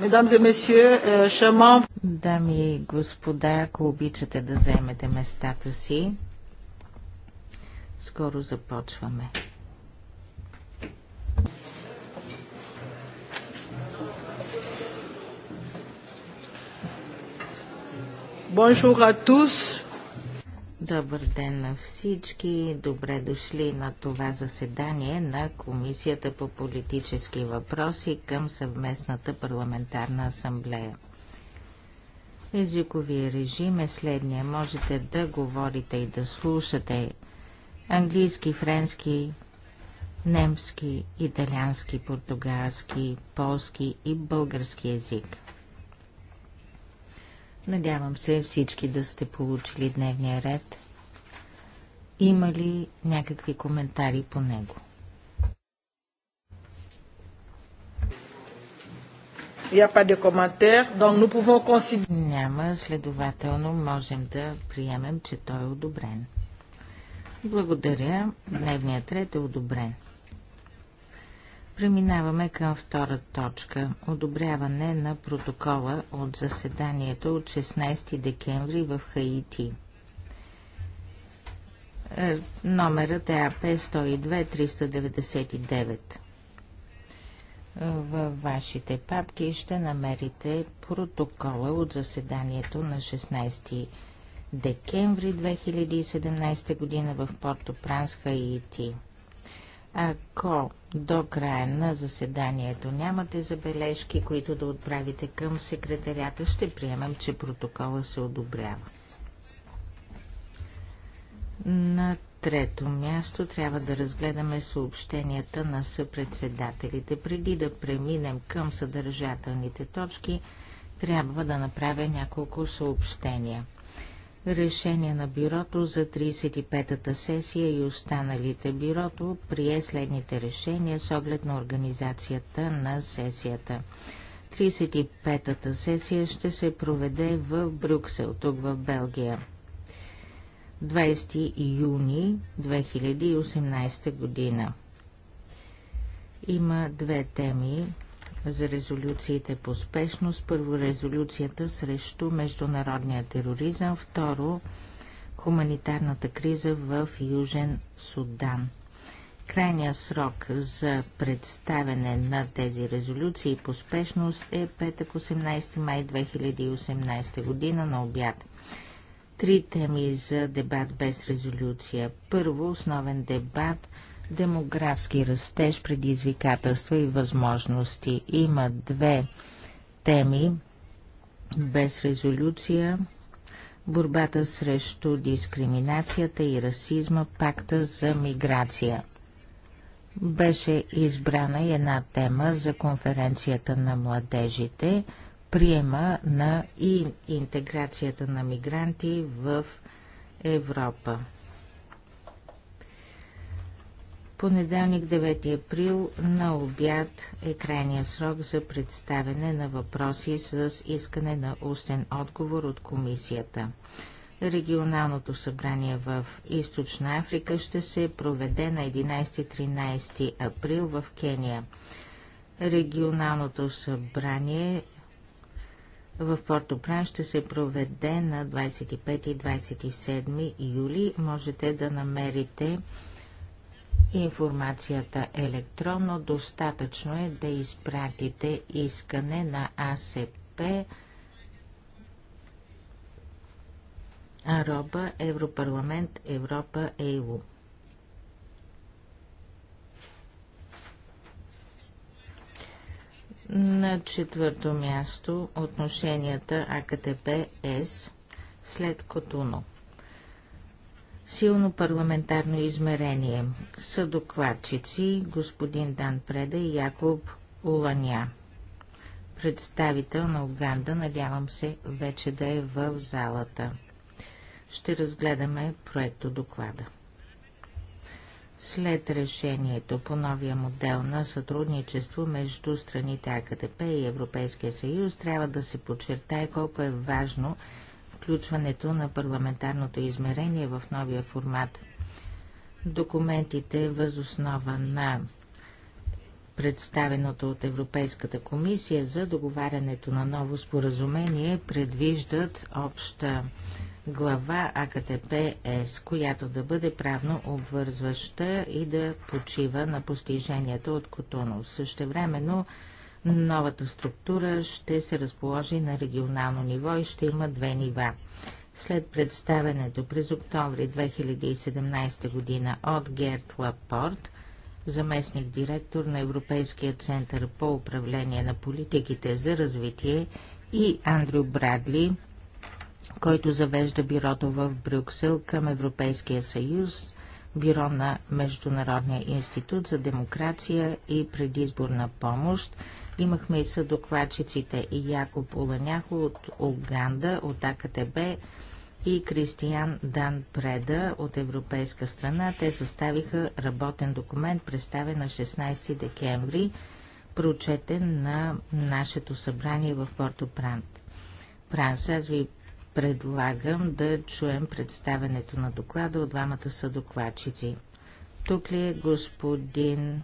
Euh, Дами и господа, ако обичате да заемете местата си, скоро започваме. Bonjour à tous. Добър ден на всички. Добре дошли на това заседание на Комисията по политически въпроси към съвместната парламентарна асамблея. Езиковия режим е следния. Можете да говорите и да слушате английски, френски, немски, италиански, португалски, полски и български език – Надявам се всички да сте получили дневния ред. Има ли някакви коментари по него? Няма, следователно можем да приемем, че той е одобрен. Благодаря. Дневният ред е одобрен. Преминаваме към втора точка – одобряване на протокола от заседанието от 16 декември в Хаити. Е, номерът е АП 102-399. Във вашите папки ще намерите протокола от заседанието на 16 декември 2017 година в Порто Пранс, Хаити. Ако до края на заседанието нямате забележки, които да отправите към секретарята, ще приемам, че протокола се одобрява. На трето място трябва да разгледаме съобщенията на съпредседателите. Преди да преминем към съдържателните точки, трябва да направя няколко съобщения – решение на бюрото за 35-та сесия и останалите. Бюрото прие следните решения с оглед на организацията на сесията. 35-та сесия ще се проведе в Брюксел, тук в Белгия. 20 юни 2018 година. Има две теми, за резолюциите по спешност. Първо, резолюцията срещу международния тероризъм. Второ, хуманитарната криза в Южен Судан. Крайният срок за представяне на тези резолюции по спешност е петък 18 май 2018 година на обяд. Три теми за дебат без резолюция. Първо, основен дебат – Демографски растеж, предизвикателства и възможности. Има две теми без резолюция. Борбата срещу дискриминацията и расизма, пакта за миграция. Беше избрана и една тема за конференцията на младежите приема на и интеграцията на мигранти в Европа. Понеделник 9 април на обяд е крайния срок за представяне на въпроси с искане на устен отговор от комисията. Регионалното събрание в Източна Африка ще се проведе на 11-13 април в Кения. Регионалното събрание в Порто Пран ще се проведе на 25 27 юли. Можете да намерите информацията електронно. Достатъчно е да изпратите искане на АСП Ароба Европарламент Европа ЕУ. На четвърто място отношенията АКТП-С след Котуно силно парламентарно измерение. Са докладчици господин Дан Преда и Якоб Уланя. Представител на Уганда, надявам се, вече да е в залата. Ще разгледаме проекто доклада. След решението по новия модел на сътрудничество между страните АКТП и Европейския съюз, трябва да се подчертае колко е важно включването на парламентарното измерение в новия формат. Документите възоснова на представеното от Европейската комисия за договарянето на ново споразумение предвиждат обща глава АКТПС, която да бъде правно обвързваща и да почива на постиженията от Котоно. Същевременно времено Новата структура ще се разположи на регионално ниво и ще има две нива. След представенето през октомври 2017 година от Герт Лапорт, заместник директор на Европейския център по управление на политиките за развитие и Андрю Брадли, който завежда бюрото в Брюксел към Европейския съюз, бюро на Международния институт за демокрация и предизборна помощ. Имахме и съдокладчиците Яко Поланяхо от Уганда, от АКТБ и Кристиян Дан Преда от европейска страна. Те съставиха работен документ, представен на 16 декември, прочетен на нашето събрание в Порто Прант. Пранс, аз ви предлагам да чуем представенето на доклада от двамата са докладчици. Тук ли е господин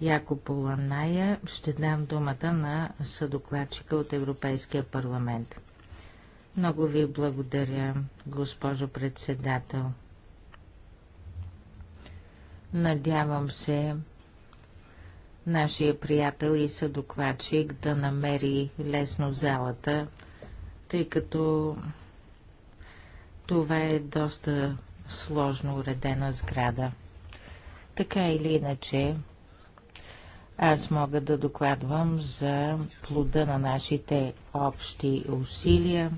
Яко Поланая? Ще дам думата на съдокладчика от Европейския парламент. Много ви благодаря, госпожо председател. Надявам се нашия приятел и съдокладчик да намери лесно залата, тъй като това е доста сложно уредена сграда. Така или иначе, аз мога да докладвам за плода на нашите общи усилия.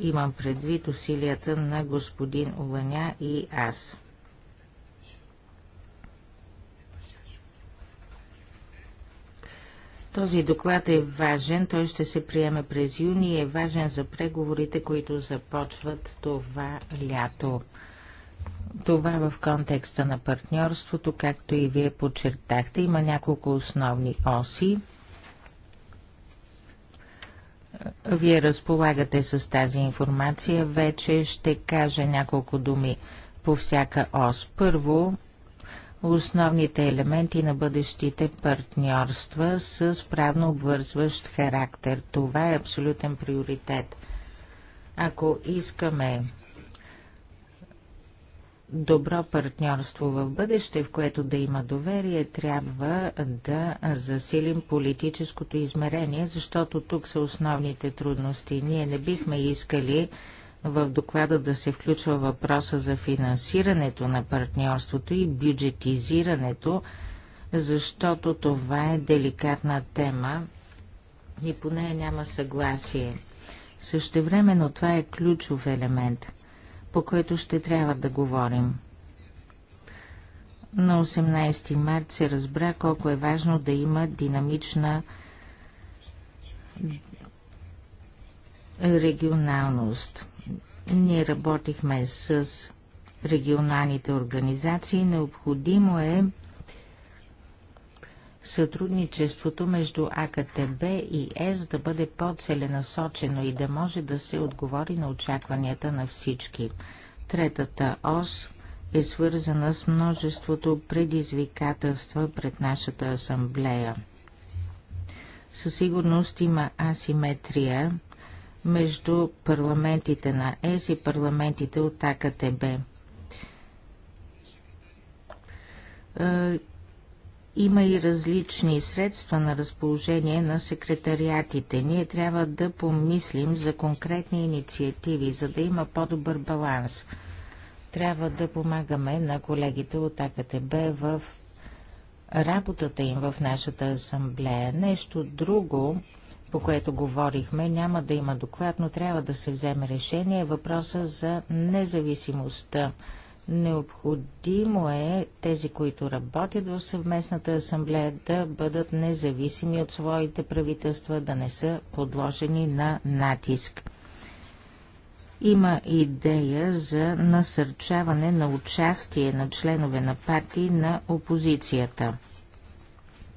Имам предвид усилията на господин Оланя и аз. Този доклад е важен, той ще се приеме през юни и е важен за преговорите, които започват това лято. Това в контекста на партньорството, както и вие подчертахте, има няколко основни оси. Вие разполагате с тази информация. Вече ще кажа няколко думи по всяка ос. Първо, основните елементи на бъдещите партньорства с правно обвързващ характер. Това е абсолютен приоритет. Ако искаме добро партньорство в бъдеще, в което да има доверие, трябва да засилим политическото измерение, защото тук са основните трудности. Ние не бихме искали в доклада да се включва въпроса за финансирането на партньорството и бюджетизирането, защото това е деликатна тема и по нея няма съгласие. Същевременно това е ключов елемент, по който ще трябва да говорим. На 18 март се разбра колко е важно да има динамична регионалност. Ние работихме с регионалните организации. Необходимо е сътрудничеството между АКТБ и ЕС да бъде по-целенасочено и да може да се отговори на очакванията на всички. Третата ос е свързана с множеството предизвикателства пред нашата асамблея. Със сигурност има асиметрия между парламентите на ЕС и парламентите от АКТБ. Е, има и различни средства на разположение на секретариатите. Ние трябва да помислим за конкретни инициативи, за да има по-добър баланс. Трябва да помагаме на колегите от АКТБ в работата им в нашата асамблея. Нещо друго, по което говорихме. Няма да има доклад, но трябва да се вземе решение. Въпроса за независимостта. Необходимо е тези, които работят в съвместната асамблея, да бъдат независими от своите правителства, да не са подложени на натиск. Има идея за насърчаване на участие на членове на партии на опозицията.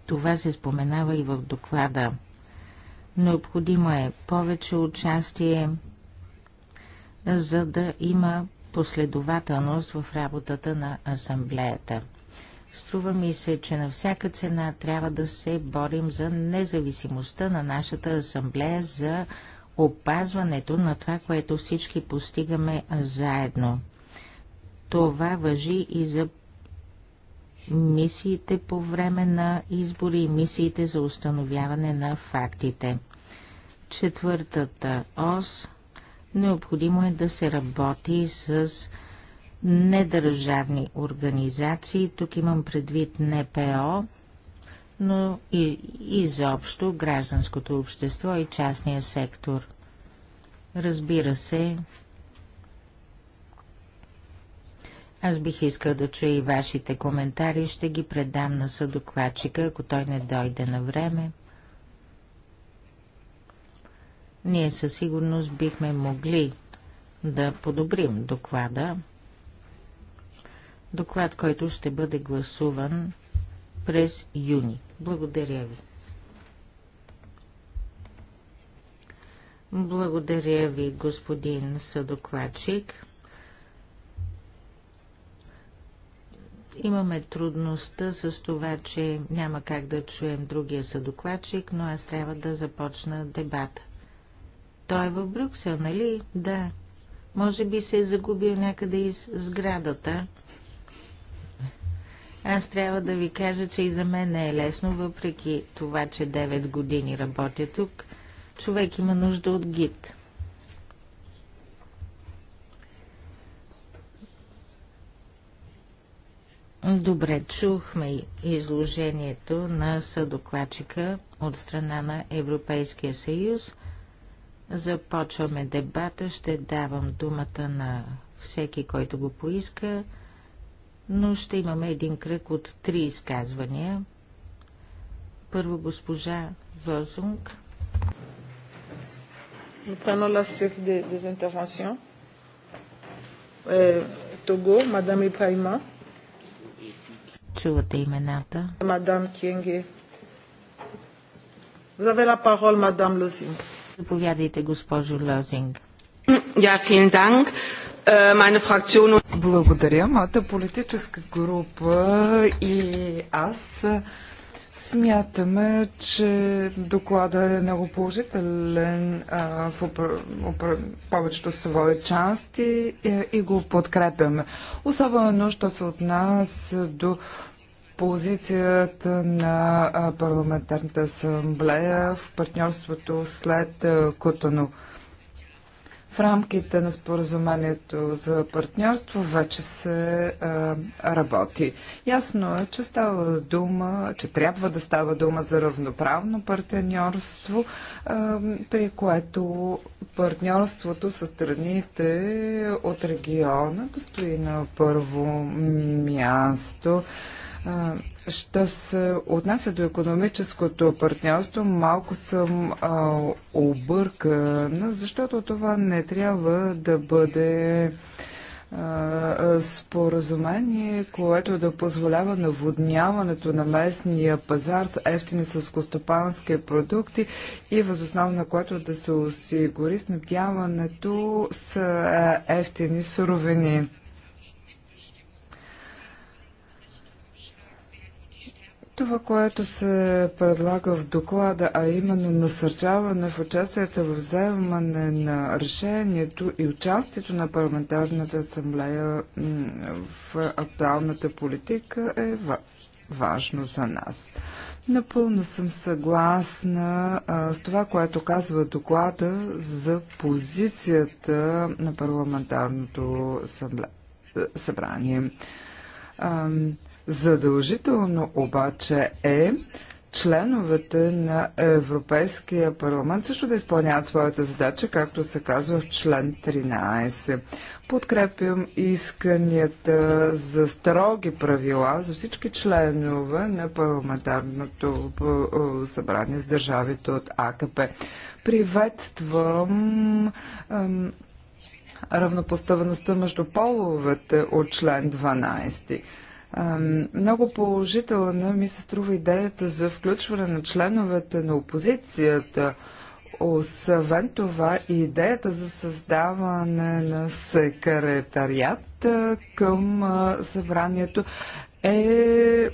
Това се споменава и в доклада. Необходимо е повече участие, за да има последователност в работата на асамблеята. Струва ми се, че на всяка цена трябва да се борим за независимостта на нашата асамблея, за опазването на това, което всички постигаме заедно. Това въжи и за мисиите по време на избори и мисиите за установяване на фактите четвъртата ос необходимо е да се работи с недържавни организации. Тук имам предвид НПО, но и изобщо гражданското общество и частния сектор. Разбира се, аз бих искал да чуя и вашите коментари, ще ги предам на съдокладчика, ако той не дойде на време ние със сигурност бихме могли да подобрим доклада. Доклад, който ще бъде гласуван през юни. Благодаря ви. Благодаря ви, господин съдокладчик. Имаме трудността с това, че няма как да чуем другия съдокладчик, но аз трябва да започна дебата. Той е в Брюксел, нали? Да. Може би се е загубил някъде из сградата. Аз трябва да ви кажа, че и за мен не е лесно, въпреки това, че 9 години работя тук. Човек има нужда от гид. Добре, чухме изложението на съдокладчика от страна на Европейския съюз – Започваме дебата. Ще давам думата на всеки, който го поиска, но ще имаме един кръг от три изказвания. Първо госпожа Возунг. Nous prenons la suite des, des interventions. Euh, Чувате имената. Мадам Кенге. Vous avez la parole, Madame Лозинг. Заповядайте, госпожо Лозинг. Ja, vielen Dank. Äh, Благодаря. Моята политическа група и аз смятаме, че доклада е много положителен а, в опр... Опр... повечето свои части и, е, и го подкрепяме. Особено, що се отнася до позицията на парламентарната асамблея в партньорството след Кутано. В рамките на споразумението за партньорство вече се а, работи. Ясно е, че става дума, че трябва да става дума за равноправно партньорство, а, при което партньорството с страните от региона достои на първо място. А, Що се отнася до економическото партньорство, малко съм а, объркана, защото това не трябва да бъде а, споразумение, което да позволява наводняването на местния пазар с ефтини сълскостопански продукти и възоснова на което да се осигури снабдяването с ефтини суровини. Това, което се предлага в доклада, а именно насърчаване в участието в вземане на решението и участието на парламентарната асамблея в актуалната политика е важно за нас. Напълно съм съгласна с това, което казва доклада за позицията на парламентарното събрание. Задължително обаче е членовете на Европейския парламент също да изпълняват своята задача, както се казва в член 13. Подкрепям исканията за строги правила за всички членове на парламентарното събрание с държавите от АКП. Приветствам равнопоставеността между половете от член 12. Много положителна ми се струва идеята за включване на членовете на опозицията. Освен това, и идеята за създаване на секретариат към събранието е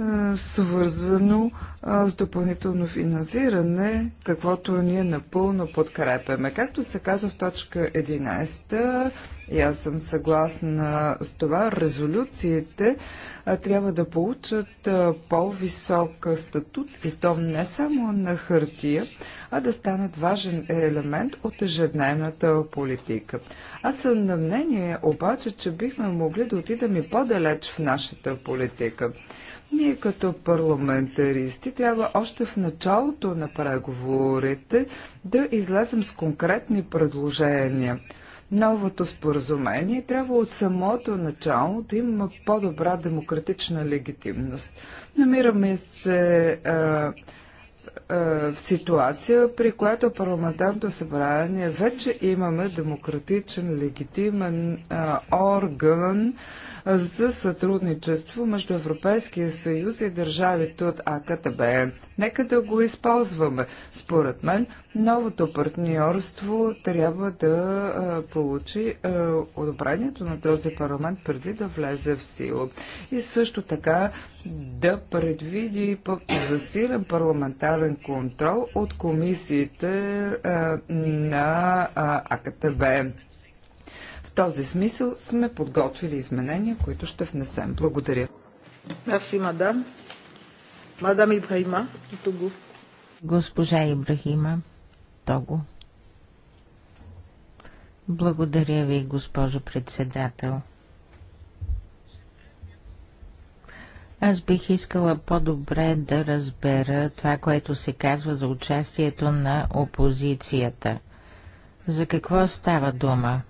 е, свързано с допълнително финансиране, каквото ние напълно подкрепяме. Както се каза в точка 11, и аз съм съгласна с това, резолюциите трябва да получат по-висок статут и то не само на хартия, а да станат важен елемент от ежедневната политика. Аз съм на мнение обаче, че бихме могли да отидем и по-далеч в нашата политика. Ние като парламентаристи трябва още в началото на преговорите да излезем с конкретни предложения. Новото споразумение трябва от самото начало да има по-добра демократична легитимност. Намираме се а, а, в ситуация, при която парламентарното събрание вече имаме демократичен, легитимен а, орган, за сътрудничество между Европейския съюз и държавите от АКТБ. Нека да го използваме. Според мен, новото партньорство трябва да получи одобрението на този парламент преди да влезе в сила. И също така да предвиди засилен парламентарен контрол от комисиите на АКТБ. В този смисъл сме подготвили изменения, които ще внесем. Благодаря. Мерси, мадам. Мадам Ибрахима, Тогу. Госпожа Ибрахима, Того. Благодаря ви, госпожо председател. Аз бих искала по-добре да разбера това, което се казва за участието на опозицията. За какво става дума?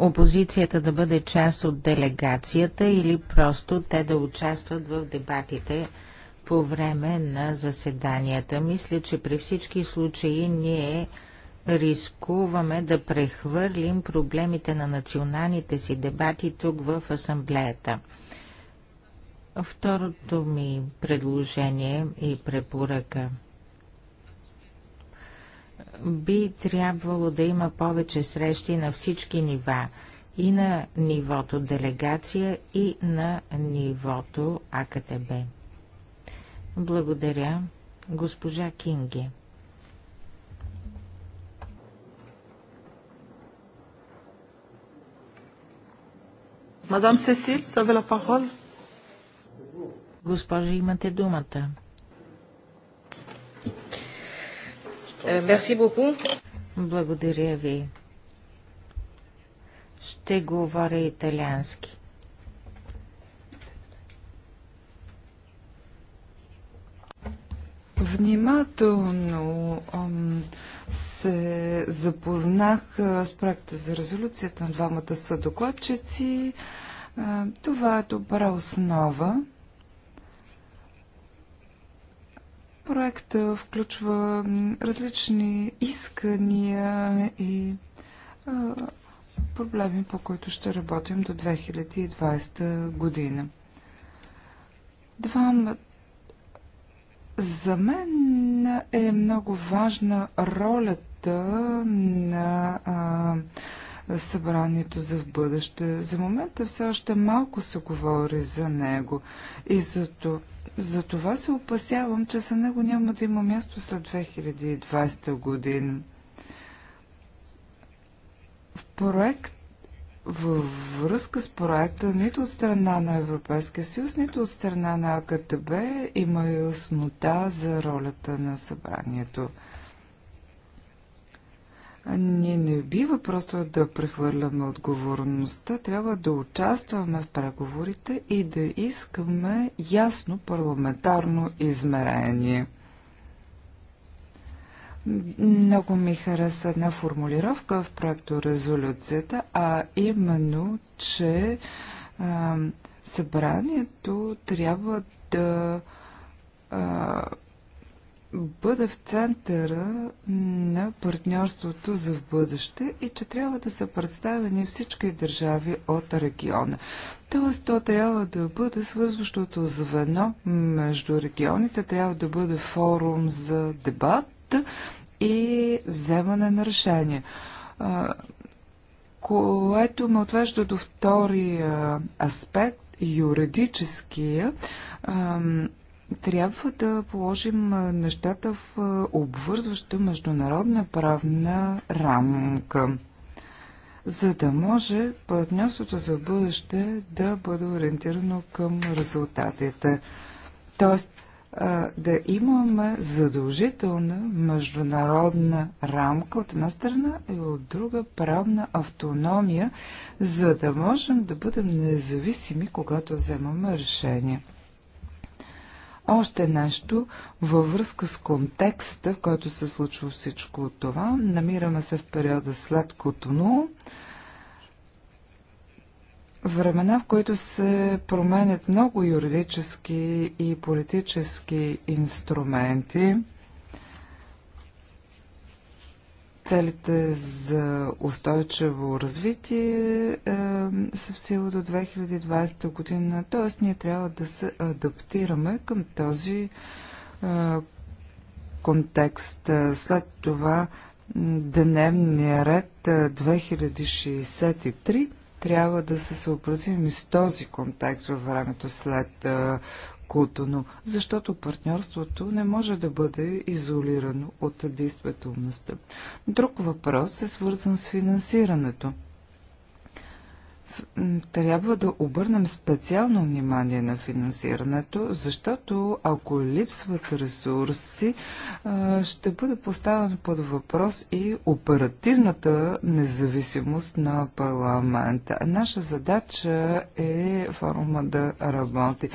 опозицията да бъде част от делегацията или просто те да участват в дебатите по време на заседанията. Мисля, че при всички случаи ние рискуваме да прехвърлим проблемите на националните си дебати тук в асамблеята. Второто ми предложение и препоръка – би трябвало да има повече срещи на всички нива и на нивото делегация и на нивото АКТБ. Благодаря, госпожа Кинги. Мадам Сесил, завела парол. Госпожа, имате думата. Мерси euh, боку. Благодаря ви. Ще говоря италиански. Внимателно се запознах с проекта за резолюцията на двамата съдокладчици. Това е добра основа. Проекта включва различни искания и проблеми, по които ще работим до 2020 година. Двама за мен е много важна ролята на а, събранието за в бъдеще. За момента все още малко се говори за него и за това затова се опасявам, че за него няма да има място след 2020 година. В проект във връзка с проекта нито от страна на Европейския съюз, нито от страна на АКТБ има яснота за ролята на събранието. Ние не бива просто да прехвърляме отговорността, трябва да участваме в преговорите и да искаме ясно парламентарно измерение. Много ми хареса една формулировка в проекто резолюцията, а именно, че а, събранието трябва да а, бъде в центъра на партньорството за в бъдеще и че трябва да са представени всички държави от региона. Тоест, то трябва да бъде свързващото звено между регионите, трябва да бъде форум за дебат и вземане на решения което ме отвежда до втория аспект, юридическия трябва да положим нещата в обвързваща международна правна рамка, за да може партньорството за бъдеще да бъде ориентирано към резултатите. Тоест, да имаме задължителна международна рамка от една страна и от друга правна автономия, за да можем да бъдем независими, когато вземаме решение. Още нещо във връзка с контекста, в който се случва всичко това. Намираме се в периода след Котону времена, в които се променят много юридически и политически инструменти. Целите за устойчиво развитие е, са в сила до 2020 година, т.е. ние трябва да се адаптираме към този е, контекст. След това дневния ред 2063 е, трябва да се съобразим и с този контекст във времето след е, Кутоно, защото партньорството не може да бъде изолирано от действителността. Друг въпрос е свързан с финансирането трябва да обърнем специално внимание на финансирането, защото ако липсват ресурси, ще бъде поставен под въпрос и оперативната независимост на парламента. Наша задача е форума да работи,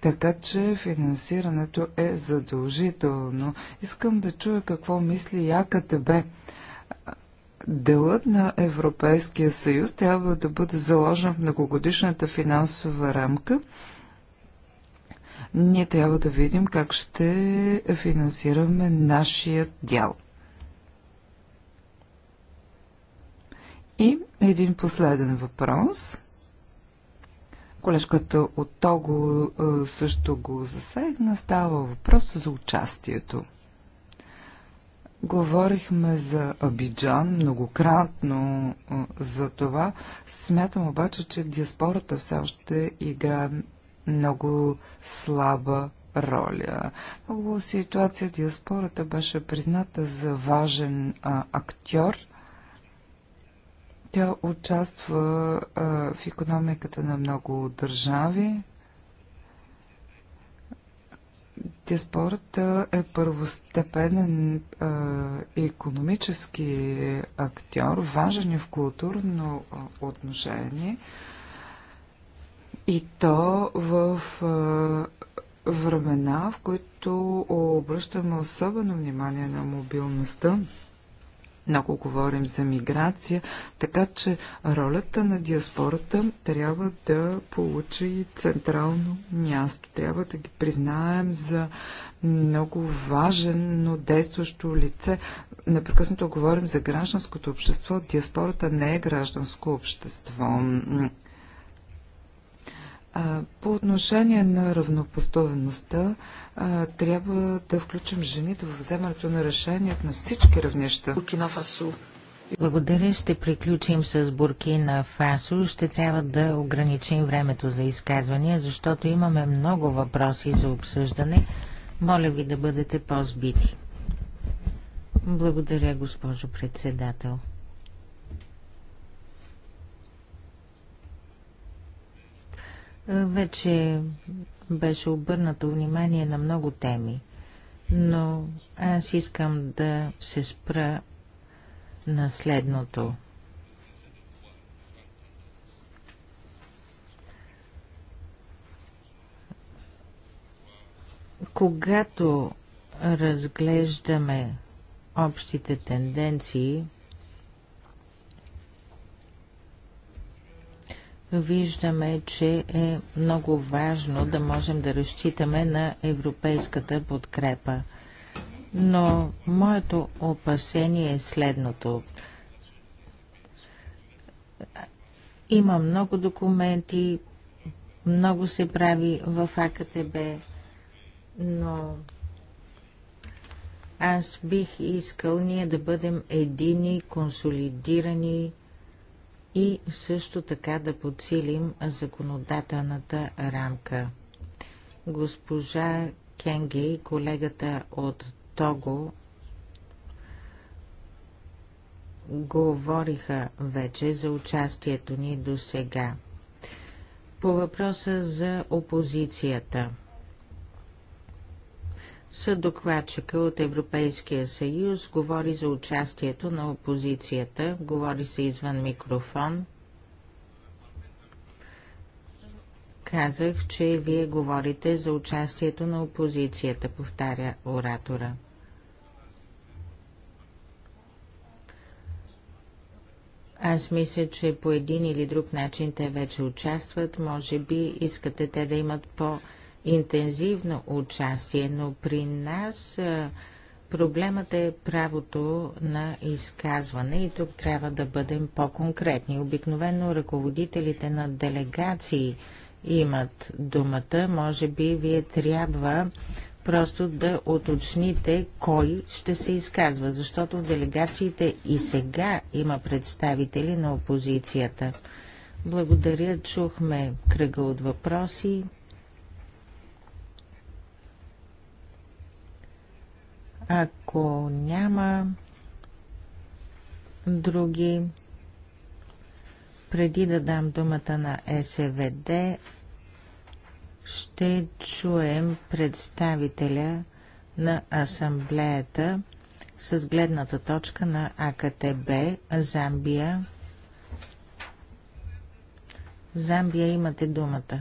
така че финансирането е задължително. Искам да чуя какво мисли ЯКТБ Делът на Европейския съюз трябва да бъде заложен в многогодишната финансова рамка. Ние трябва да видим как ще финансираме нашия дял. И един последен въпрос. Колежката от Того също го засегна. Става въпрос за участието. Говорихме за Абиджан многократно за това. Смятам обаче, че диаспората все още играе много слаба роля. Много ситуация диаспората беше призната за важен а, актьор. Тя участва а, в економиката на много държави. Диаспората е първостепенен а, економически актьор, важен и в културно отношение. И то в а, времена, в които обръщаме особено внимание на мобилността много говорим за миграция, така че ролята на диаспората трябва да получи централно място. Трябва да ги признаем за много важен, но действащо лице. Непрекъснато говорим за гражданското общество. Диаспората не е гражданско общество. По отношение на равнопоставеността, а, трябва да включим жените в вземането на решението на всички равнища. Буркина Фасо. Благодаря. Ще приключим с Буркина Фасо. Ще трябва да ограничим времето за изказвания, защото имаме много въпроси за обсъждане. Моля ви да бъдете по-збити. Благодаря, госпожо председател. Вече беше обърнато внимание на много теми, но аз искам да се спра на следното. Когато разглеждаме общите тенденции, виждаме, че е много важно да можем да разчитаме на европейската подкрепа. Но моето опасение е следното. Има много документи, много се прави в АКТБ, но аз бих искал ние да бъдем едини, консолидирани и също така да подсилим законодателната рамка. Госпожа Кенге и колегата от Того говориха вече за участието ни до сега. По въпроса за опозицията – Съдокладчика от Европейския съюз говори за участието на опозицията, говори се извън микрофон. Казах, че вие говорите за участието на опозицията, повтаря оратора. Аз мисля, че по един или друг начин те вече участват. Може би искате те да имат по- интензивно участие, но при нас проблемът е правото на изказване и тук трябва да бъдем по-конкретни. Обикновено ръководителите на делегации имат думата. Може би вие трябва просто да уточните кой ще се изказва, защото в делегациите и сега има представители на опозицията. Благодаря, чухме кръга от въпроси. Ако няма други, преди да дам думата на СВД, ще чуем представителя на асамблеята с гледната точка на АКТБ Замбия. Замбия имате думата.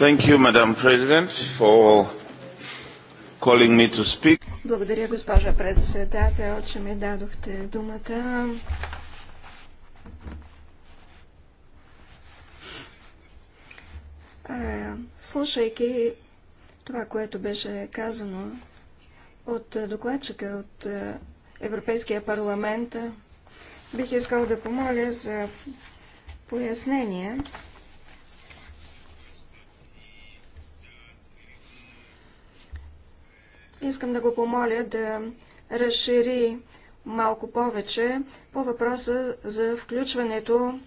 Thank you, Madam President, for calling me to speak. Благодаря, госпожа председател, че ми дадохте думата. слушайки това, което беше казано от докладчика от Европейския парламент, бих искал да помоля за пояснение Искам да го помоля да разшири малко повече по въпроса за включването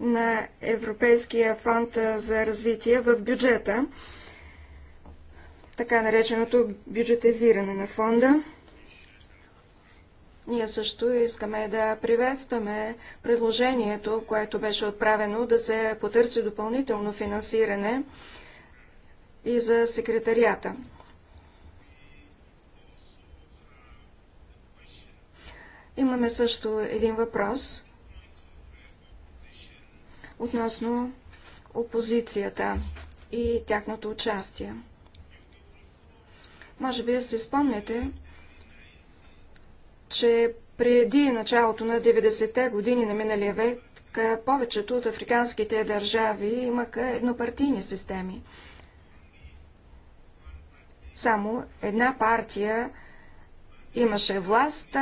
на Европейския фонд за развитие в бюджета, така нареченото бюджетизиране на фонда. Ние също искаме да приветстваме предложението, което беше отправено да се потърси допълнително финансиране и за секретарията. Имаме също един въпрос относно опозицията и тяхното участие. Може би си спомняте, че преди началото на 90-те години на миналия век повечето от африканските държави имаха еднопартийни системи. Само една партия имаше власт,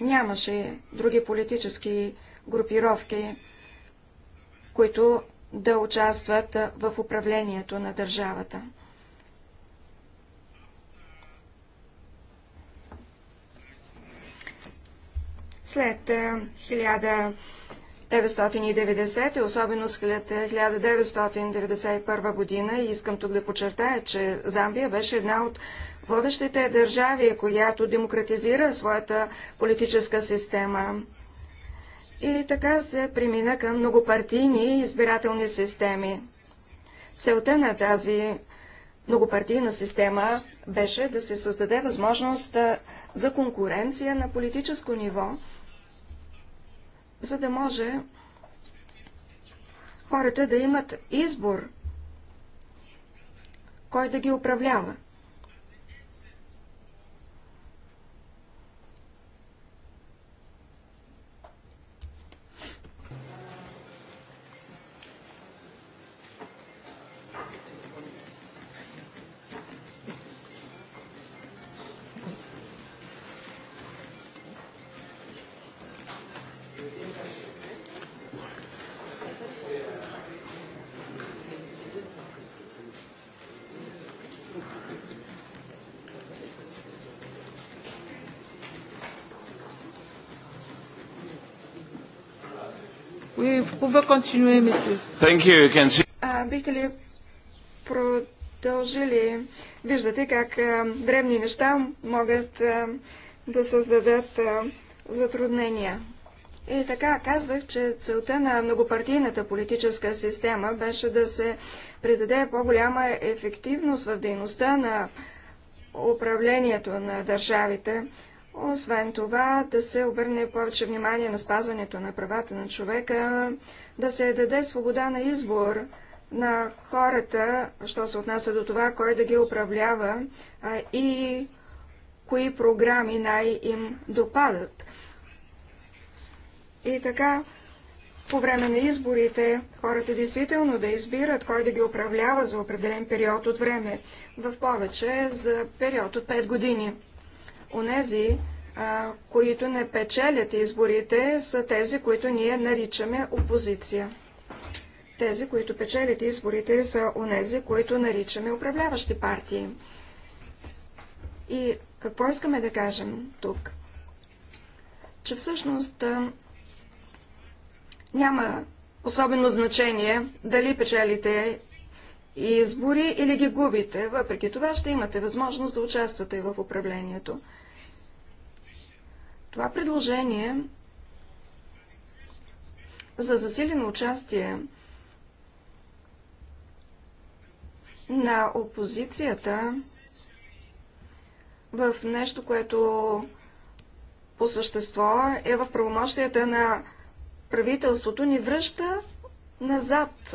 нямаше други политически групировки, които да участват в управлението на държавата. След 1990 особено след 1991 година, и искам тук да подчертая, че Замбия беше една от водещите държави, която демократизира своята политическа система. И така се премина към многопартийни избирателни системи. Целта на тази многопартийна система беше да се създаде възможност за конкуренция на политическо ниво, за да може хората да имат избор, кой да ги управлява. А, бихте ли продължили? Виждате как а, древни неща могат а, да създадат затруднения. И така казвах, че целта на многопартийната политическа система беше да се придаде по-голяма ефективност в дейността на управлението на държавите, освен това, да се обърне повече внимание на спазването на правата на човека, да се даде свобода на избор на хората, що се отнася до това, кой да ги управлява и кои програми най-им допадат. И така, по време на изборите, хората действително да избират кой да ги управлява за определен период от време, в повече за период от 5 години. Онези, които не печелят изборите, са тези, които ние наричаме опозиция. Тези, които печелят изборите, са онези, които наричаме управляващи партии. И какво искаме да кажем тук? Че всъщност няма особено значение дали печелите избори или ги губите. Въпреки това ще имате възможност да участвате в управлението. Това предложение за засилено участие на опозицията в нещо, което по същество е в правомощията на правителството, ни връща назад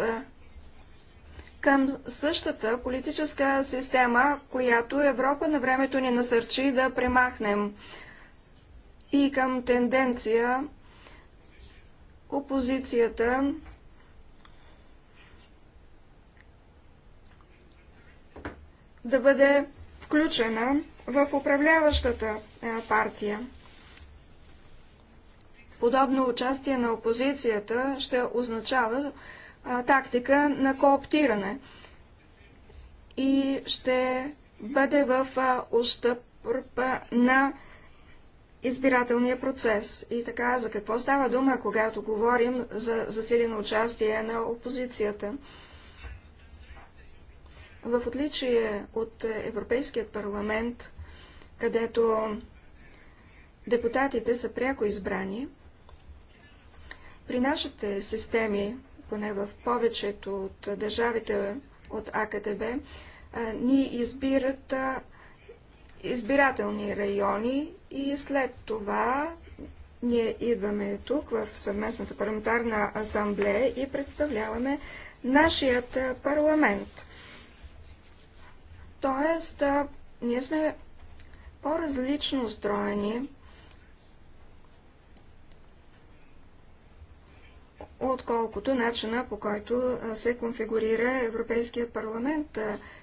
към същата политическа система, която Европа на времето ни насърчи да премахнем и към тенденция опозицията да бъде включена в управляващата е, партия. Подобно участие на опозицията ще означава а, е, тактика на кооптиране и ще бъде в е, устъп на избирателния процес. И така, за какво става дума, когато говорим за засилено участие на опозицията? В отличие от Европейският парламент, където депутатите са пряко избрани, при нашите системи, поне в повечето от държавите от АКТБ, ни избират избирателни райони и след това ние идваме тук в съвместната парламентарна асамблея и представляваме нашият парламент. Тоест, ние сме по-различно устроени отколкото начина по който се конфигурира Европейският парламент,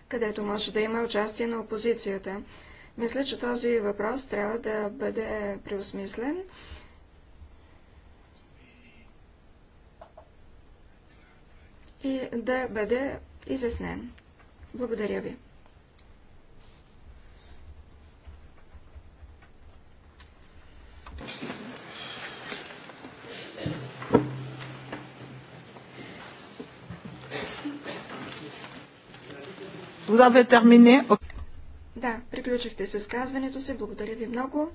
където може да има участие на опозицията. Мисля, че този въпрос трябва да бъде преосмислен. и да бъде изяснен. Благодаря ви. Vous avez terminé. Да, приключихте с изказването си. Благодаря ви много.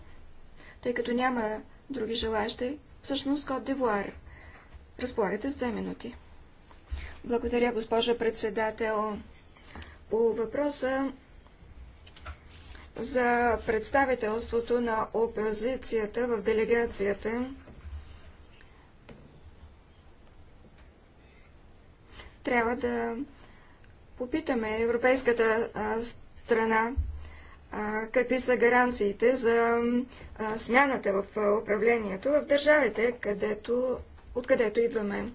Тъй като няма други желащи, всъщност Кот Девуар. Разполагате с две минути. Благодаря, госпожа председател. По въпроса за представителството на опозицията в делегацията, трябва да попитаме европейската страна какви са гаранциите за смяната в управлението в държавите, където, откъдето идваме.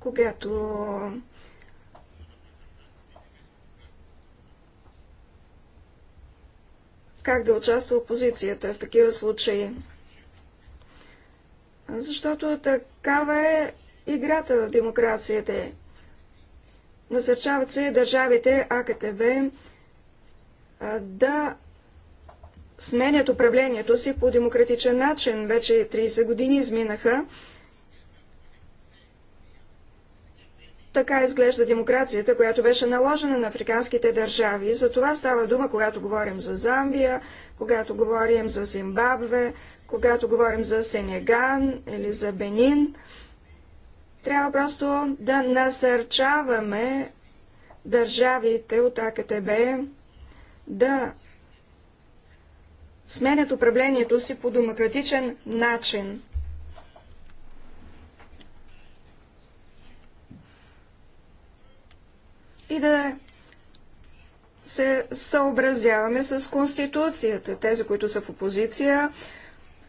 Когато как да участва опозицията в такива случаи. Защото такава е играта в демокрацията. Насърчават се държавите АКТБ да сменят управлението си по демократичен начин. Вече 30 години изминаха. Така изглежда демокрацията, която беше наложена на африканските държави. За това става дума, когато говорим за Замбия, когато говорим за Зимбабве, когато говорим за Сенеган или за Бенин. Трябва просто да насърчаваме държавите от АКТБ да сменят управлението си по демократичен начин. И да се съобразяваме с Конституцията. Тези, които са в опозиция,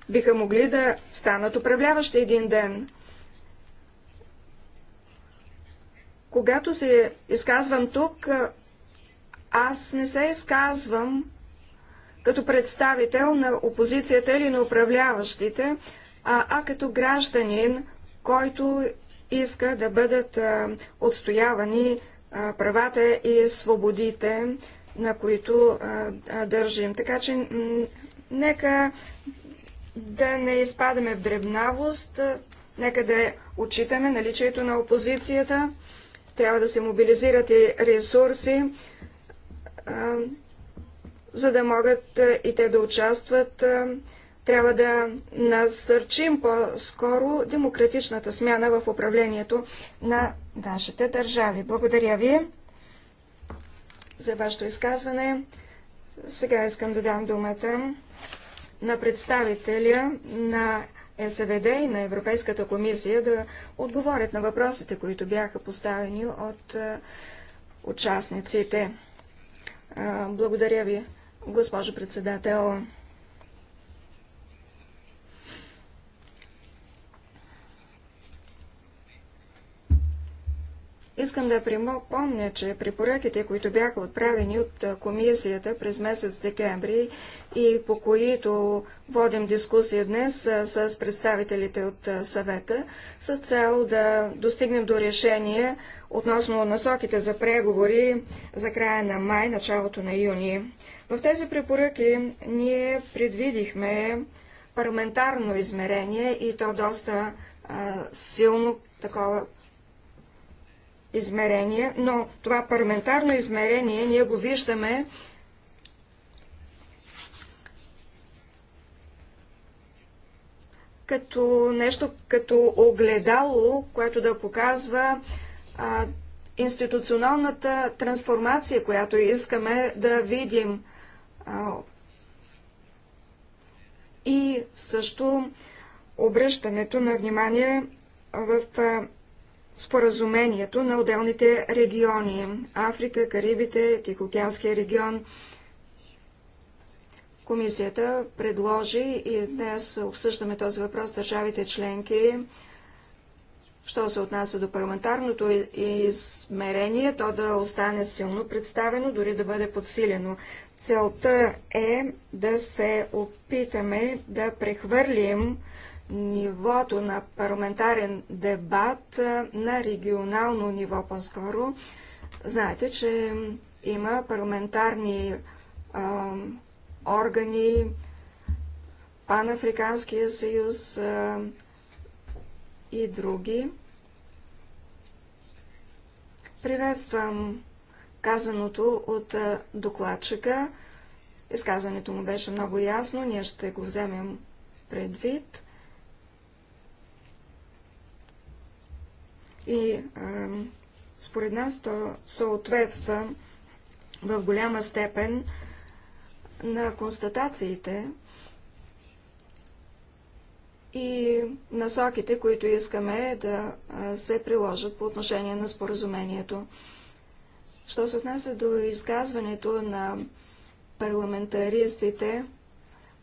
биха могли да станат управляващи един ден. Когато се изказвам тук, аз не се изказвам като представител на опозицията или на управляващите, а, а като гражданин, който иска да бъдат а, отстоявани а, правата и свободите, на които а, а, държим. Така че нека да не изпадаме в дребнавост, нека да отчитаме наличието на опозицията, трябва да се мобилизират и ресурси, за да могат и те да участват. Трябва да насърчим по-скоро демократичната смяна в управлението на нашите държави. Благодаря ви за вашето изказване. Сега искам да дам думата на представителя на СВД и на Европейската комисия да отговорят на въпросите, които бяха поставени от участниците. Благодаря ви, госпожо председател. Искам да припомня, че препоръките, които бяха отправени от комисията през месец декември и по които водим дискусия днес с представителите от съвета, с цел да достигнем до решение относно насоките за преговори за края на май, началото на юни. В тези препоръки ние предвидихме парламентарно измерение и то доста а, силно такова измерение, но това парламентарно измерение ние го виждаме като нещо като огледало, което да показва а, институционалната трансформация, която искаме да видим. А, и също обръщането на внимание в а, споразумението на отделните региони – Африка, Карибите, Тихоокеанския регион. Комисията предложи и днес обсъждаме този въпрос държавите членки. Що се отнася до парламентарното измерение, то да остане силно представено, дори да бъде подсилено. Целта е да се опитаме да прехвърлим нивото на парламентарен дебат на регионално ниво по-скоро. Знаете, че има парламентарни а, органи, Панафриканския съюз а, и други. Приветствам казаното от докладчика. Изказването му беше много ясно, ние ще го вземем предвид. и а, според нас то съответства в голяма степен на констатациите и насоките, които искаме да се приложат по отношение на споразумението. Що се отнася до изказването на парламентаристите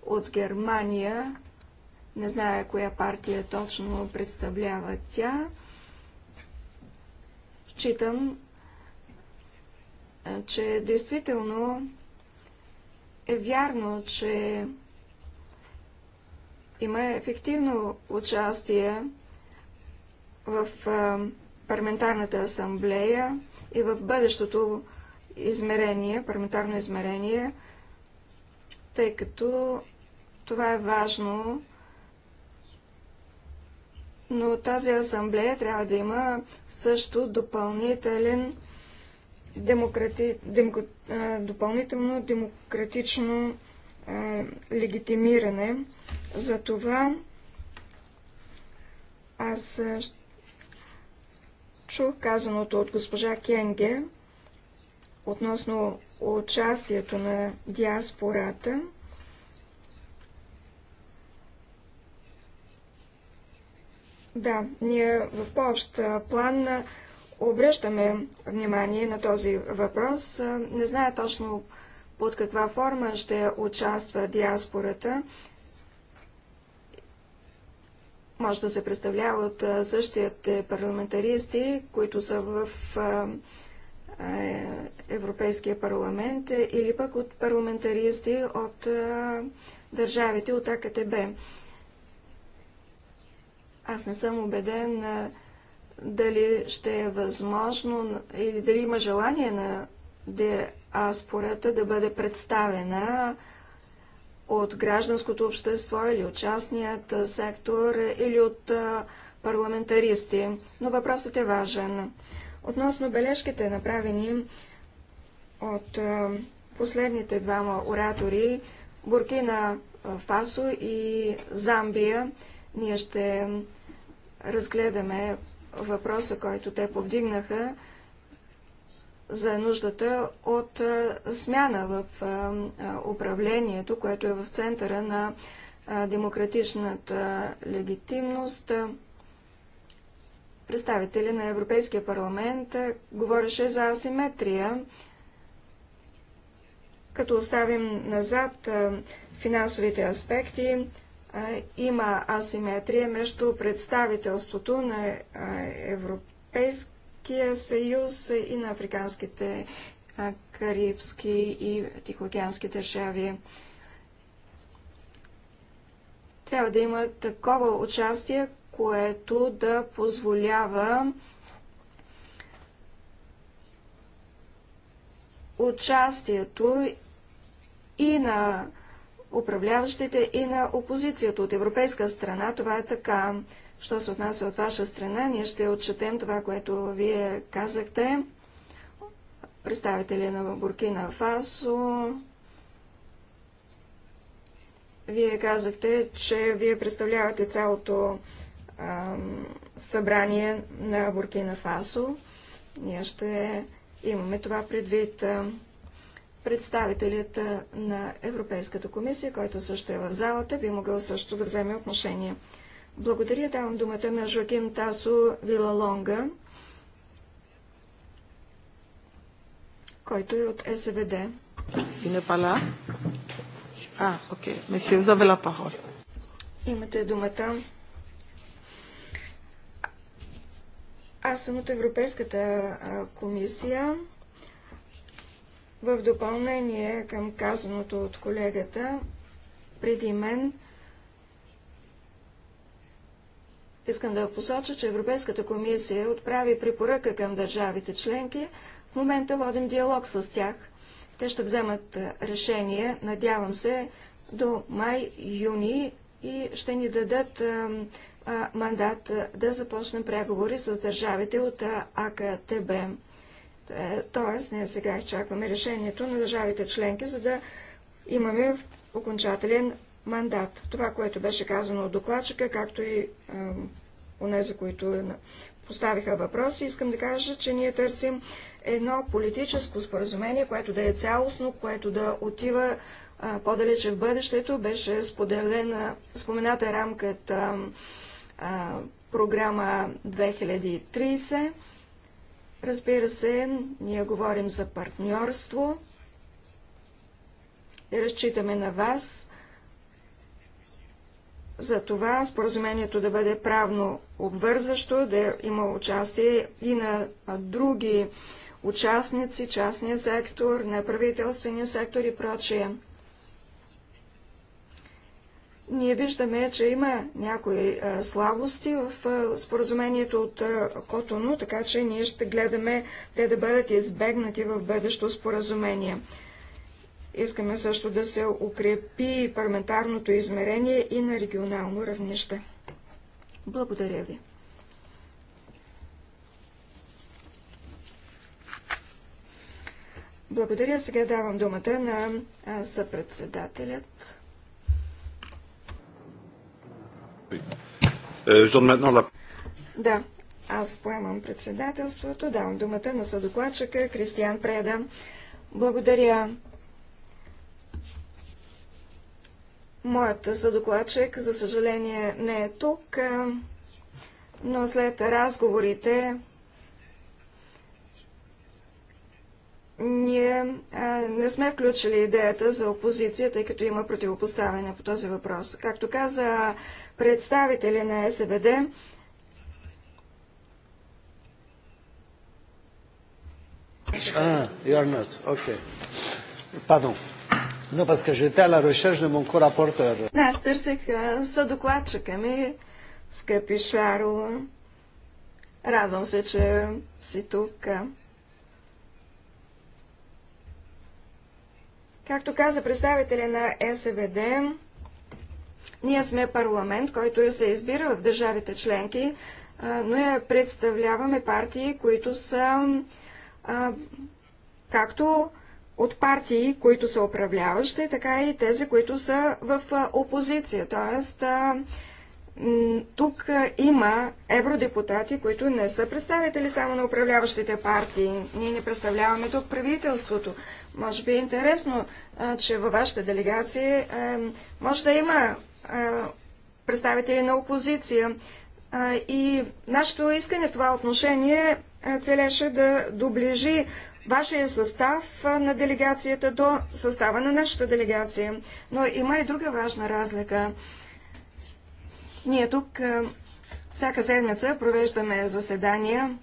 от Германия, не зная коя партия точно представлява тя, считам, че действително е вярно, че има ефективно участие в парламентарната асамблея и в бъдещото измерение, парламентарно измерение, тъй като това е важно но тази асамблея трябва да има също допълнителен демократи... демко... допълнително демократично е, легитимиране. За това аз чух казаното от госпожа Кенге относно участието на диаспората – Да, ние в по-общ план обръщаме внимание на този въпрос. Не зная точно под каква форма ще участва диаспората. Може да се представлява от същият парламентаристи, които са в Европейския парламент или пък от парламентаристи от държавите от АКТБ. Аз не съм убеден дали ще е възможно или дали има желание на диаспората да бъде представена от гражданското общество или от частният сектор или от парламентаристи. Но въпросът е важен. Относно бележките, направени от последните двама оратори, Буркина Фасо и Замбия, ние ще разгледаме въпроса, който те повдигнаха за нуждата от смяна в управлението, което е в центъра на демократичната легитимност. Представители на Европейския парламент говореше за асиметрия, като оставим назад финансовите аспекти, има асиметрия между представителството на Европейския съюз и на африканските, карибски и тихоокеански държави. Трябва да има такова участие, което да позволява участието и на управляващите и на опозицията. От европейска страна това е така. Що се отнася от ваша страна, ние ще отчетем това, което вие казахте. Представители на Буркина Фасо. Вие казахте, че вие представлявате цялото ам, събрание на Буркина Фасо. Ние ще имаме това предвид. Ам, представителят на Европейската комисия, който също е в залата, би могъл също да вземе отношение. Благодаря. Давам думата на Жоаким Тасо Вилалонга, който е от СВД. Είναι Пала. А, окей. Месье, взавела пароль. Имате думата. Аз съм от Европейската комисия. В допълнение към казаното от колегата преди мен, искам да посоча, че Европейската комисия отправи препоръка към държавите членки. В момента водим диалог с тях. Те ще вземат решение, надявам се, до май-юни и ще ни дадат мандат да започнем преговори с държавите от АКТБ. Е, тоест, ние сега изчакваме решението на държавите членки, за да имаме окончателен мандат. Това, което беше казано от докладчика, както и за, които поставиха въпроси, искам да кажа, че ние търсим едно политическо споразумение, което да е цялостно, което да отива по-далече в бъдещето. Беше споделена, спомената рамката а, програма 2030 Разбира се, ние говорим за партньорство и разчитаме на вас за това споразумението да бъде правно обвързващо, да има участие и на други участници, частния сектор, неправителствения сектор и прочие ние виждаме, че има някои слабости в споразумението от Котоно, така че ние ще гледаме те да бъдат избегнати в бъдещо споразумение. Искаме също да се укрепи парламентарното измерение и на регионално равнище. Благодаря ви. Благодаря. Сега давам думата на съпредседателят. Е, да, аз поемам председателството, давам думата на съдокладчика Кристиан Преда. Благодаря. Моят съдокладчик, за съжаление, не е тук, но след разговорите ние не сме включили идеята за опозиция, тъй като има противопоставяне по този въпрос. Както каза представители на СВД Ah, you are not. Pardon. Аз търсех съдокладчика ми, скъпи Шарл. Радвам се, че си тук. Както каза представителя на СВД, ние сме парламент, който се избира в държавите членки, но я представляваме партии, които са както от партии, които са управляващи, така и тези, които са в опозиция. Тоест, тук има евродепутати, които не са представители само на управляващите партии. Ние не представляваме тук правителството. Може би е интересно, че във вашата делегация може да има е, представители на опозиция. Е, и нашето искане в това отношение е, целеше да доближи вашия състав на делегацията до състава на нашата делегация. Но има и друга важна разлика. Ние тук всяка седмица провеждаме заседания,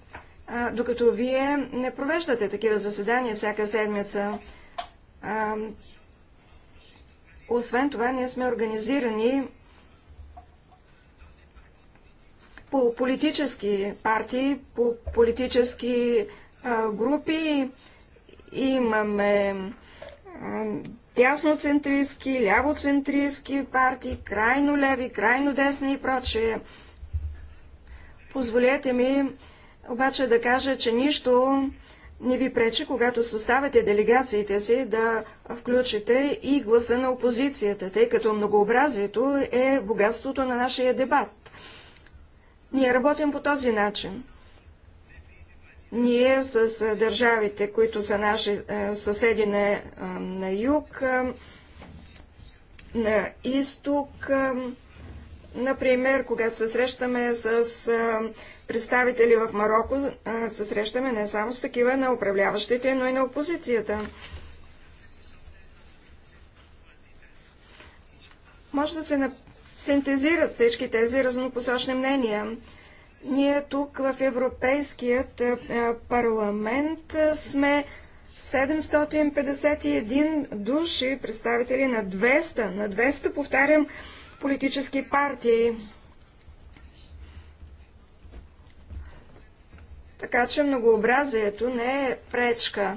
докато вие не провеждате такива заседания всяка седмица. Освен това, ние сме организирани по политически партии, по политически а, групи. Имаме дясноцентристски, лявоцентристски партии, крайно леви, крайно десни и прочее. Позволете ми обаче да кажа, че нищо не ви пречи, когато съставате делегациите си, да включите и гласа на опозицията, тъй като многообразието е богатството на нашия дебат. Ние работим по този начин. Ние с държавите, които са наши съседи на, на юг, на изток, Например, когато се срещаме с представители в Марокко, се срещаме не само с такива на управляващите, но и на опозицията. Може да се синтезират всички тези разнопосочни мнения. Ние тук в Европейският парламент сме 751 души, представители на 200, на 200, повтарям, политически партии. Така че многообразието не е пречка.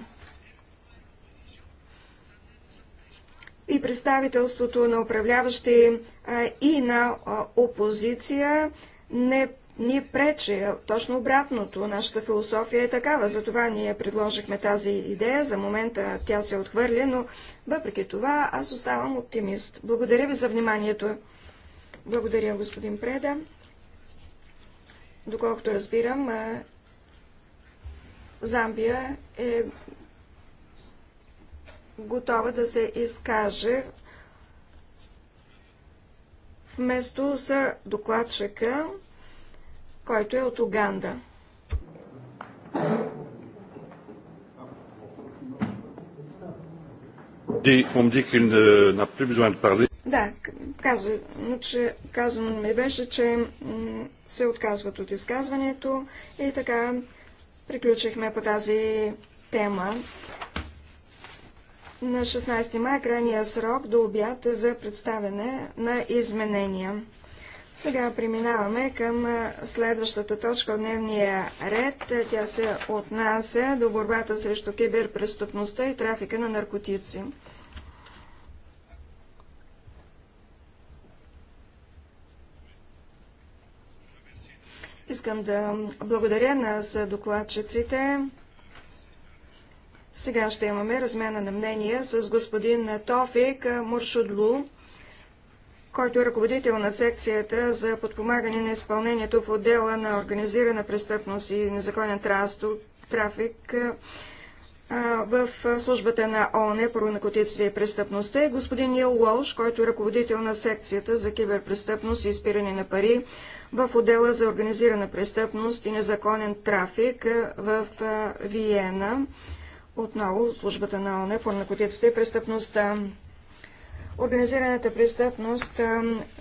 И представителството на управляващи а, и на а, опозиция не ни пречи. Точно обратното. Нашата философия е такава. Затова ние предложихме тази идея. За момента тя се отхвърля, но въпреки това аз оставам оптимист. Благодаря ви за вниманието. Благодаря, господин Преда. Доколкото разбирам, Замбия е готова да се изкаже вместо за докладчика, който е от Уганда. On me dit qu'il euh, n'a plus besoin de parler. Да, казано, че, казано ми беше, че се отказват от изказването и така приключихме по тази тема. На 16 май е крайния срок до обяд за представяне на изменения. Сега преминаваме към следващата точка от дневния ред. Тя се отнася до борбата срещу киберпреступността и трафика на наркотици. Искам да благодаря на съдокладчиците. Сега ще имаме размена на мнения с господин Тофик Муршудлу, който е ръководител на секцията за подпомагане на изпълнението в отдела на организирана престъпност и незаконен трафик в службата на ООН про наркотиците и престъпността и господин Нил Уолш, който е ръководител на секцията за киберпрестъпност и изпиране на пари в отдела за организирана престъпност и незаконен трафик в Виена. Отново службата на ОНЕ по наркотиците и престъпността. Организираната престъпност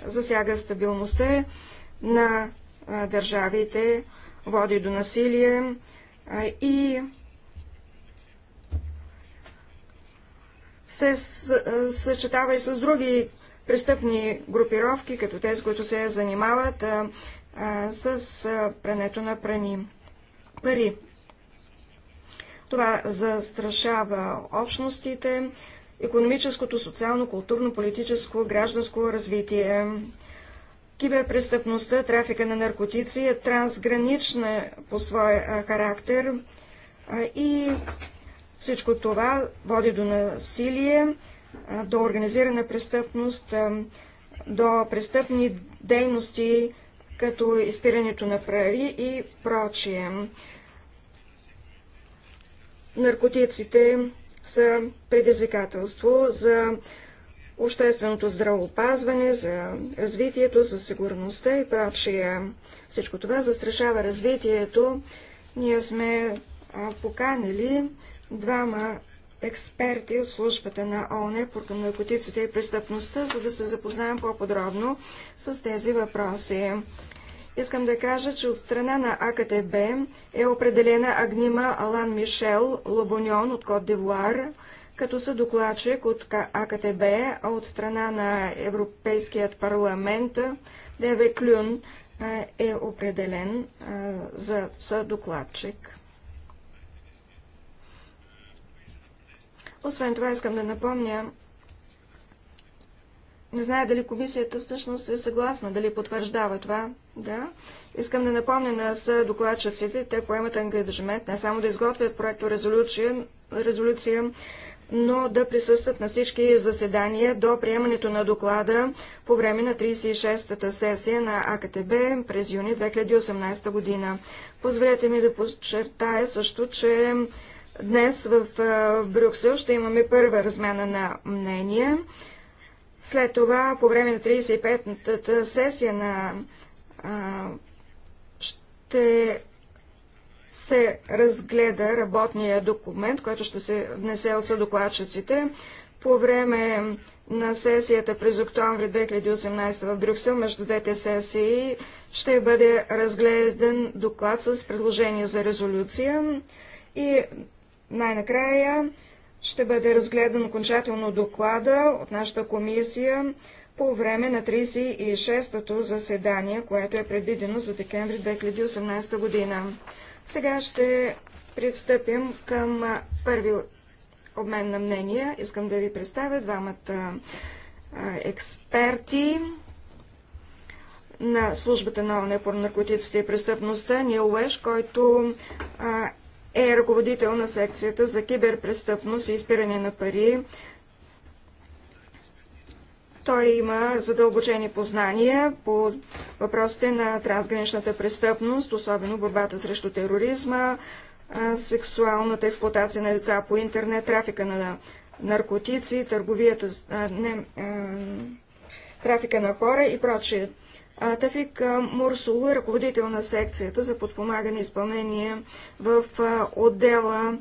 засяга стабилността на държавите, води до насилие и се съчетава и с други престъпни групировки, като тези, които се занимават с прането на прани. пари. Това застрашава общностите, економическото, социално, културно, политическо, гражданско развитие. Киберпрестъпността, трафика на наркотици е трансгранична по своя характер и всичко това води до насилие, до организирана престъпност, до престъпни дейности, като изпирането на пари и прочие. Наркотиците са предизвикателство за общественото здравоопазване, за развитието, за сигурността и прочие. Всичко това застрашава развитието. Ние сме поканили двама експерти от службата на ООН по наркотиците и престъпността, за да се запознаем по-подробно с тези въпроси. Искам да кажа, че от страна на АКТБ е определена Агнима Алан Мишел Лобоньон от Кот Девуар, като са докладчик от АКТБ, а от страна на Европейският парламент Деве Клюн е, е определен за съдокладчик. Освен това искам да напомня, не знае дали комисията всъщност е съгласна, дали потвърждава това. Да. Искам да напомня на докладчиците. те поемат ангажимент не само да изготвят проекто резолюция, резолюция, но да присъстват на всички заседания до приемането на доклада по време на 36-та сесия на АКТБ през юни 2018 година. Позволете ми да подчертая също, че Днес в Брюксел ще имаме първа размяна на мнения. След това, по време на 35-та сесия на ще се разгледа работния документ, който ще се внесе от съдокладчиците. По време на сесията през октомври 2018 в Брюксел, между двете сесии, ще бъде разгледан доклад с предложение за резолюция и най-накрая ще бъде разгледан окончателно доклада от нашата комисия по време на 36-тото заседание, което е предвидено за декември 2018 година. Сега ще пристъпим към първи обмен на мнения. Искам да ви представя двамата експерти на службата на ОНЕ по наркотиците и престъпността, Нил Уеш, който е ръководител на секцията за киберпрестъпност и изпиране на пари. Той има задълбочени познания по въпросите на трансграничната престъпност, особено борбата срещу тероризма, сексуалната експлуатация на деца по интернет, трафика на наркотици, търговията, не, трафика на хора и прочие. Тафик Мурсул, е ръководител на секцията за подпомагане и изпълнение в отдела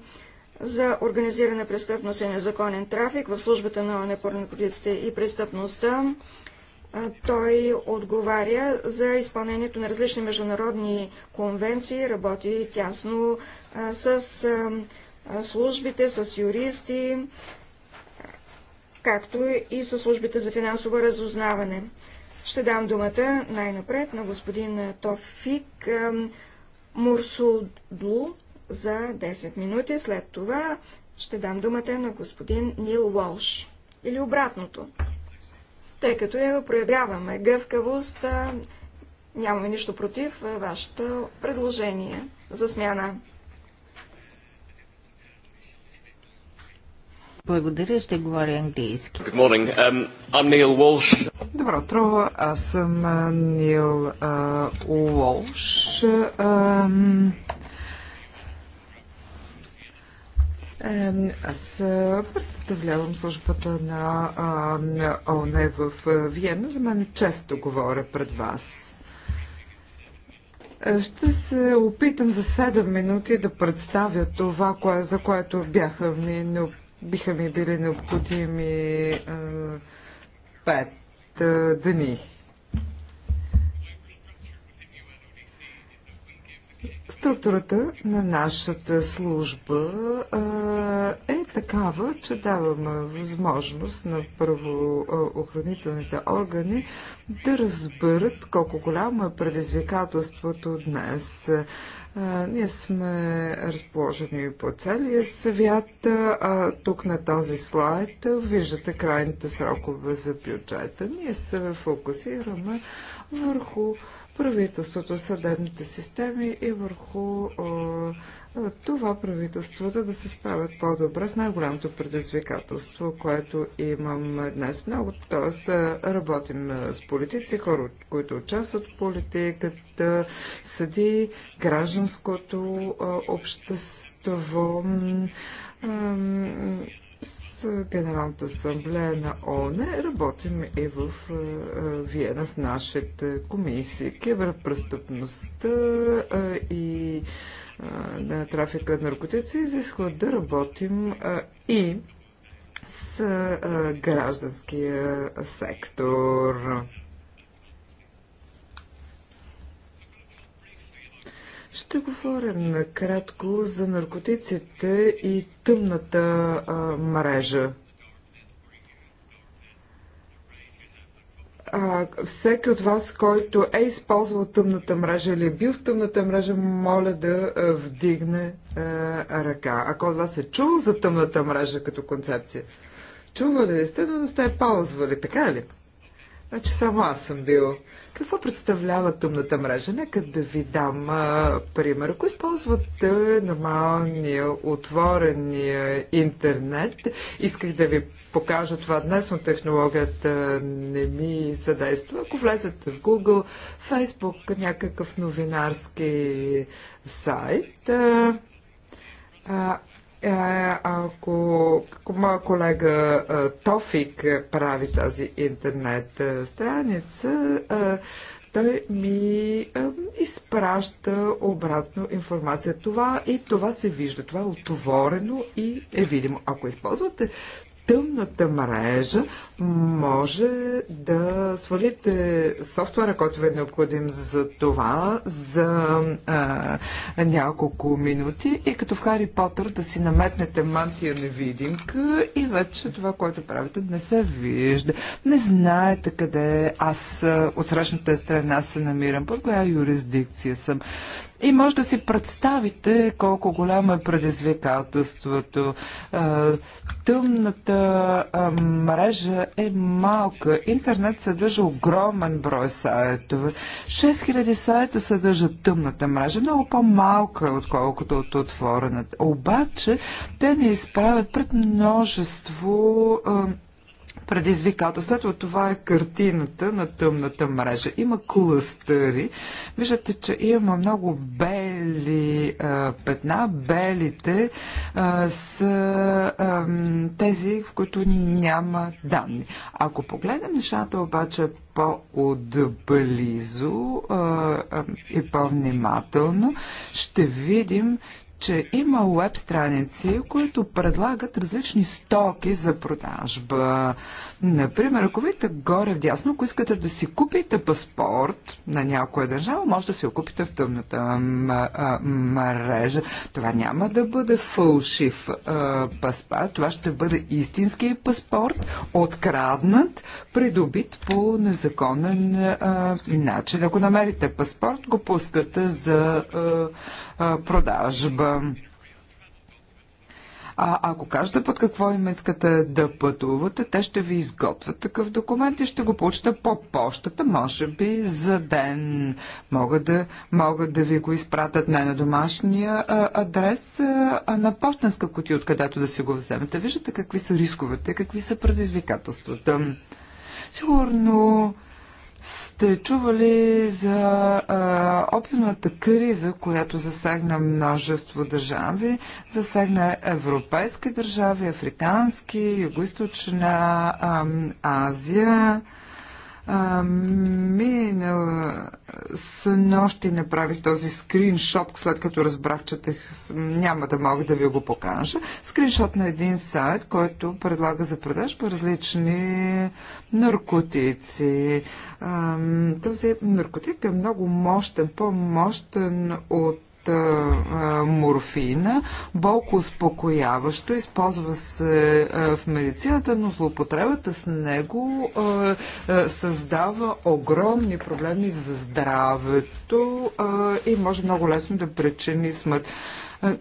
за организиране престъпност и незаконен трафик в службата на ОНЕ и престъпността. Той отговаря за изпълнението на различни международни конвенции, работи тясно с службите, с юристи, както и с службите за финансово разузнаване. Ще дам думата най-напред на господин Тофик Мурсулдлу за 10 минути. След това ще дам думата на господин Нил Уолш. Или обратното. Тъй като я проявяваме гъвкавост, нямаме нищо против вашето предложение за смяна. Благодаря, ще говоря английски. Um, Добро утро, аз съм Нил Уолш. Uh, Аз представлявам службата на, ОНЕ в Виена. За мен е често говоря пред вас. Ще се опитам за 7 минути да представя това, кое, за което бяха ми биха ми били необходими пет дни. Структурата на нашата служба е такава, че даваме възможност на правоохранителните органи да разберат колко голямо е предизвикателството днес ние сме разположени по целия свят. А, тук на този слайд виждате крайните срокове за бюджета. Ние се фокусираме върху правителството, съдебните системи и върху а, това правителството да се справят по-добре с най-голямото предизвикателство, което имам днес много. Тоест, работим с политици, хора, които участват в политиката, съди, гражданското общество, с Генералната асамблея на ООН работим и в Виена, в нашите комисии. Киберпрестъпността и на трафика на наркотици изисква да работим и с гражданския сектор. Ще говоря накратко за наркотиците и тъмната а, мрежа. а, всеки от вас, който е използвал тъмната мрежа или е бил в тъмната мрежа, моля да а, вдигне а, ръка. Ако от вас е чувал за тъмната мрежа като концепция, чували ли сте, но не сте ползвали, така ли? Значи само аз съм бил. Какво представлява тъмната мрежа? Нека да ви дам а, пример. Ако използвате нормалния отворения интернет, исках да ви покажа това днес, но технологията не ми съдейства. Ако влезете в Google, Facebook, някакъв новинарски сайт, а, а, е, ако моя колега е, Тофик прави тази интернет е, страница, той ми изпраща обратно информация. Това и това се вижда. Това е отворено и е видимо. Ако използвате тъмната мрежа, може да свалите софтуера, който ви е необходим за това, за а, няколко минути и като в Хари Потър да си наметнете мантия невидимка и вече това, което правите, не се вижда. Не знаете къде аз от срещната страна се намирам, под коя юрисдикция съм. И може да си представите колко голямо е предизвикателството. Тъмната мрежа е малка. Интернет съдържа огромен брой сайтове. 6000 сайта съдържат тъмната мрежа, много по-малка отколкото от отворената. Обаче те не изправят пред множество предизвикателството. Това е картината на тъмната мрежа. Има клъстъри. Виждате, че има много бели а, петна. Белите а, са а, тези, в които няма данни. Ако погледнем нещата обаче по-отблизо и по-внимателно, ще видим, че има веб страници, които предлагат различни стоки за продажба. Например, ако видите горе дясно, ако искате да си купите паспорт на някоя държава, може да си го купите в тъмната мрежа. Това няма да бъде фалшив паспорт, това ще бъде истински паспорт, откраднат, придобит по незаконен начин. Ако намерите паспорт, го пускате за а, продажба. А ако кажете под какво име искате да пътувате, те ще ви изготвят такъв документ и ще го получите по почтата, може би за ден. Могат да, могат да ви го изпратят не на домашния а, адрес, а на почтенска кутия, откъдето да си го вземете. Виждате какви са рисковете, какви са предизвикателствата. Сигурно сте чували за а, опиумната криза, която засегна множество държави, засегна европейски държави, африкански, югоизточна Азия ми на нощи направих този скриншот, след като разбрах, че тех, няма да мога да ви го покажа. Скриншот на един сайт, който предлага за по различни наркотици. А, този наркотик е много мощен, по-мощен от морфина, болко успокояващо, използва се в медицината, но злоупотребата с него създава огромни проблеми за здравето и може много лесно да причини смърт.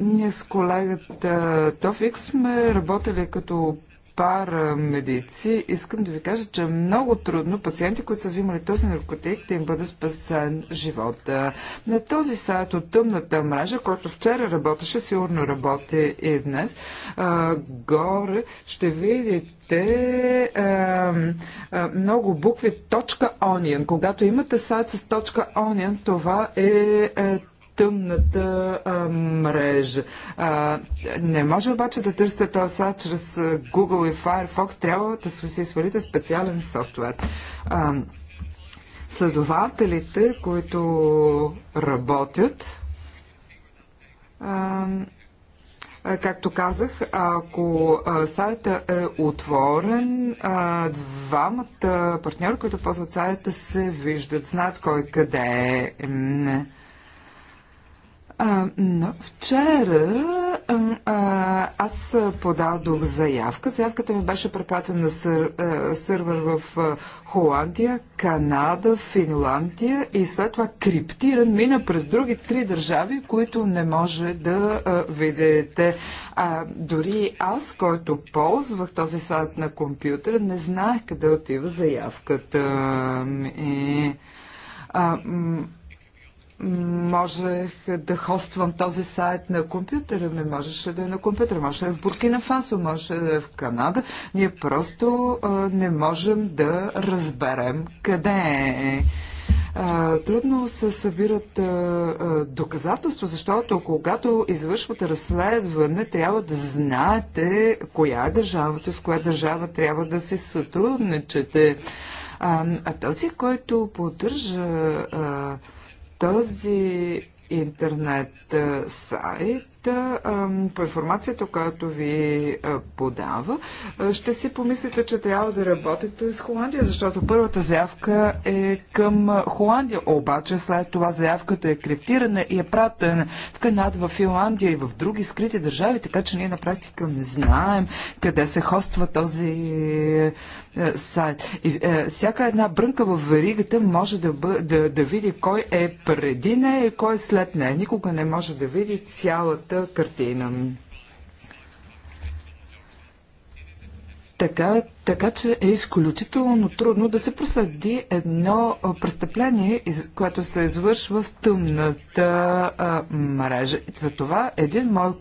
Ние с колегата Тофик сме работили като парамедици, искам да ви кажа, че е много трудно пациенти, които са взимали този наркотик, да им бъде спасен живота. На този сайт от тъмната мрежа, който вчера работеше, сигурно работи и днес, а, горе ще видите те много букви .onion. Когато имате сайт с .onion, това е, е тъмната а, мрежа. А, не може обаче да търсите този сайт чрез Google и Firefox. Трябва да си свалите специален софтуер. А, следователите, които работят, а, Както казах, ако сайта е отворен, двамата партньори, които ползват сайта, се виждат, знаят кой къде е. А, но вчера а, аз подадох заявка. Заявката ми беше препратена на сър, а, сървър в Холандия, Канада, Финландия и след това криптиран мина през други три държави, които не може да а, видите. А, дори аз, който ползвах този сайт на компютъра, не знаех къде отива заявката ми. А, можех да хоствам този сайт на компютъра ми, можеше да е на компютъра, можеше да е в Буркина Фасо, можеше да е в Канада. Ние просто а, не можем да разберем къде е. А, трудно се събират а, а, доказателства, защото когато извършвате разследване, трябва да знаете коя е държавата, с коя държава трябва да се сътрудничате. А, а този, който поддържа а, този интернет сайт, по информацията, която ви подава, ще си помислите, че трябва да работите с Холандия, защото първата заявка е към Холандия, обаче след това заявката е криптирана и е пратена в Канада, в Финландия и в други скрити държави, така че ние на практика не знаем къде се хоства този е, сайт. И, е, всяка една брънка в веригата може да, бъ, да, да види кой е преди нея и кой е след нея. Никога не може да види цялата картина. Така, така че е изключително трудно да се проследи едно престъпление, което се извършва в тъмната а, мрежа. Затова един мой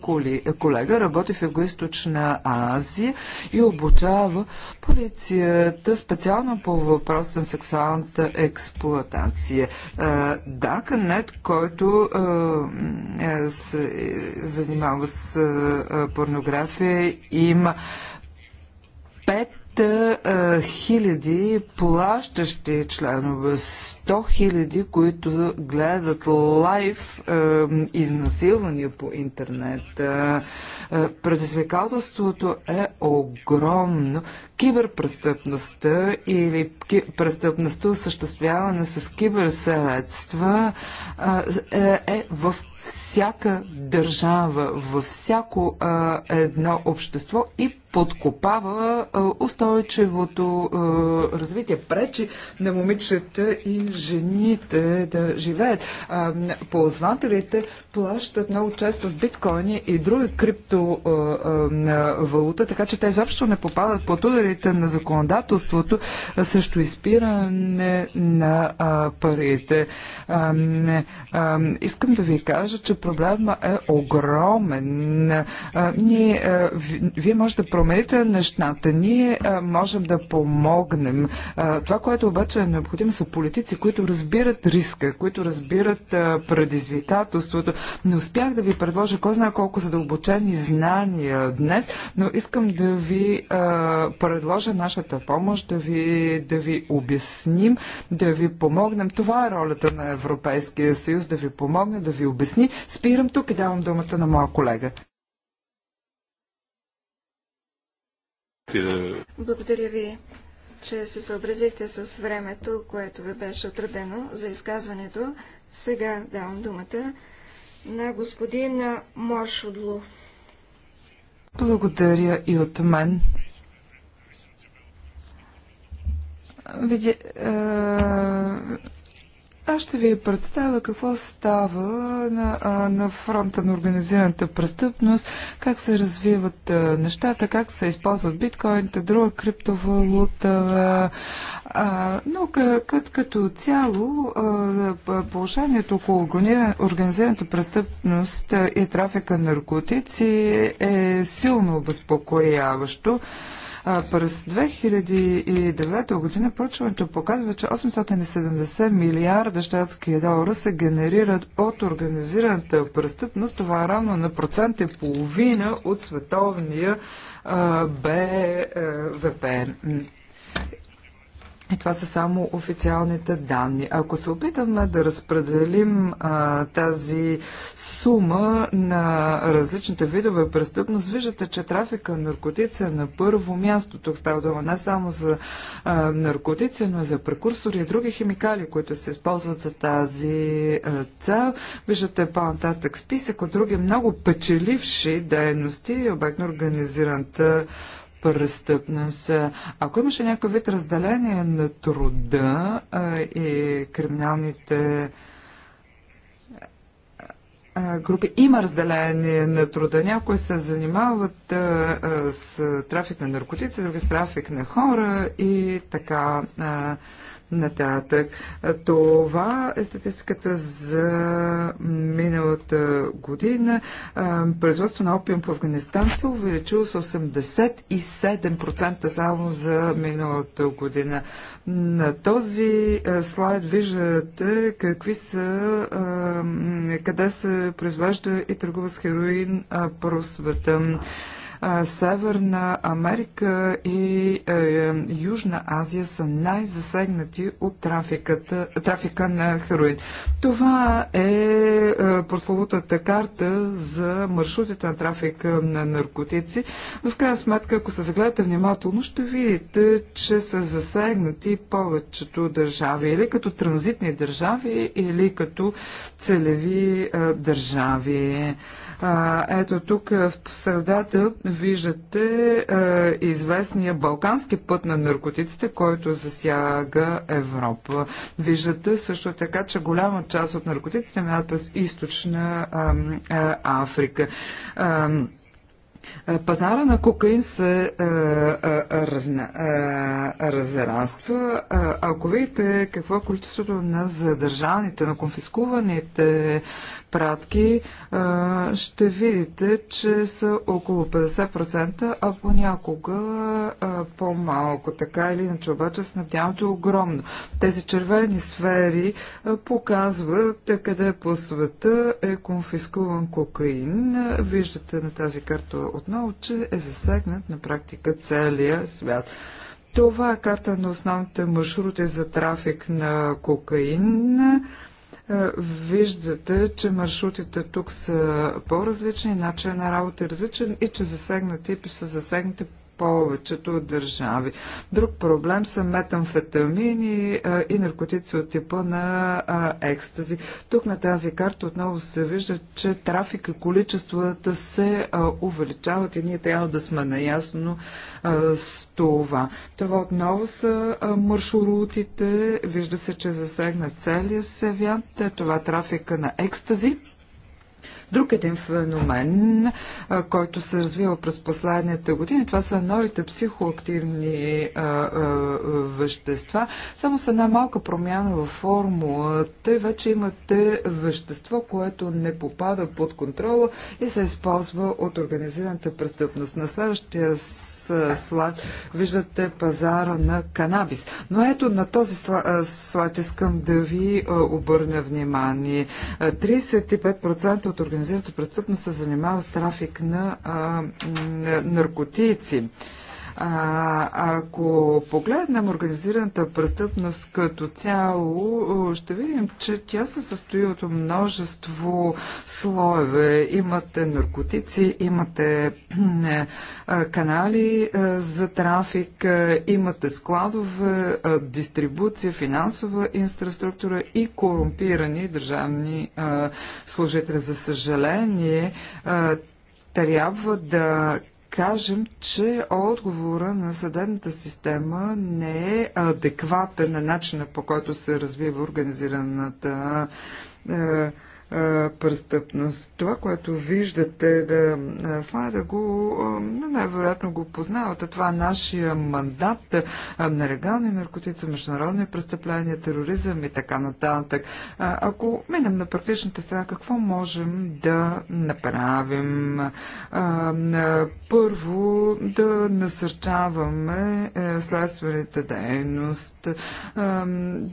колега работи в Юго-Источна Азия и обучава полицията специално по въпрос на сексуалната експлуатация. Да, Нет, който а, е, се е, занимава с а, порнография, има 5 хиляди плащащи членове, 100 хиляди, които гледат лайв изнасилвания по интернет. предизвикателството е огромно киберпрестъпността или престъпността, осъществявана с киберсредства, е, е в всяка държава, във всяко едно общество и подкопава устойчивото развитие, пречи на момичета и жените да живеят. Ползвателите плащат много често с биткоини и други криптовалута, така че те изобщо не попадат под удари авторите на законодателството, също изпиране на парите. искам да ви кажа, че проблема е огромен. ние, вие може да промените нещата. Ние можем да помогнем. това, което обаче е необходимо, са политици, които разбират риска, които разбират предизвикателството. Не успях да ви предложа кой знае колко задълбочени знания днес, но искам да ви а, предложа нашата помощ, да ви, да ви обясним, да ви помогнем. Това е ролята на Европейския съюз, да ви помогне, да ви обясни. Спирам тук и давам думата на моя колега. Благодаря ви, че се съобразихте с времето, което ви беше отредено за изказването. Сега давам думата на господин Моршудлу. Благодаря и от мен. Видя, е, аз ще ви представя какво става на, на фронта на организираната престъпност, как се развиват е, нещата, как се използват биткоините, друга криптовалута. Е, но като цяло положението около организираната престъпност и трафика на наркотици е силно обезпокояващо. През 2009 година проучването показва, че 870 милиарда щатски долара се генерират от организираната престъпност. Това е равно на процент и половина от световния БВП. Е, и е, това са само официалните данни. Ако се опитаме да разпределим а, тази сума на различните видове престъпност, виждате, че трафика на наркотици е на първо място. Тук става дума не само за а, наркотици, но и за прекурсори и други химикали, които се използват за тази цел. Виждате по-нататък списък от други много печеливши дейности, обект на организираната престъпна са. Ако имаше някакъв вид разделение на труда а, и криминалните а, групи, има разделение на труда. Някои се занимават а, с трафик на наркотици, други с трафик на хора и така нататък. Това е статистиката за миналата година. Производство на опиум в Афганистан се увеличило с 87% само за миналата година. На този слайд виждате какви са, къде се произвежда и търгува с хероин по света. Северна Америка и е, Южна Азия са най-засегнати от трафика на хероин. Това е, е прословутата карта за маршрутите на трафика на наркотици. В крайна сметка, ако се загледате внимателно, ще видите, че са засегнати повечето държави или като транзитни държави, или като целеви е, държави. А, ето тук в средата виждате а, известния балкански път на наркотиците, който засяга Европа. Виждате също така, че голяма част от наркотиците минават през източна а, а, Африка. А, Пазара на кокаин се разраства. Ако видите какво е количеството на задържаните, на конфискуваните пратки, ще видите, че са около 50%, а понякога по-малко. Така или иначе, обаче снабдяването е огромно. Тези червени сфери показват къде е по света е конфискуван кокаин. Виждате на тази карта отново, че е засегнат на практика целия свят. Това е карта на основните маршрути за трафик на кокаин. Е, виждате, че маршрутите тук са по-различни, начин на работа е различен и че засегнати са засегнати повечето държави. Друг проблем са метамфетамини и наркотици от типа на екстази. Тук на тази карта отново се вижда, че трафик и количествата се увеличават и ние трябва да сме наясно с това. Това отново са маршрутите. Вижда се, че засегна целия свят. Това е трафика на екстази Друг един феномен, който се развива през последните години, това са новите психоактивни вещества. Само с една малка промяна в формула, те вече имате вещество, което не попада под контрола и се използва от организираната престъпност. На следващия слайд виждате пазара на канабис. Но ето на този слайд искам да ви обърна внимание. 35% от организираната организираната престъпност се занимава с трафик на а, наркотици. А, ако погледнем организираната престъпност като цяло, ще видим, че тя се състои от множество слоеве. Имате наркотици, имате канали за трафик, имате складове, дистрибуция, финансова инфраструктура и корумпирани държавни служители. За съжаление, трябва да кажем, че отговора на съдебната система не е адекватен на начина по който се развива организираната е, престъпност. Това, което виждате да слайда го, най-вероятно го познавате. Това е нашия мандат на легални наркотици, международни престъпления, тероризъм и така нататък. Ако минем на практичната страна, какво можем да направим? Първо, да насърчаваме следствените дейност,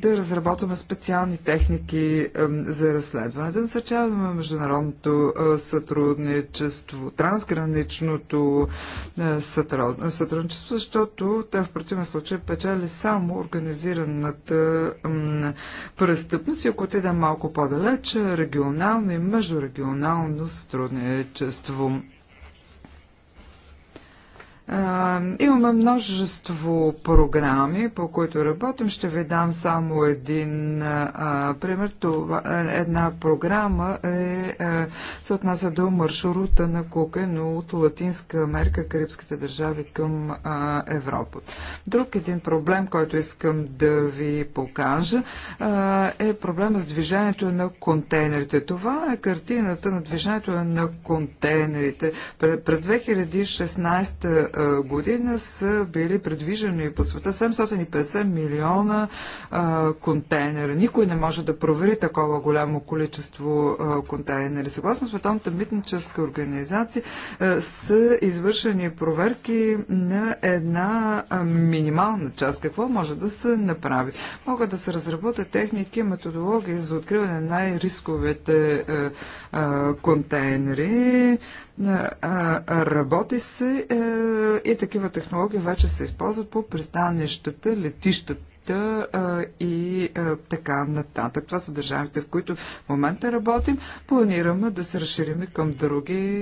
да разработваме специални техники за разследване, да насърчаваме международното сътрудничество, трансграничното сътрудничество, защото те в противен случай печели само организираната престъпност и ако отидем малко по-далече, регионално и междурегионално сътрудничество имаме множество програми, по които работим. Ще ви дам само един а, пример. Това, е, една програма е, а, е, се отнася до маршрута на но от Латинска Америка, Карибските държави към а, Европа. Друг един проблем, който искам да ви покажа, а, е проблема с движението на контейнерите. Това е картината на движението на контейнерите. През 2016 година са били предвижени по света 750 милиона а, контейнера. Никой не може да провери такова голямо количество а, контейнери. Съгласно Световната митническа организация а, са извършени проверки на една минимална част. Какво може да се направи? Могат да се разработят техники, методологии за откриване на най-рисковете контейнери. Работи се е, и такива технологии вече се използват по пристанищата, летищата е, и е, така нататък. Това са държавите, в които в момента работим. Планираме да се разширим към други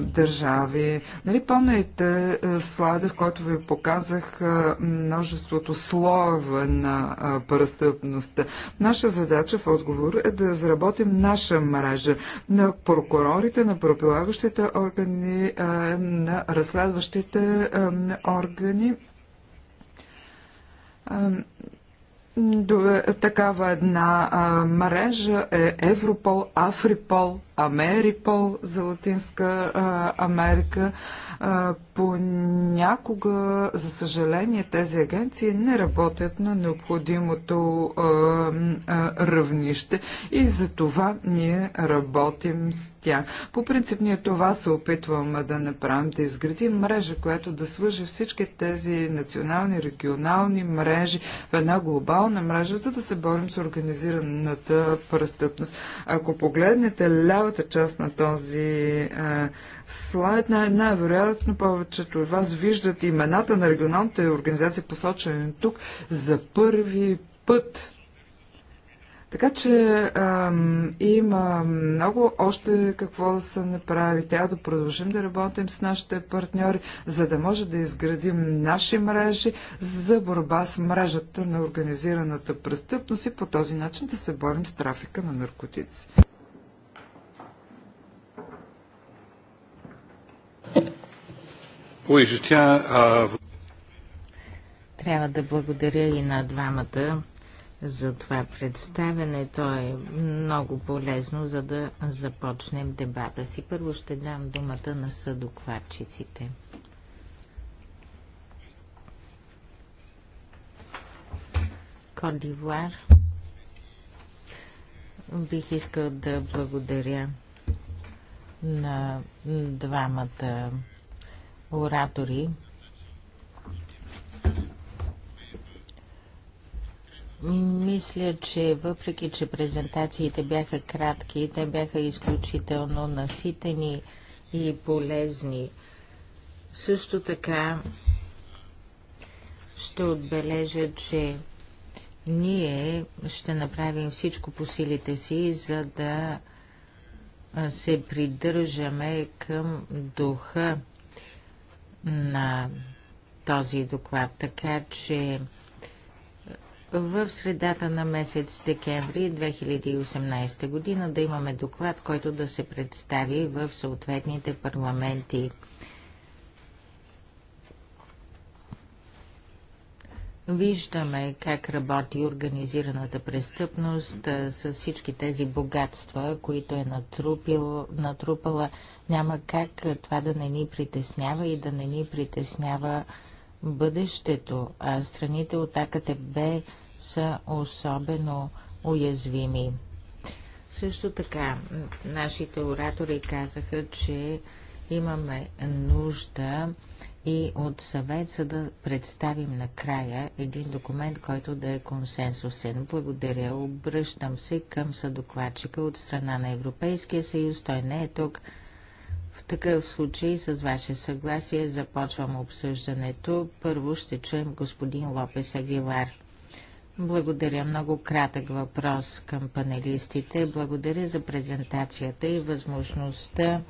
държави. Нали помните слайда, в който ви показах множеството слоеве на престъпността? Наша задача в отговор е да заработим наша мрежа на прокурорите, на пропилагащите органи, на разследващите органи. такава една мрежа е Европол, Африпол, Америпол за Латинска а, Америка. А, понякога, за съжаление, тези агенции не работят на необходимото а, а, равнище и за това ние работим с тях. По принцип ние това се опитваме да направим, да изградим мрежа, която да свържи всички тези национални, регионални мрежи в една глобална мрежа, за да се борим с организираната престъпност. Ако погледнете ляво цялата част на този слайд. Най-вероятно повечето от вас виждат имената на регионалните организации, посочени тук, за първи път. Така че ам, има много още какво да се направи. Трябва да продължим да работим с нашите партньори, за да може да изградим наши мрежи за борба с мрежата на организираната престъпност и по този начин да се борим с трафика на наркотици. Трябва да благодаря и на двамата за това представене. То е много полезно, за да започнем дебата си. Първо ще дам думата на съдокладчиците. Кодивуар. Бих искал да благодаря на двамата оратори. Мисля, че въпреки, че презентациите бяха кратки, те бяха изключително наситени и полезни. Също така ще отбележа, че ние ще направим всичко по силите си, за да се придържаме към духа на този доклад, така че е, в средата на месец декември 2018 година да имаме доклад, който да се представи в съответните парламенти. Виждаме как работи организираната престъпност с всички тези богатства, които е натрупил, натрупала. Няма как това да не ни притеснява и да не ни притеснява бъдещето. А страните от АКТБ са особено уязвими. Също така, нашите оратори казаха, че имаме нужда и от съвет, за да представим накрая един документ, който да е консенсусен. Благодаря. Обръщам се към съдокладчика от страна на Европейския съюз. Той не е тук. В такъв случай, с ваше съгласие, започвам обсъждането. Първо ще чуем господин Лопес Агилар. Благодаря. Много кратък въпрос към панелистите. Благодаря за презентацията и възможността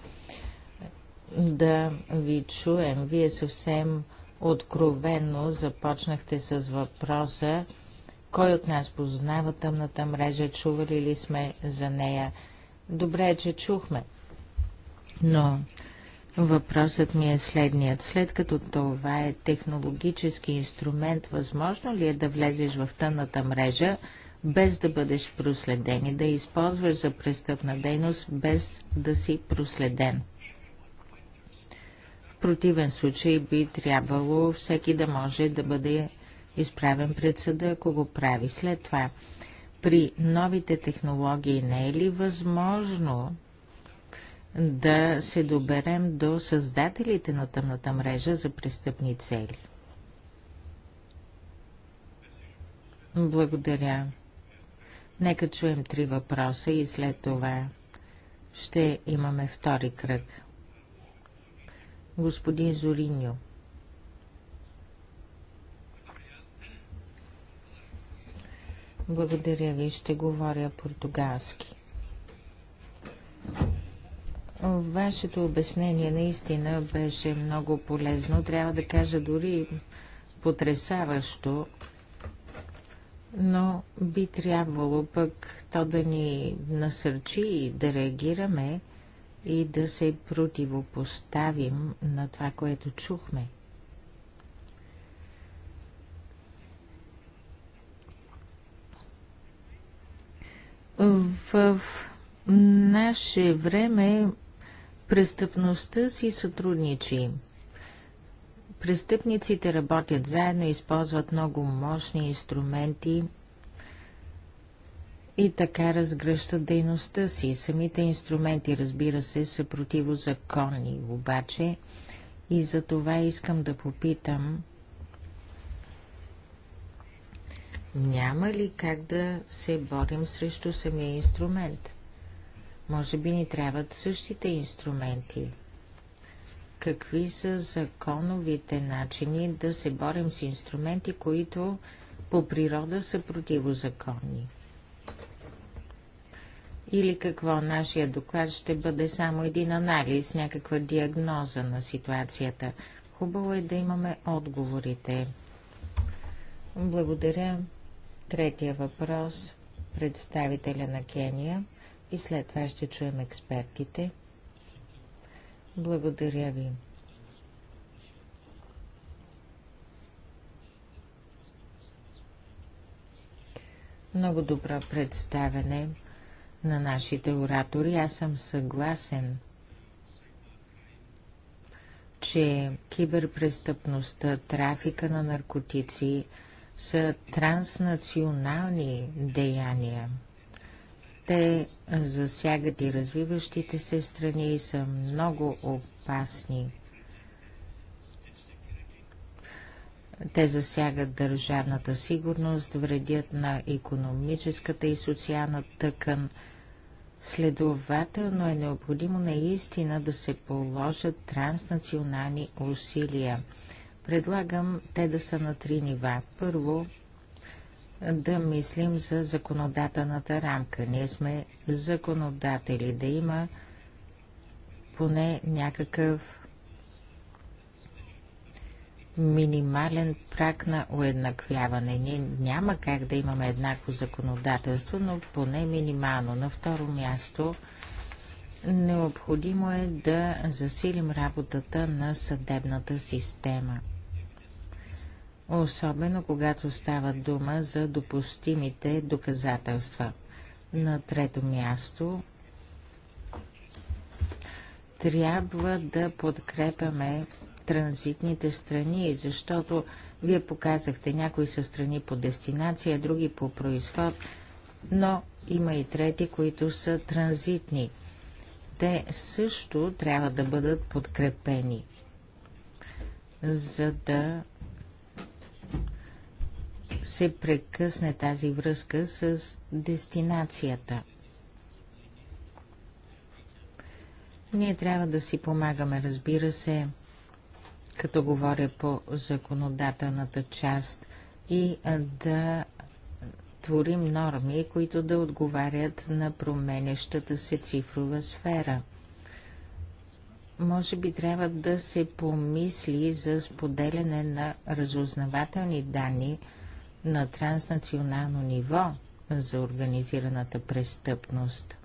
да ви чуем. Вие съвсем откровенно започнахте с въпроса кой от нас познава тъмната мрежа, чували ли сме за нея. Добре, е, че чухме. Но въпросът ми е следният. След като това е технологически инструмент, възможно ли е да влезеш в тъмната мрежа, без да бъдеш проследен и да използваш за престъпна дейност, без да си проследен? противен случай би трябвало всеки да може да бъде изправен пред съда, ако го прави. След това, при новите технологии не е ли възможно да се доберем до създателите на тъмната мрежа за престъпни цели? Благодаря. Нека чуем три въпроса и след това ще имаме втори кръг господин Зориньо. Благодаря ви, ще говоря португалски. Вашето обяснение наистина беше много полезно, трябва да кажа дори потрясаващо, но би трябвало пък то да ни насърчи и да реагираме и да се противопоставим на това, което чухме. В наше време престъпността си сътрудничи. Престъпниците работят заедно, използват много мощни инструменти – и така разгръщат дейността си. Самите инструменти, разбира се, са противозаконни, обаче и за това искам да попитам няма ли как да се борим срещу самия инструмент? Може би ни трябват същите инструменти. Какви са законовите начини да се борим с инструменти, които по природа са противозаконни? Или какво нашия доклад ще бъде само един анализ, някаква диагноза на ситуацията. Хубаво е да имаме отговорите. Благодаря. Третия въпрос представителя на Кения и след това ще чуем експертите. Благодаря ви. Много добро представене на нашите оратори. Аз съм съгласен, че киберпрестъпността, трафика на наркотици са транснационални деяния. Те засягат и развиващите се страни и са много опасни. Те засягат държавната сигурност, вредят на економическата и социална тъкан – Следователно е необходимо наистина да се положат транснационални усилия. Предлагам те да са на три нива. Първо, да мислим за законодателната рамка. Ние сме законодатели, да има поне някакъв минимален прак на уеднаквяване. Ние няма как да имаме еднакво законодателство, но поне минимално. На второ място, необходимо е да засилим работата на съдебната система. Особено когато става дума за допустимите доказателства. На трето място, трябва да подкрепяме транзитните страни, защото вие показахте някои са страни по дестинация, други по происход, но има и трети, които са транзитни. Те също трябва да бъдат подкрепени, за да се прекъсне тази връзка с дестинацията. Ние трябва да си помагаме, разбира се като говоря по законодателната част и да творим норми, които да отговарят на променещата се цифрова сфера. Може би трябва да се помисли за споделяне на разузнавателни данни на транснационално ниво за организираната престъпност –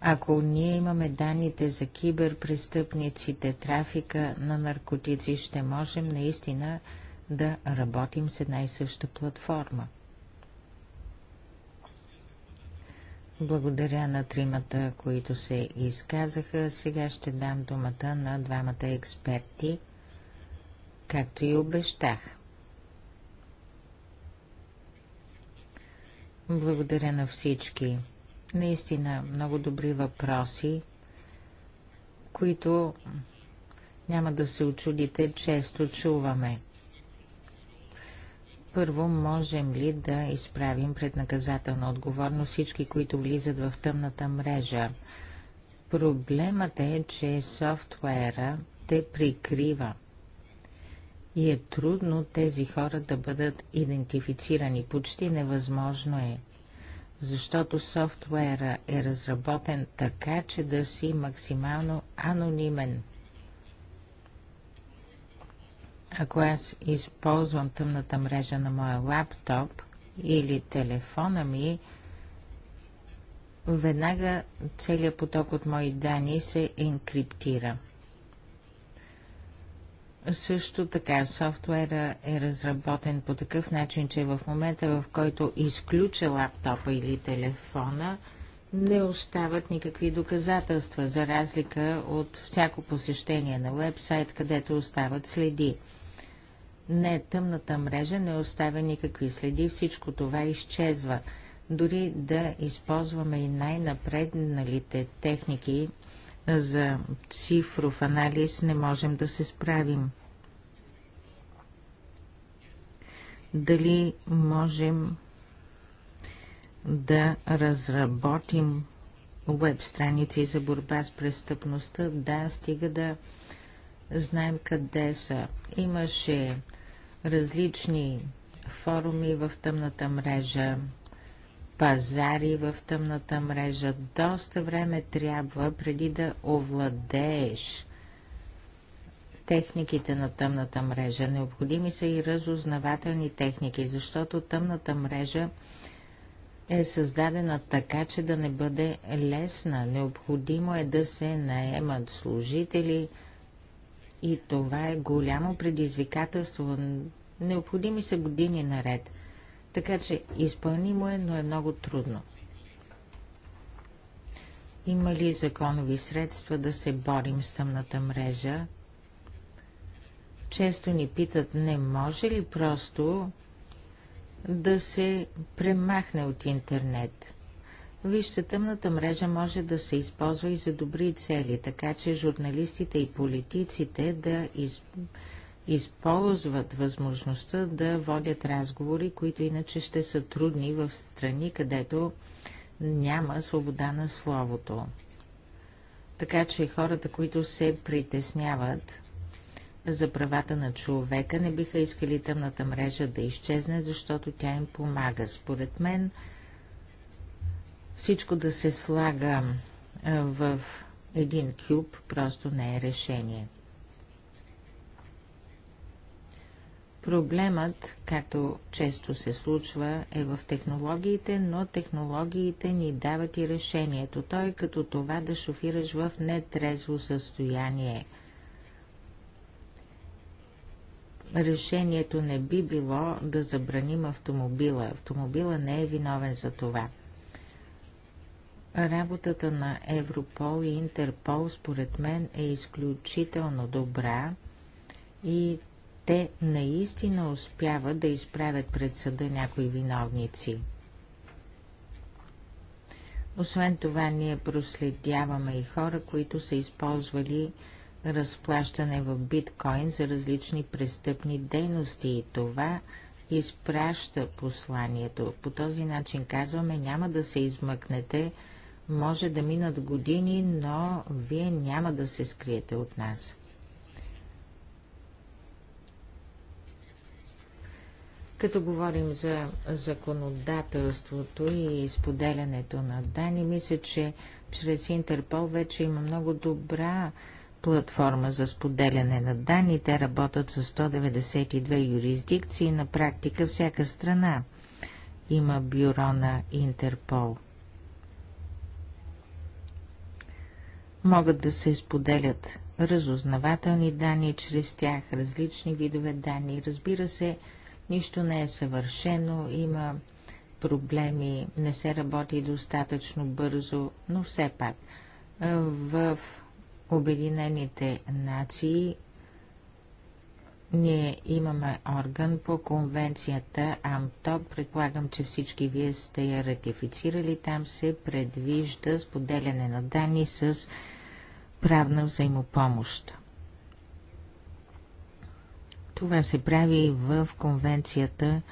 Ако ние имаме данните за киберпрестъпниците, трафика на наркотици, ще можем наистина да работим с една и съща платформа. Благодаря на тримата, които се изказаха. Сега ще дам думата на двамата експерти, както и обещах. Благодаря на всички. Наистина много добри въпроси, които няма да се очудите, често чуваме. Първо, можем ли да изправим пред наказателна отговорност всички, които влизат в тъмната мрежа? Проблемът е, че софтуера те прикрива и е трудно тези хора да бъдат идентифицирани. Почти невъзможно е защото софтуера е разработен така, че да си максимално анонимен. Ако аз използвам тъмната мрежа на моя лаптоп или телефона ми, веднага целият поток от мои данни се енкриптира. Също така софтуера е разработен по такъв начин, че в момента в който изключа лаптопа или телефона, не остават никакви доказателства, за разлика от всяко посещение на вебсайт, където остават следи. Не, тъмната мрежа не оставя никакви следи, всичко това изчезва. Дори да използваме и най-напредналите техники за цифров анализ не можем да се справим. Дали можем да разработим веб страници за борба с престъпността? Да, стига да знаем къде са. Имаше различни форуми в тъмната мрежа, пазари в тъмната мрежа. Доста време трябва преди да овладееш техниките на тъмната мрежа. Необходими са и разузнавателни техники, защото тъмната мрежа е създадена така, че да не бъде лесна. Необходимо е да се наемат служители и това е голямо предизвикателство. Необходими са години наред. Така че изпълнимо е, но е много трудно. Има ли законови средства да се борим с тъмната мрежа? Често ни питат, не може ли просто да се премахне от интернет? Вижте, тъмната мрежа може да се използва и за добри цели, така че журналистите и политиците да изпълнят използват възможността да водят разговори, които иначе ще са трудни в страни, където няма свобода на словото. Така че хората, които се притесняват за правата на човека, не биха искали тъмната мрежа да изчезне, защото тя им помага. Според мен всичко да се слага в един кюб просто не е решение. Проблемът, както често се случва, е в технологиите, но технологиите ни дават и решението. Той е като това да шофираш в нетрезво състояние. Решението не би било да забраним автомобила. Автомобила не е виновен за това. Работата на Европол и Интерпол според мен е изключително добра и те наистина успяват да изправят пред съда някои виновници. Освен това, ние проследяваме и хора, които са използвали разплащане в биткоин за различни престъпни дейности и това изпраща посланието. По този начин казваме, няма да се измъкнете, може да минат години, но вие няма да се скриете от нас. Като говорим за законодателството и споделянето на данни, мисля, че чрез Интерпол вече има много добра платформа за споделяне на данни. Те работят с 192 юрисдикции. На практика всяка страна има бюро на Интерпол. Могат да се споделят разузнавателни данни чрез тях, различни видове данни. Разбира се, Нищо не е съвършено, има проблеми, не се работи достатъчно бързо, но все пак в Обединените нации ние имаме орган по конвенцията АМТОК. Предполагам, че всички вие сте я ратифицирали. Там се предвижда споделяне на данни с правна взаимопомощ. Това се прави и в конвенцията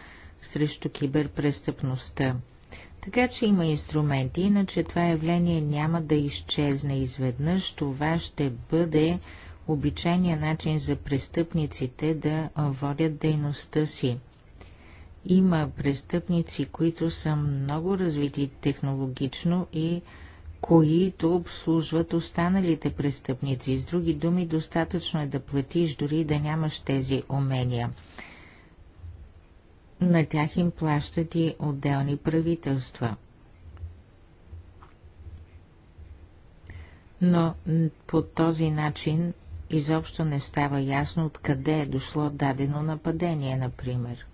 срещу киберпрестъпността. Така че има инструменти, иначе това явление няма да изчезне изведнъж. Това ще бъде обичайния начин за престъпниците да водят дейността си. Има престъпници, които са много развити технологично и технологично които обслужват останалите престъпници. С други думи, достатъчно е да платиш, дори да нямаш тези умения. На тях им плащат и отделни правителства. Но по този начин изобщо не става ясно откъде е дошло дадено нападение, например.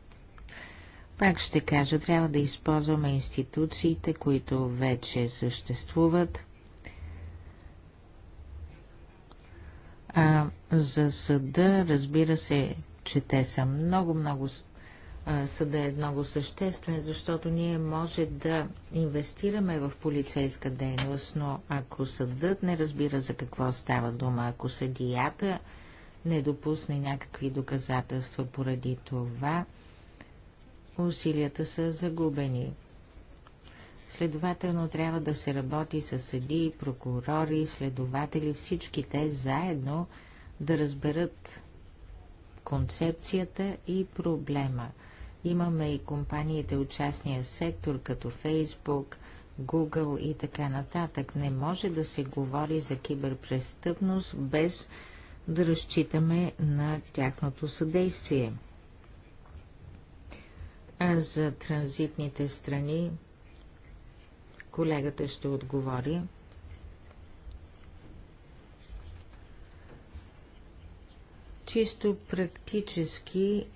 Пак ще кажа, трябва да използваме институциите, които вече съществуват. А за съда, разбира се, че те са много, много съда е много съществен, защото ние може да инвестираме в полицейска дейност, но ако съдът не разбира за какво става дума, ако съдията не допусне някакви доказателства поради това, усилията са загубени. Следователно трябва да се работи с съдии, прокурори, следователи, всички те заедно да разберат концепцията и проблема. Имаме и компаниите от частния сектор, като Фейсбук, Google и така нататък. Не може да се говори за киберпрестъпност без да разчитаме на тяхното съдействие за транзитните страни колегата ще отговори. Чисто практически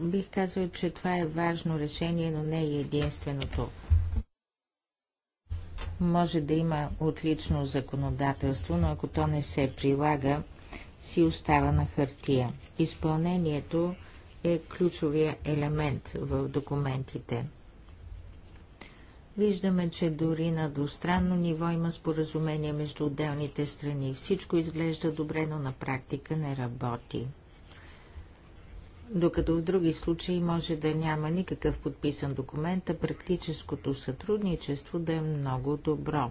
бих казал, че това е важно решение, но не е единственото. Може да има отлично законодателство, но ако то не се прилага, си остава на хартия. Изпълнението е ключовия елемент в документите. Виждаме, че дори на двустранно ниво има споразумение между отделните страни. Всичко изглежда добре, но на практика не работи. Докато в други случаи може да няма никакъв подписан документ, а практическото сътрудничество да е много добро.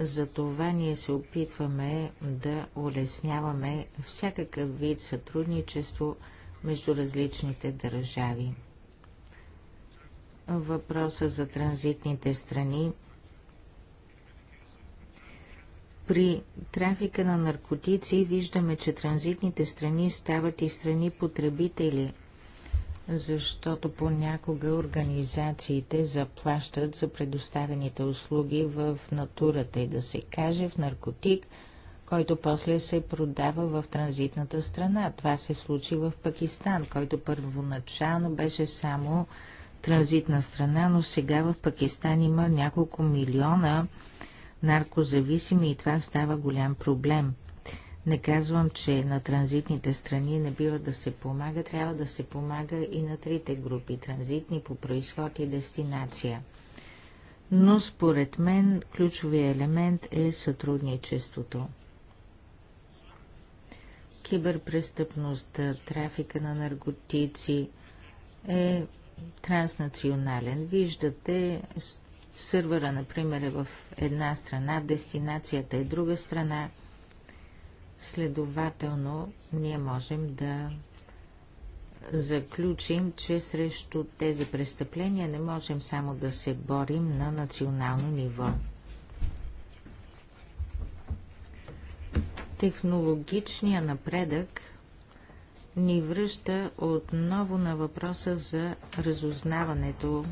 Затова ние се опитваме да улесняваме всякакъв вид сътрудничество – между различните държави. Въпроса за транзитните страни при трафика на наркотици виждаме, че транзитните страни стават и страни потребители, защото понякога организациите заплащат за предоставените услуги в натурата и да се каже в наркотик – който после се продава в транзитната страна. Това се случи в Пакистан, който първоначално беше само транзитна страна, но сега в Пакистан има няколко милиона наркозависими и това става голям проблем. Не казвам, че на транзитните страни не бива да се помага, трябва да се помага и на трите групи – транзитни по происход и дестинация. Но според мен ключовия елемент е сътрудничеството. Киберпрестъпността, трафика на наркотици е транснационален. Виждате, сървъра, например, е в една страна, дестинацията е друга страна. Следователно, ние можем да заключим, че срещу тези престъпления не можем само да се борим на национално ниво. Технологичният напредък ни връща отново на въпроса за разузнаването,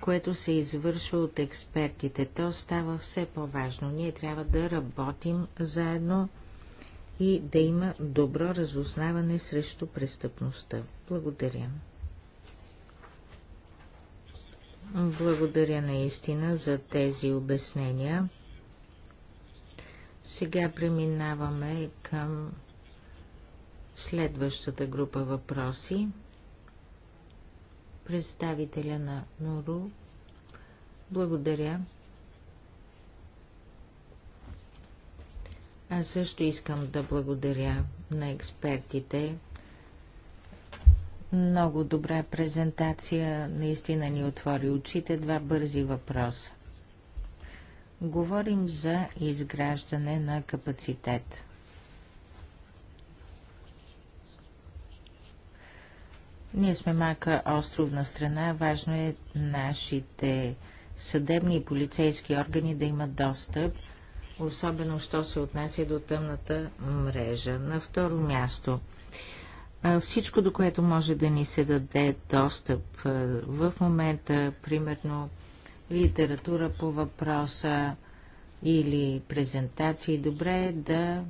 което се извършва от експертите. То става все по-важно. Ние трябва да работим заедно и да има добро разузнаване срещу престъпността. Благодаря. Благодаря наистина за тези обяснения. Сега преминаваме към следващата група въпроси. Представителя на Нуру. Благодаря. Аз също искам да благодаря на експертите. Много добра презентация, наистина ни отвори очите. Два бързи въпроса. Говорим за изграждане на капацитет. Ние сме мака островна страна, важно е нашите съдебни и полицейски органи да имат достъп, особено що се отнася до тъмната мрежа. На второ място, всичко, до което може да ни се даде достъп в момента, примерно литература по въпроса или презентации. Добре е да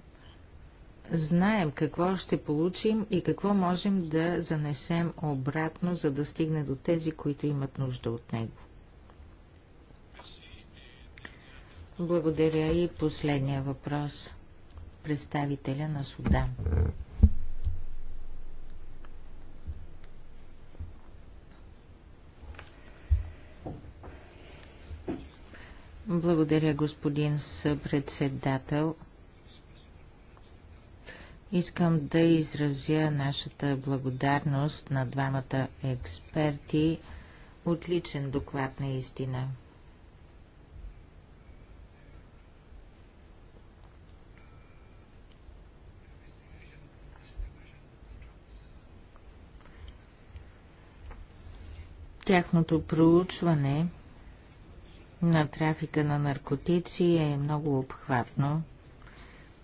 знаем какво ще получим и какво можем да занесем обратно, за да стигне до тези, които имат нужда от него. Благодаря и последния въпрос. Представителя на Судан. Благодаря, господин съпредседател. Искам да изразя нашата благодарност на двамата експерти. Отличен доклад наистина. Тяхното проучване – на трафика на наркотици е много обхватно.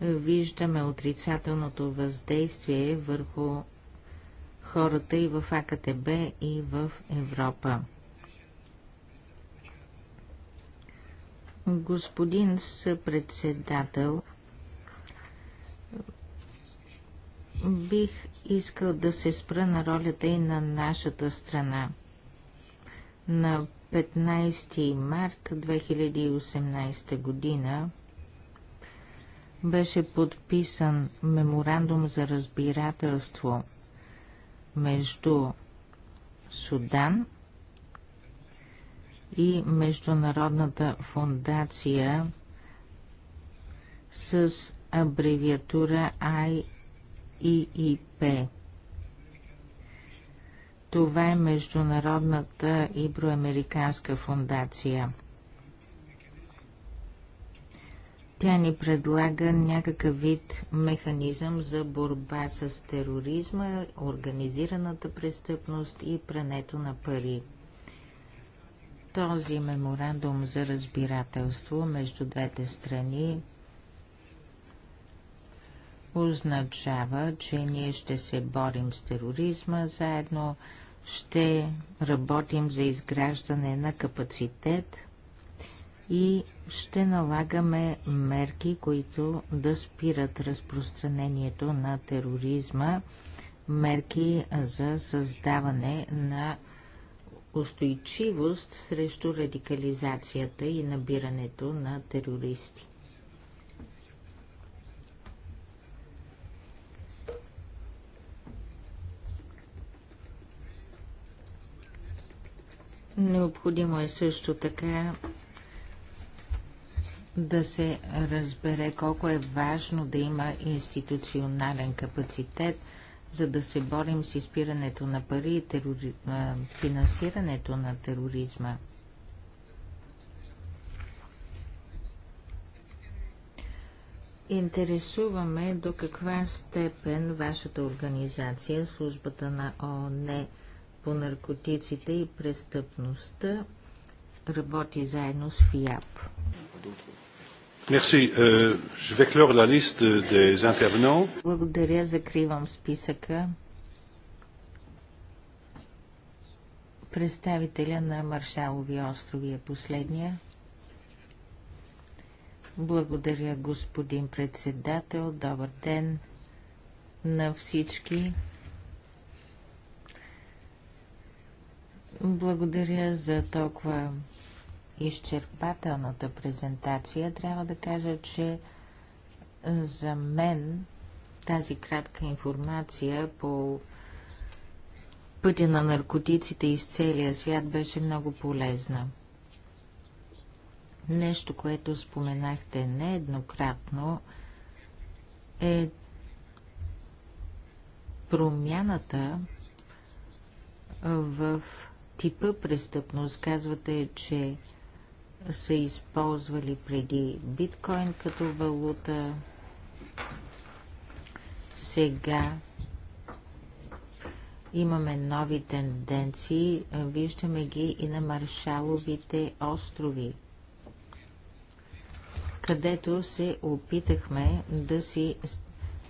Виждаме отрицателното въздействие върху хората и в АКТБ, и в Европа. Господин съпредседател, бих искал да се спра на ролята и на нашата страна. На 15 март 2018 година беше подписан меморандум за разбирателство между Судан и Международната фундация с абревиатура IEIP. Това е Международната иброамериканска фундация. Тя ни предлага някакъв вид механизъм за борба с тероризма, организираната престъпност и прането на пари. Този меморандум за разбирателство между двете страни означава, че ние ще се борим с тероризма заедно, ще работим за изграждане на капацитет и ще налагаме мерки, които да спират разпространението на тероризма, мерки за създаване на устойчивост срещу радикализацията и набирането на терористи. Необходимо е също така да се разбере колко е важно да има институционален капацитет, за да се борим с изпирането на пари и терори... финансирането на тероризма. Интересуваме до каква степен вашата организация, службата на ООН, по наркотиците и престъпността работи заедно с ФИАП. Merci. Euh, je vais clore la liste des intervenants. Благодаря, закривам списъка. Представителя на Маршалови острови е последния. Благодаря, господин председател. Добър ден на всички. Благодаря за толкова изчерпателната презентация. Трябва да кажа, че за мен тази кратка информация по пътя на наркотиците из целия свят беше много полезна. Нещо, което споменахте нееднократно, е промяната в типа престъпност. Казвате, че са използвали преди биткоин като валута. Сега имаме нови тенденции. Виждаме ги и на Маршаловите острови, където се опитахме да си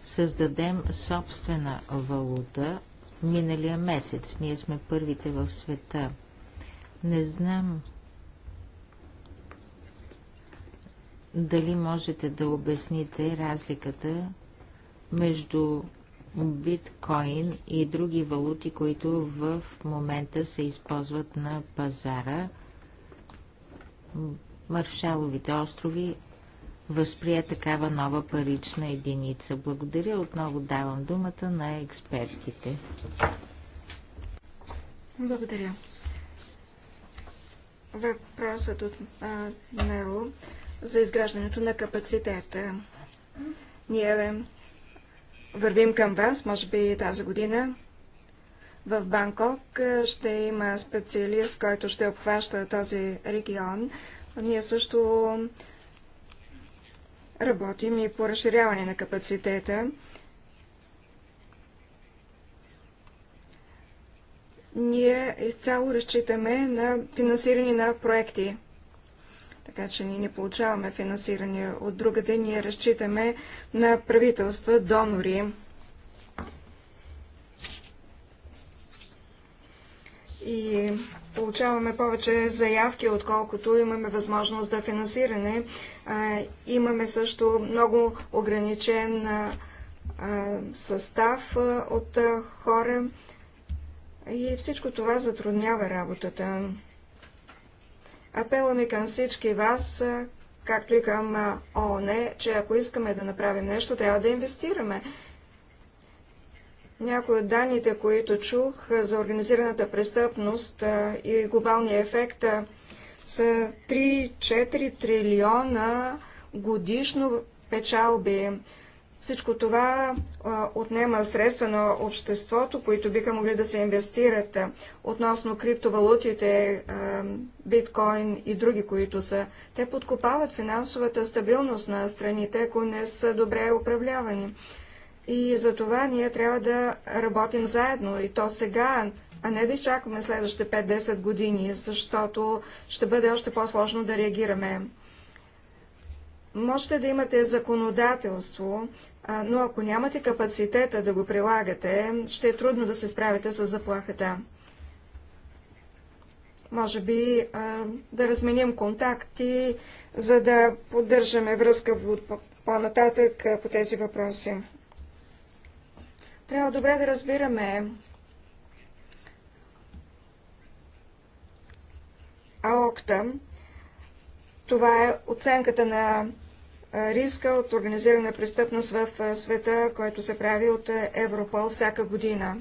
създадем собствена валута, миналия месец. Ние сме първите в света. Не знам дали можете да обясните разликата между биткоин и други валути, които в момента се използват на пазара. Маршаловите острови възприе такава нова парична единица. Благодаря. Отново давам думата на експертите. Благодаря. Въпросът от а, Неро за изграждането на капацитета. Ние вървим към вас, може би тази година. В Банкок ще има специалист, който ще обхваща този регион. Ние също Работим и по разширяване на капацитета. Ние изцяло разчитаме на финансиране на проекти. Така че ние не получаваме финансиране от другата. Ние разчитаме на правителства, донори. И получаваме повече заявки, отколкото имаме възможност да финансиране. Имаме също много ограничен състав от хора и всичко това затруднява работата. Апела ми към всички вас, както и към ООН, че ако искаме да направим нещо, трябва да инвестираме. Някои от данните, които чух за организираната престъпност и глобалния ефект са 3-4 трилиона годишно печалби. Всичко това отнема средства на обществото, които биха могли да се инвестират относно криптовалутите, биткоин и други, които са. Те подкопават финансовата стабилност на страните, ако не са добре управлявани. И за това ние трябва да работим заедно и то сега, а не да изчакваме следващите 5-10 години, защото ще бъде още по-сложно да реагираме. Можете да имате законодателство, но ако нямате капацитета да го прилагате, ще е трудно да се справите с заплахата. Може би да разменим контакти, за да поддържаме връзка по-нататък по тези въпроси. Трябва добре да разбираме АОКТА. Това е оценката на риска от организирана престъпност в света, който се прави от Европол всяка година.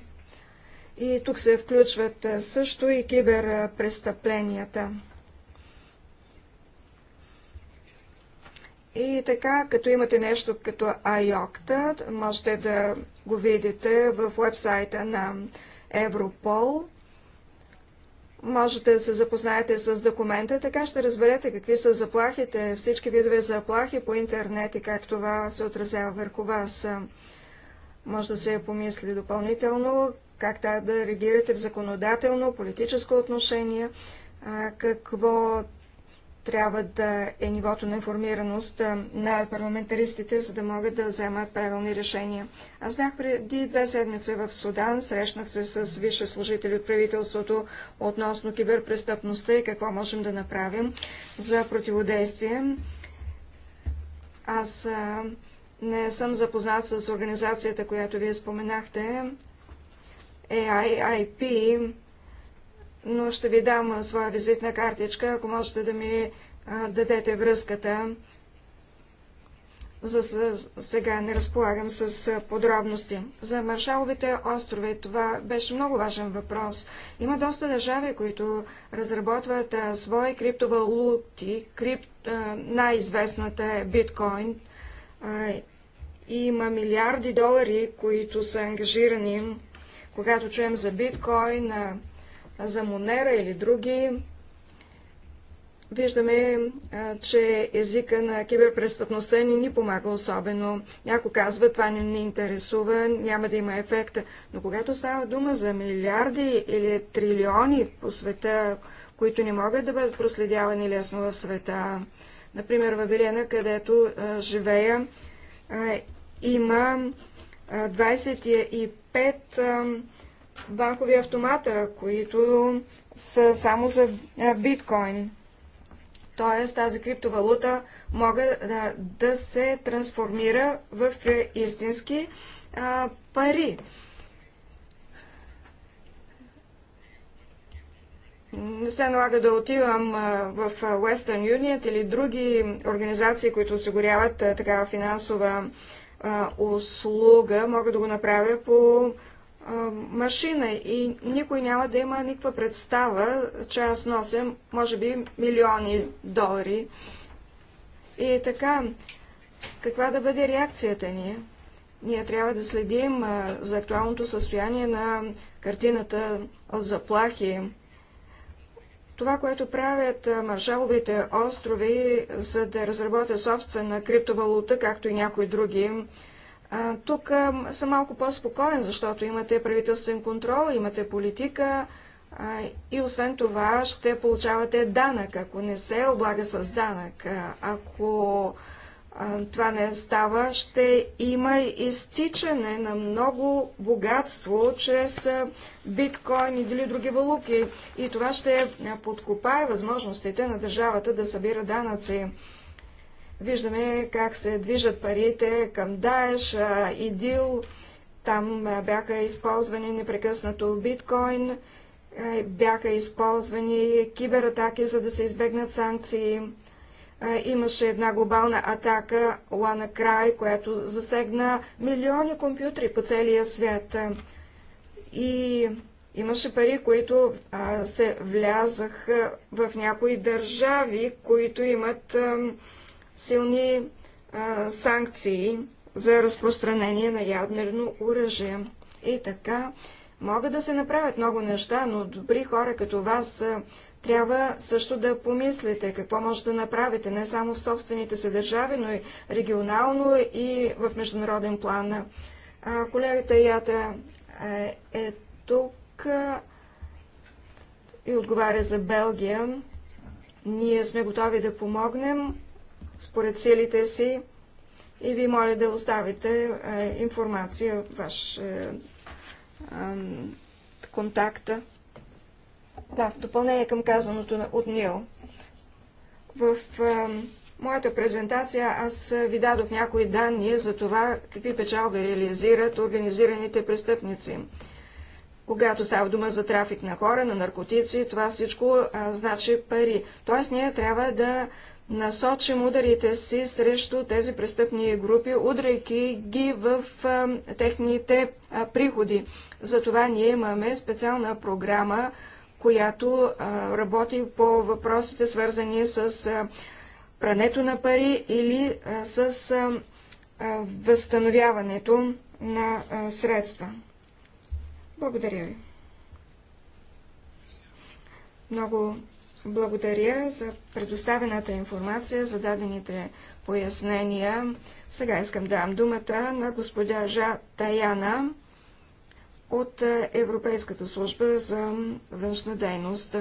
И тук се включват също и киберпрестъпленията. И така, като имате нещо като Айокта, можете да го видите в вебсайта на Европол. Можете да се запознаете с документа, така ще разберете какви са заплахите, всички видове заплахи по интернет и как това се отразява върху вас. Може да се помисли допълнително как трябва да реагирате в законодателно, политическо отношение, какво трябва да е нивото на информираност на парламентаристите, за да могат да вземат правилни решения. Аз бях преди две седмици в Судан, срещнах се с висши служители от правителството относно киберпрестъпността и какво можем да направим за противодействие. Аз не съм запознат с организацията, която вие споменахте, AIIP, но ще ви дам своя визитна картичка, ако можете да ми дадете връзката. За сега не разполагам с подробности. За маршаловите острови това беше много важен въпрос. Има доста държави, които разработват а, свои криптовалути. Крип... Най-известната е биткоин. А, има милиарди долари, които са ангажирани. Когато чуем за биткоин, а, за Монера или други. Виждаме, че езика на киберпрестъпността не ни помага особено. Някой казва, това не ни интересува, няма да има ефекта. Но когато става дума за милиарди или трилиони по света, които не могат да бъдат проследявани лесно в света, например в Вилена, където живея, има 25 банкови автомата, които са само за биткоин. Т.е. тази криптовалута мога да, да се трансформира в истински а, пари. Не се налага да отивам в Western Union или други организации, които осигуряват такава финансова а, услуга. Мога да го направя по машина и никой няма да има никаква представа, че аз нося, може би, милиони долари. И така, каква да бъде реакцията ни? Ние трябва да следим за актуалното състояние на картината от заплахи. Това, което правят маршаловите острови, за да разработят собствена криптовалута, както и някои други тук съм малко по-спокоен, защото имате правителствен контрол, имате политика и освен това ще получавате данък, ако не се облага с данък. ако това не става, ще има изтичане на много богатство чрез биткоин или други валуки. И това ще подкопае възможностите на държавата да събира данъци. Виждаме как се движат парите към Даеш, ИДИЛ, там бяха използвани непрекъснато биткоин, бяха използвани кибератаки, за да се избегнат санкции. Имаше една глобална атака Лана Край, която засегна милиони компютри по целия свят. И имаше пари, които се влязаха в някои държави, които имат силни а, санкции за разпространение на ядмерно оръжие. И така, могат да се направят много неща, но добри хора като вас трябва също да помислите какво може да направите не само в собствените си държави, но и регионално и в международен план. А, колегата Ята е, е тук а, и отговаря за Белгия. Ние сме готови да помогнем според силите си и ви моля да оставите е, информация, ваш е, е, контакта. Да, в допълнение към казаното от Нил. В е, моята презентация аз е, ви дадох някои данни за това какви печалби реализират организираните престъпници. Когато става дума за трафик на хора, на наркотици, това всичко а, значи пари. Тоест ние трябва да насочим ударите си срещу тези престъпни групи, удряйки ги в а, техните а, приходи. Затова ние имаме специална програма, която а, работи по въпросите свързани с а, прането на пари или а, с а, а, възстановяването на а, средства. Благодаря ви. Много благодаря за предоставената информация, за дадените пояснения. Сега искам да дам думата на госпожа Таяна от е, Европейската служба за външна дейност.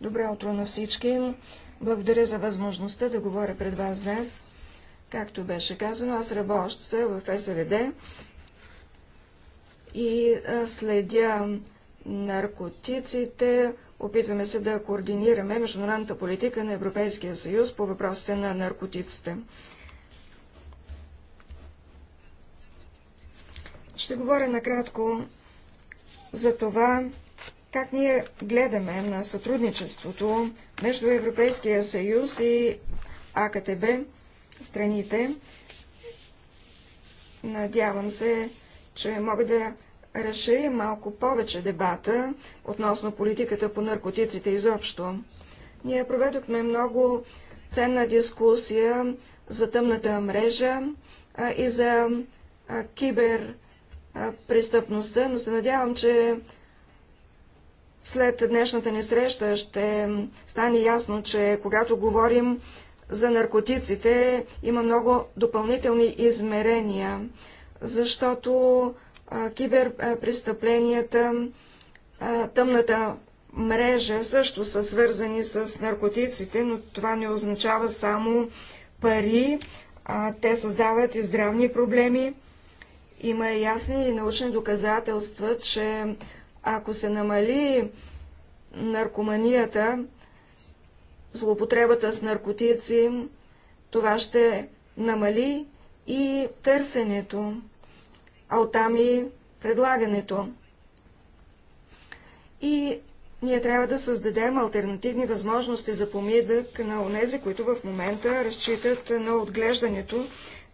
Добре утро на всички! Благодаря за възможността да говоря пред вас днес. Както беше казано, аз работя в СВД и следя наркотиците. Опитваме се да координираме международната политика на Европейския съюз по въпросите на наркотиците. Ще говоря накратко за това, как ние гледаме на сътрудничеството между Европейския съюз и АКТБ, страните. Надявам се, че мога да разшири малко повече дебата относно политиката по наркотиците изобщо. Ние проведохме много ценна дискусия за тъмната мрежа а, и за а, кибер престъпността, но се надявам, че след днешната ни среща ще стане ясно, че когато говорим за наркотиците, има много допълнителни измерения, защото киберпрестъпленията, тъмната мрежа също са свързани с наркотиците, но това не означава само пари. Те създават и здравни проблеми. Има ясни и научни доказателства, че ако се намали наркоманията, злопотребата с наркотици, това ще намали и търсенето а оттам и предлагането. И ние трябва да създадем альтернативни възможности за помидък на онези, които в момента разчитат на отглеждането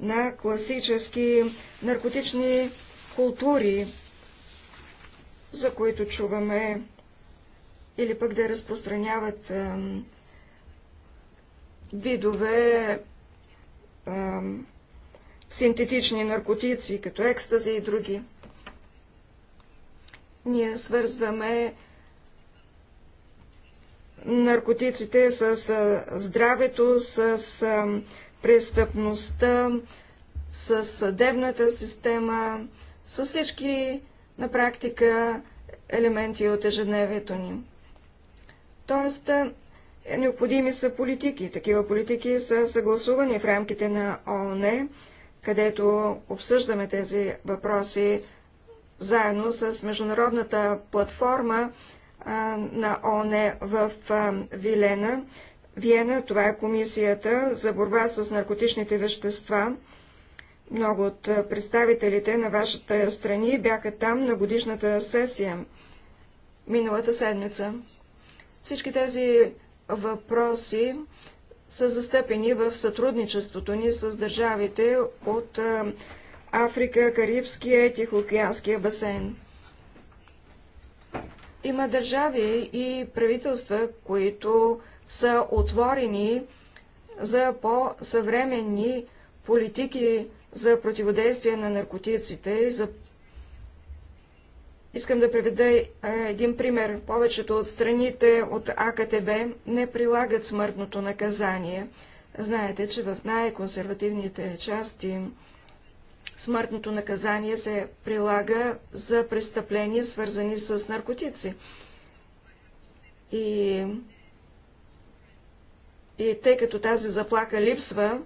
на класически наркотични култури, за които чуваме, или пък да разпространяват видове синтетични наркотици, като екстази и други. Ние свързваме наркотиците с здравето, с престъпността, с съдебната система, с всички на практика елементи от ежедневието ни. Тоест, необходими са политики. Такива политики са съгласувани в рамките на ООН където обсъждаме тези въпроси заедно с международната платформа на ОНЕ в Вилена. Виена, това е комисията за борба с наркотичните вещества. Много от представителите на вашата страни бяха там на годишната сесия миналата седмица. Всички тези въпроси са застъпени в сътрудничеството ни с държавите от Африка, Карибския и Тихоокеанския басейн. Има държави и правителства, които са отворени за по-съвременни политики за противодействие на наркотиците и за Искам да приведа е, един пример. Повечето от страните от АКТБ не прилагат смъртното наказание. Знаете, че в най-консервативните части смъртното наказание се прилага за престъпления, свързани с наркотици. И, и тъй като тази заплаха липсва,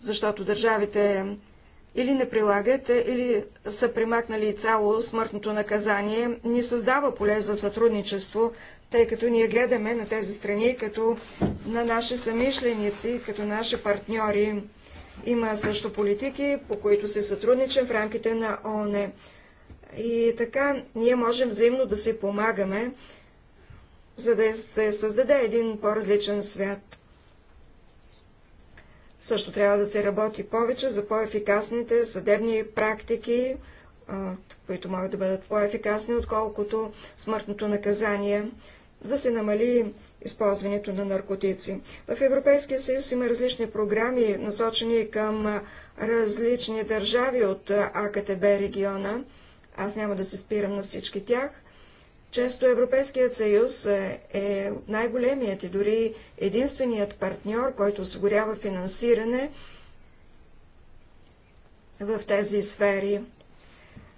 защото държавите или не прилагат, или са примакнали цяло смъртното наказание, ни създава поле за сътрудничество, тъй като ние гледаме на тези страни като на наши самишленици, като наши партньори. Има също политики, по които се сътрудничим в рамките на ООН. И така ние можем взаимно да се помагаме, за да се създаде един по-различен свят. Също трябва да се работи повече за по-ефикасните съдебни практики, които могат да бъдат по-ефикасни, отколкото смъртното наказание, да се намали използването на наркотици. В Европейския съюз има различни програми, насочени към различни държави от АКТБ региона. Аз няма да се спирам на всички тях – често Европейският съюз е, е най-големият и дори единственият партньор, който осигурява финансиране в тези сфери.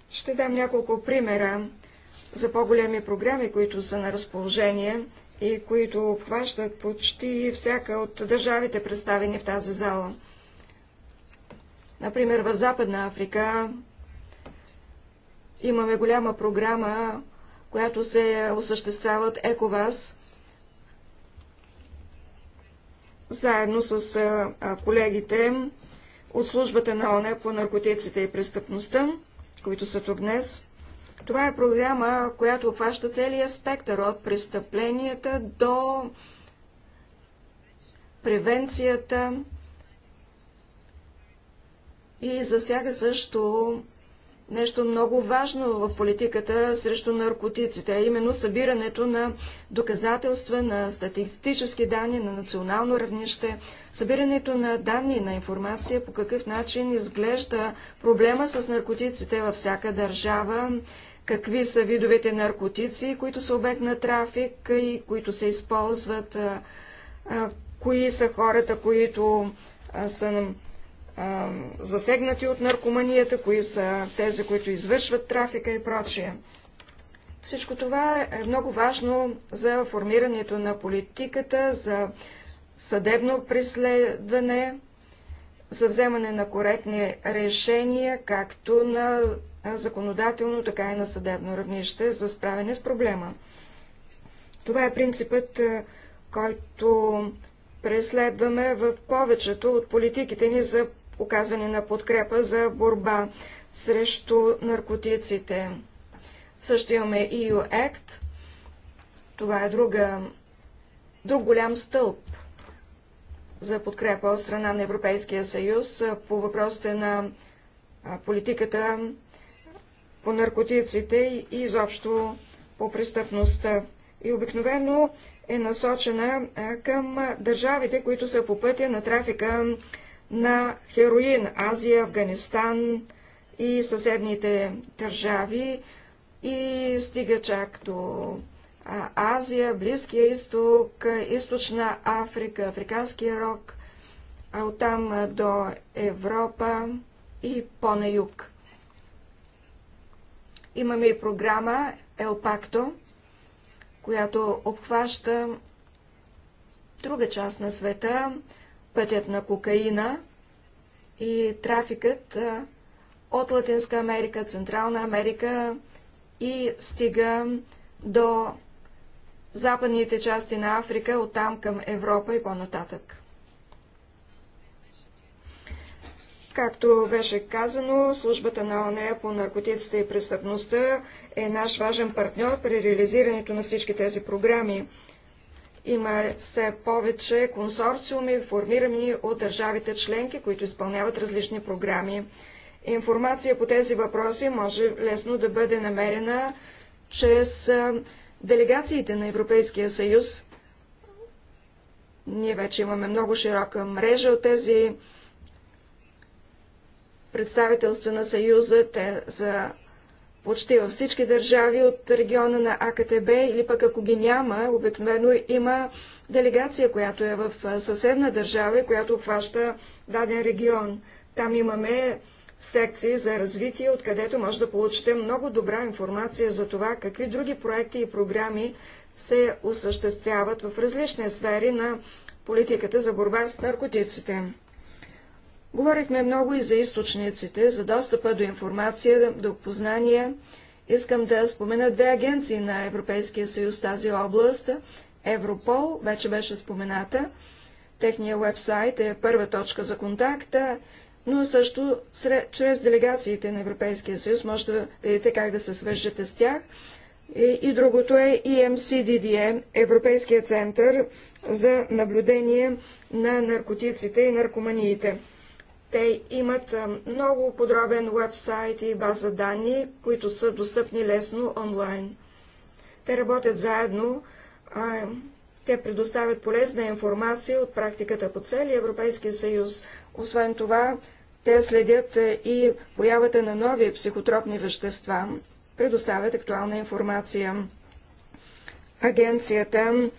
Ще дам няколко примера за по-големи програми, които са на разположение и които обхващат почти всяка от държавите, представени в тази зала. Например, в Западна Африка имаме голяма програма която се осъществява от ЕКОВАС, заедно с колегите от службата на ОНЕ по наркотиците и престъпността, които са тук днес. Това е програма, която обхваща целия спектър от престъпленията до превенцията и засяга също нещо много важно в политиката срещу наркотиците, а именно събирането на доказателства, на статистически данни на национално равнище, събирането на данни, на информация, по какъв начин изглежда проблема с наркотиците във всяка държава, какви са видовете наркотици, които са обект на трафик и които се използват, кои са хората, които са засегнати от наркоманията, кои са тези, които извършват трафика и прочие. Всичко това е много важно за формирането на политиката, за съдебно преследване, за вземане на коректни решения, както на законодателно, така и на съдебно равнище за справяне с проблема. Това е принципът, е, който преследваме в повечето от политиките ни за оказване на подкрепа за борба срещу наркотиците. Също имаме EU Act. Това е друга, друг голям стълб за подкрепа от страна на Европейския съюз по въпросите на политиката по наркотиците и изобщо по престъпността. И обикновено е насочена към държавите, които са по пътя на трафика на хероин Азия, Афганистан и съседните държави и стига чак до Азия, Близкия изток, Източна Африка, Африканския рок, а оттам до Европа и по-на юг. Имаме и програма El Pacto, която обхваща друга част на света, пътят на кокаина и трафикът от Латинска Америка, Централна Америка и стига до западните части на Африка, оттам към Европа и по-нататък. Както беше казано, службата на ОНЕ по наркотиците и престъпността е наш важен партньор при реализирането на всички тези програми. Има все повече консорциуми, формирани от държавите членки, които изпълняват различни програми. Информация по тези въпроси може лесно да бъде намерена чрез делегациите на Европейския съюз. Ние вече имаме много широка мрежа от тези представителства на Съюза. Те са почти във всички държави от региона на АКТБ, или пък ако ги няма, обикновено има делегация, която е в съседна държава и която обхваща даден регион. Там имаме секции за развитие, откъдето може да получите много добра информация за това, какви други проекти и програми се осъществяват в различни сфери на политиката за борба с наркотиците. Говорихме много и за източниците, за достъпа до информация, до познания. Искам да спомена две агенции на Европейския съюз в тази област. Европол, вече беше спомената. Техният вебсайт е първа точка за контакта, но също сред, чрез делегациите на Европейския съюз може да видите как да се свържете с тях. И, и другото е EMCDDM, e, Европейския център за наблюдение на наркотиците и наркоманиите. Те имат много подробен вебсайт и база данни, които са достъпни лесно онлайн. Те работят заедно, те предоставят полезна информация от практиката по целия Европейския съюз. Освен това, те следят и появата на нови психотропни вещества, предоставят актуална информация. Агенцията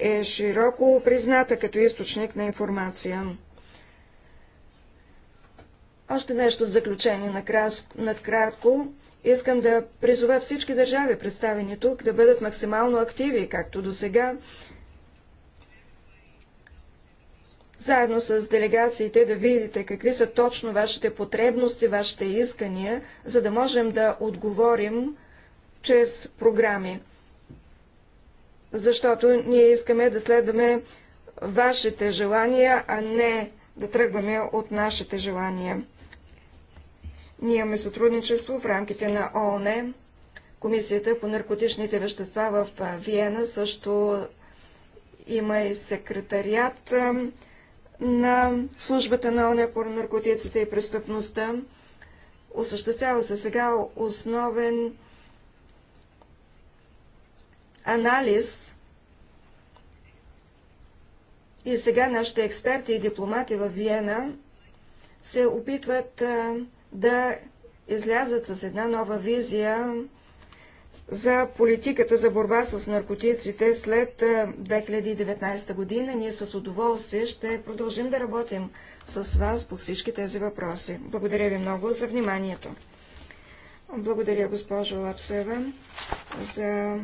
е широко призната като източник на информация. Още нещо в заключение надкратко, Искам да призова всички държави, представени тук, да бъдат максимално активи, както до сега, заедно с делегациите да видите какви са точно вашите потребности, вашите искания, за да можем да отговорим чрез програми. Защото ние искаме да следваме вашите желания, а не да тръгваме от нашите желания. Ние имаме сътрудничество в рамките на ООН. Комисията по наркотичните вещества в Виена също има и секретариат на службата на ОНЕ по наркотиците и престъпността. Осъществява се сега основен анализ и сега нашите експерти и дипломати в Виена се опитват да излязат с една нова визия за политиката за борба с наркотиците след 2019 година. Ние с удоволствие ще продължим да работим с вас по всички тези въпроси. Благодаря ви много за вниманието. Благодаря, госпожо Лапсева, за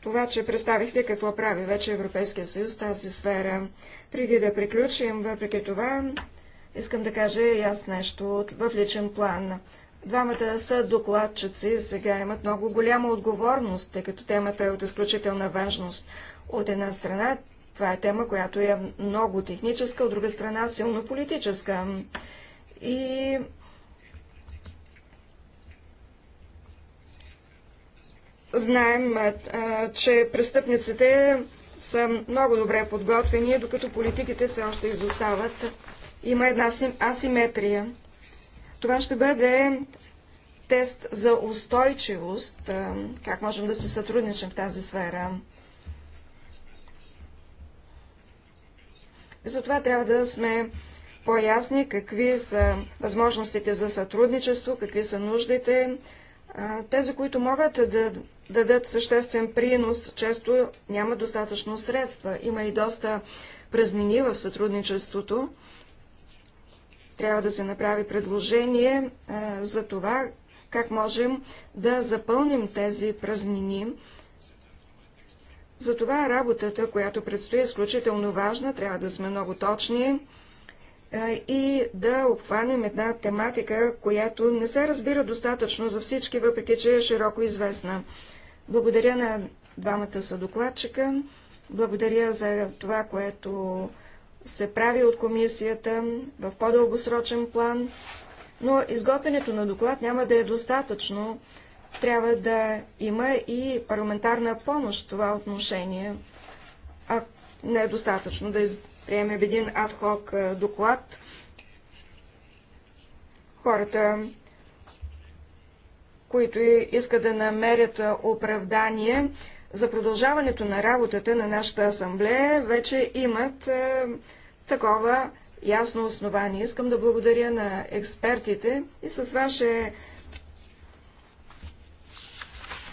това, че представихте какво прави вече Европейския съюз в тази сфера. Преди да приключим, въпреки това, Искам да кажа и аз нещо в личен план. Двамата са докладчици, сега имат много голяма отговорност, тъй като темата е от изключителна важност. От една страна, това е тема, която е много техническа, от друга страна силно политическа. И знаем, че престъпниците са много добре подготвени, докато политиките все още изостават има една асиметрия. Това ще бъде тест за устойчивост, как можем да се сътрудничим в тази сфера. И затова трябва да сме по-ясни какви са възможностите за сътрудничество, какви са нуждите. Тези, които могат да дадат съществен принос, често няма достатъчно средства. Има и доста празнини в сътрудничеството. Трябва да се направи предложение е, за това, как можем да запълним тези празнини. Затова работата, която предстои, е изключително важна. Трябва да сме много точни е, и да обхванем една тематика, която не се разбира достатъчно за всички, въпреки че е широко известна. Благодаря на двамата съдокладчика. Благодаря за това, което се прави от комисията в по-дългосрочен план, но изготвянето на доклад няма да е достатъчно. Трябва да има и парламентарна помощ в това отношение. А не е достатъчно да приемем един адхок доклад. Хората, които искат да намерят оправдание, за продължаването на работата на нашата асамблея вече имат е, такова ясно основание. Искам да благодаря на експертите и с ваше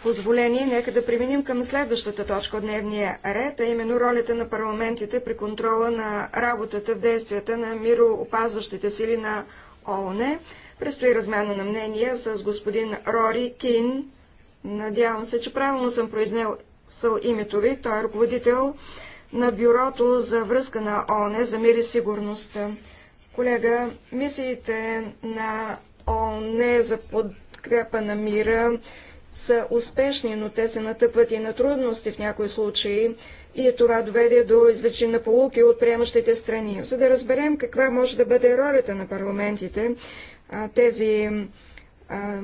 позволение, нека да преминем към следващата точка от дневния ред, а именно ролята на парламентите при контрола на работата в действията на мироопазващите сили на ООН. Предстои размяна на мнения с господин Рори Кин. Надявам се, че правилно съм произнел Сал името ви. Той е ръководител на Бюрото за връзка на ООН за мир и сигурност. Колега, мисиите на ООН за подкрепа на мира са успешни, но те се натъпват и на трудности в някои случаи и това доведе до извлечени на полуки от приемащите страни. За да разберем каква може да бъде ролята на парламентите, тези а,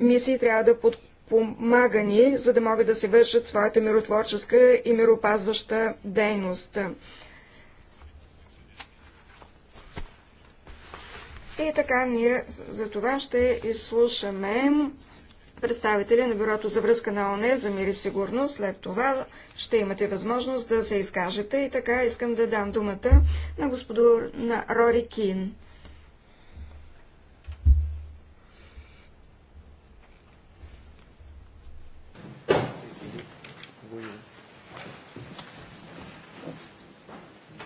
мисии трябва да подкрепят помагани, за да могат да се вършат своята миротворческа и миропазваща дейност. И така ние за това ще изслушаме представители на Бюрото за връзка на ОНЕ за мир и сигурност. След това ще имате възможност да се изкажете. И така искам да дам думата на господин Рори Кин.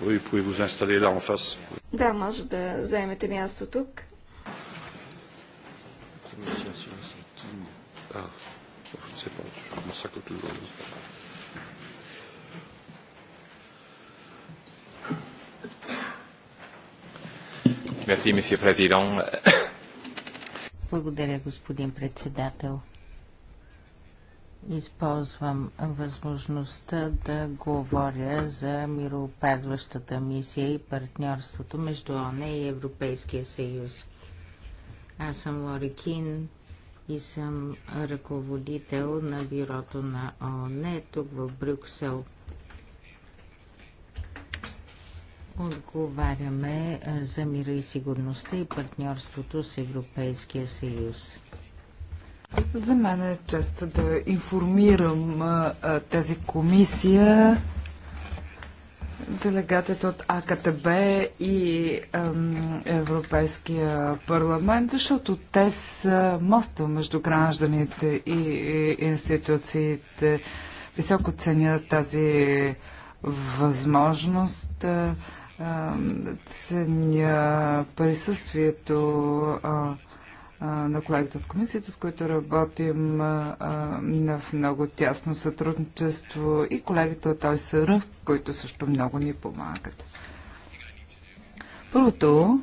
Oui, pouvez-vous installer là en face. Да, може да заемете място тук. Ah, Благодаря, господин председател използвам възможността да говоря за мироопазващата мисия и партньорството между ОНЕ и Европейския съюз. Аз съм Лори Кин и съм ръководител на бюрото на ОНЕ тук в Брюксел. Отговаряме за мира и сигурността и партньорството с Европейския съюз. За мен е чест да информирам а, тази комисия, делегатите от АКТБ и ам, Европейския парламент, защото те са моста между гражданите и, и институциите. Високо ценя тази възможност. А, ценя присъствието а, на колегите от комисията, с които работим на много тясно сътрудничество и колегите от ОСР, които също много ни помагат. Първото,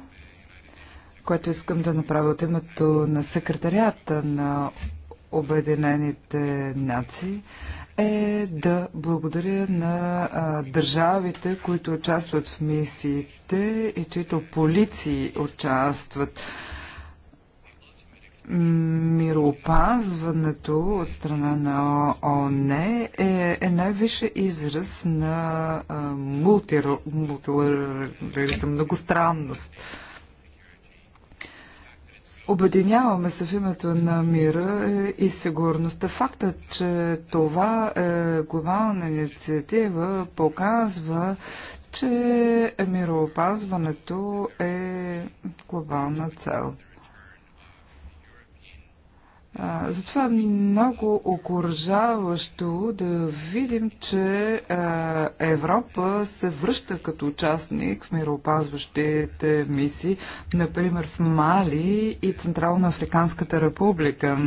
което искам да направя от името на секретарията на Обединените нации, е да благодаря на а, държавите, които участват в мисиите и чието полиции участват мироопазването от страна на ООН е, е най-висше израз на мултилерализъм, многостранност. Обединяваме се в името на мира е, и сигурността. Фактът, че това е глобална инициатива, показва, че мироопазването е глобална цел затова е много окоръжаващо да видим, че Европа се връща като участник в мироопазващите мисии, например в Мали и Централно-Африканската република.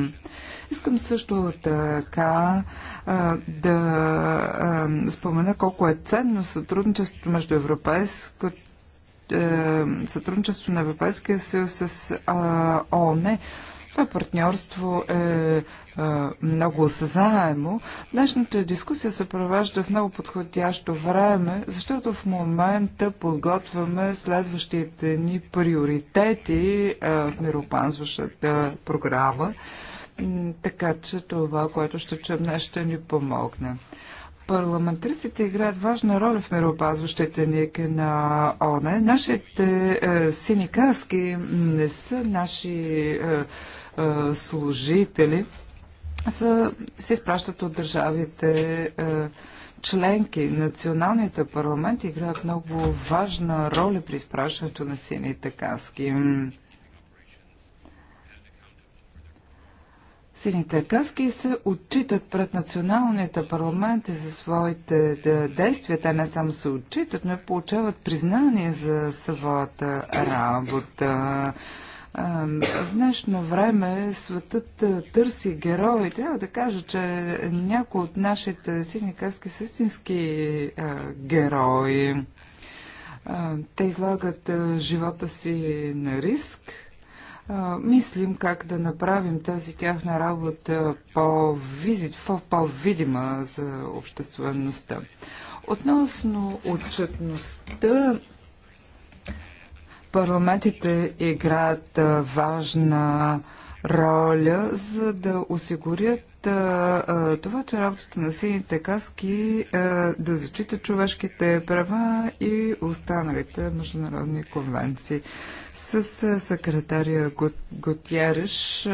Искам също така да спомена колко е ценно сътрудничеството между Европейското е, сътрудничество на Европейския съюз с ООН. Това партньорство е, е много осъзнаемо. Днешната дискусия се провежда в много подходящо време, защото в момента подготвяме следващите ни приоритети е, в миропанзващата програма. Така че това, което ще чуем днес, ще ни помогне. Парламентаристите играят важна роля в мироопазващите ники на ОНЕ. Нашите е, сини каски не са наши е, служители са, се изпращат от държавите членки. Националните парламенти играят много важна роля при изпращането на сините каски. Сините каски се отчитат пред националните парламенти за своите действия. Те не само се отчитат, но получават признание за своята работа. В днешно време светът търси герои. Трябва да кажа, че някои от нашите каски са истински герои. Те излагат живота си на риск. Мислим как да направим тази тяхна работа по-видима по за обществеността. Относно отчетността Парламентите играят важна роля, за да осигурят това, че работата на сините каски да зачита човешките права и останалите международни конвенции. С секретария Готяреш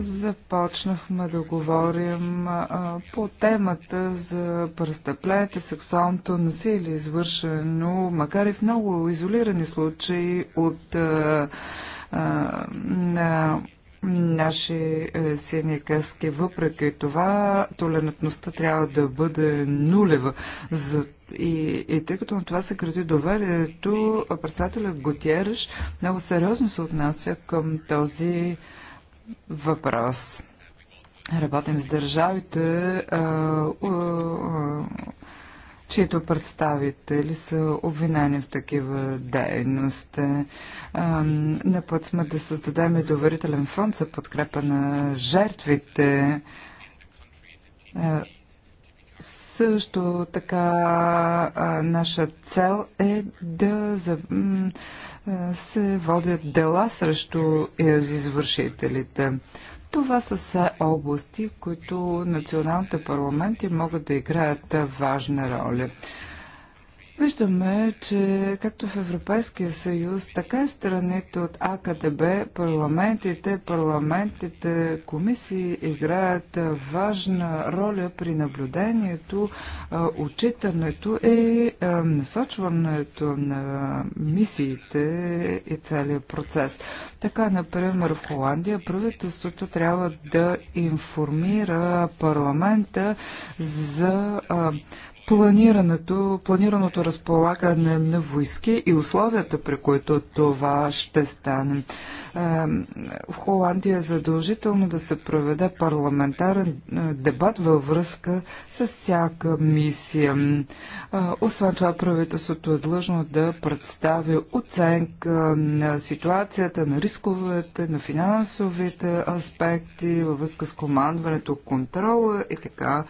започнахме да говорим а, по темата за престъпленията, сексуалното насилие, извършено, макар и в много изолирани случаи от а, а, на наши е, сини къски. Въпреки това, толерантността трябва да бъде нулева. За и, и тъй като на това се кради доверието, председателят Готиереш много сериозно се отнася към този въпрос. Работим с държавите, чието представители са обвинени в такива дейности. На път сме да създадем и доверителен фонд за подкрепа на жертвите. Също така наша цел е да се водят дела срещу извършителите. Това са все области, които националните парламенти могат да играят важна роля. Виждаме, че както в Европейския съюз, така и страните от АКДБ, парламентите, парламентите, комисии играят важна роля при наблюдението, отчитането и насочването на мисиите и целият процес. Така, например, в Холандия правителството трябва да информира парламента за планирането, планираното разполагане на войски и условията, при които това ще стане. Е, в Холандия е задължително да се проведе парламентарен е, дебат във връзка с всяка мисия. Е, освен това, правителството е длъжно да представи оценка на ситуацията, на рисковете, на финансовите аспекти във връзка с командването, контрола и така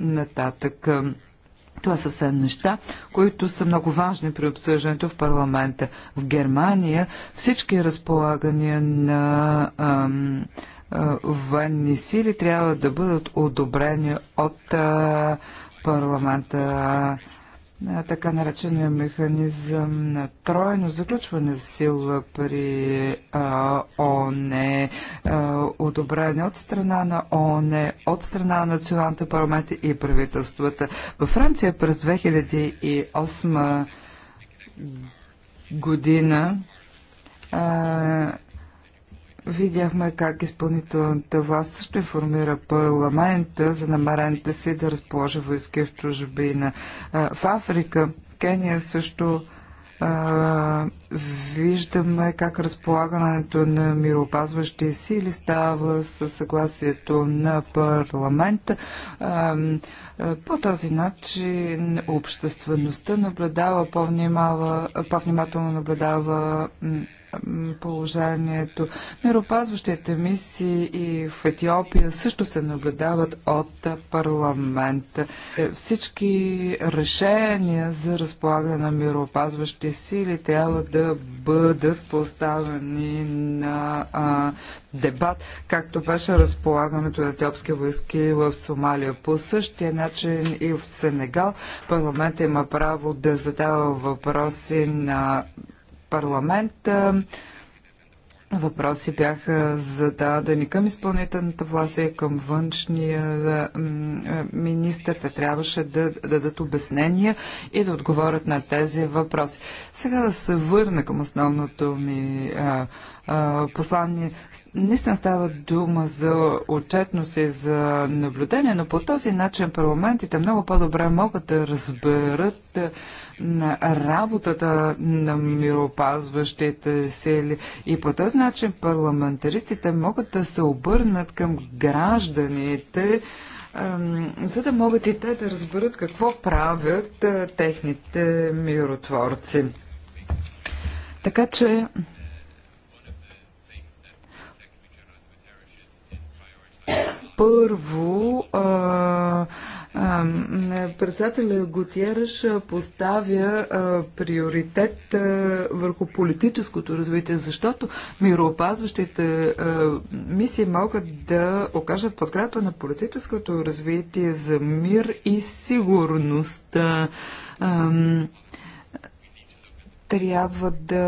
нататък. На това са все неща, които са много важни при обсъждането в парламента. В Германия всички разполагания на ам, а, военни сили трябва да бъдат одобрени от а, парламента. На така наречения механизъм на тройно заключване в сила при ООН, е, одобрение от страна на ООН, от страна на националните парламенти и правителствата. Във Франция през 2008 година а, Видяхме как изпълнителната власт също информира парламента за намерените си да разположи войски в чужбина. В Африка, Кения също виждаме как разполагането на мироопазващи сили става със съгласието на парламента. По този начин обществеността наблюдава по-внимателно наблюдава положението. Миропазващите мисии и в Етиопия също се наблюдават от парламент. Е, всички решения за разполагане на миропазващи сили трябва да бъдат поставени на а, дебат, както беше разполагането на етиопски войски в Сомалия. По същия начин и в Сенегал парламент има право да задава въпроси на парламент. Е, въпроси бяха зададени към изпълнителната власт и към външния е, министр. Те трябваше да дадат обяснения и да отговорят на тези въпроси. Сега да се върна към основното ми послание. Не послание. Наистина става дума за отчетност и за наблюдение, но по този начин парламентите много по-добре могат да разберат е, на работата на миропазващите сели. И по този начин парламентаристите могат да се обърнат към гражданите, за да могат и те да разберат какво правят техните миротворци. Така че първо а, Председателя Готиераш поставя приоритет върху политическото развитие, защото мироопазващите мисии могат да окажат подкрепа на политическото развитие за мир и сигурност трябва да,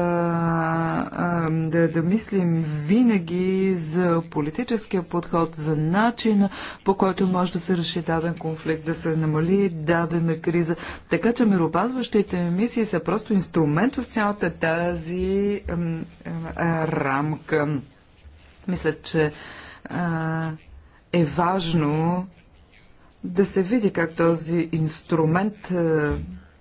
да, да мислим винаги за политическия подход, за начина по който може да се реши даден конфликт, да се намали дадена криза. Така че миропазващите мисии са просто инструмент в цялата тази а, а, рамка. Мисля, че а, е важно да се види как този инструмент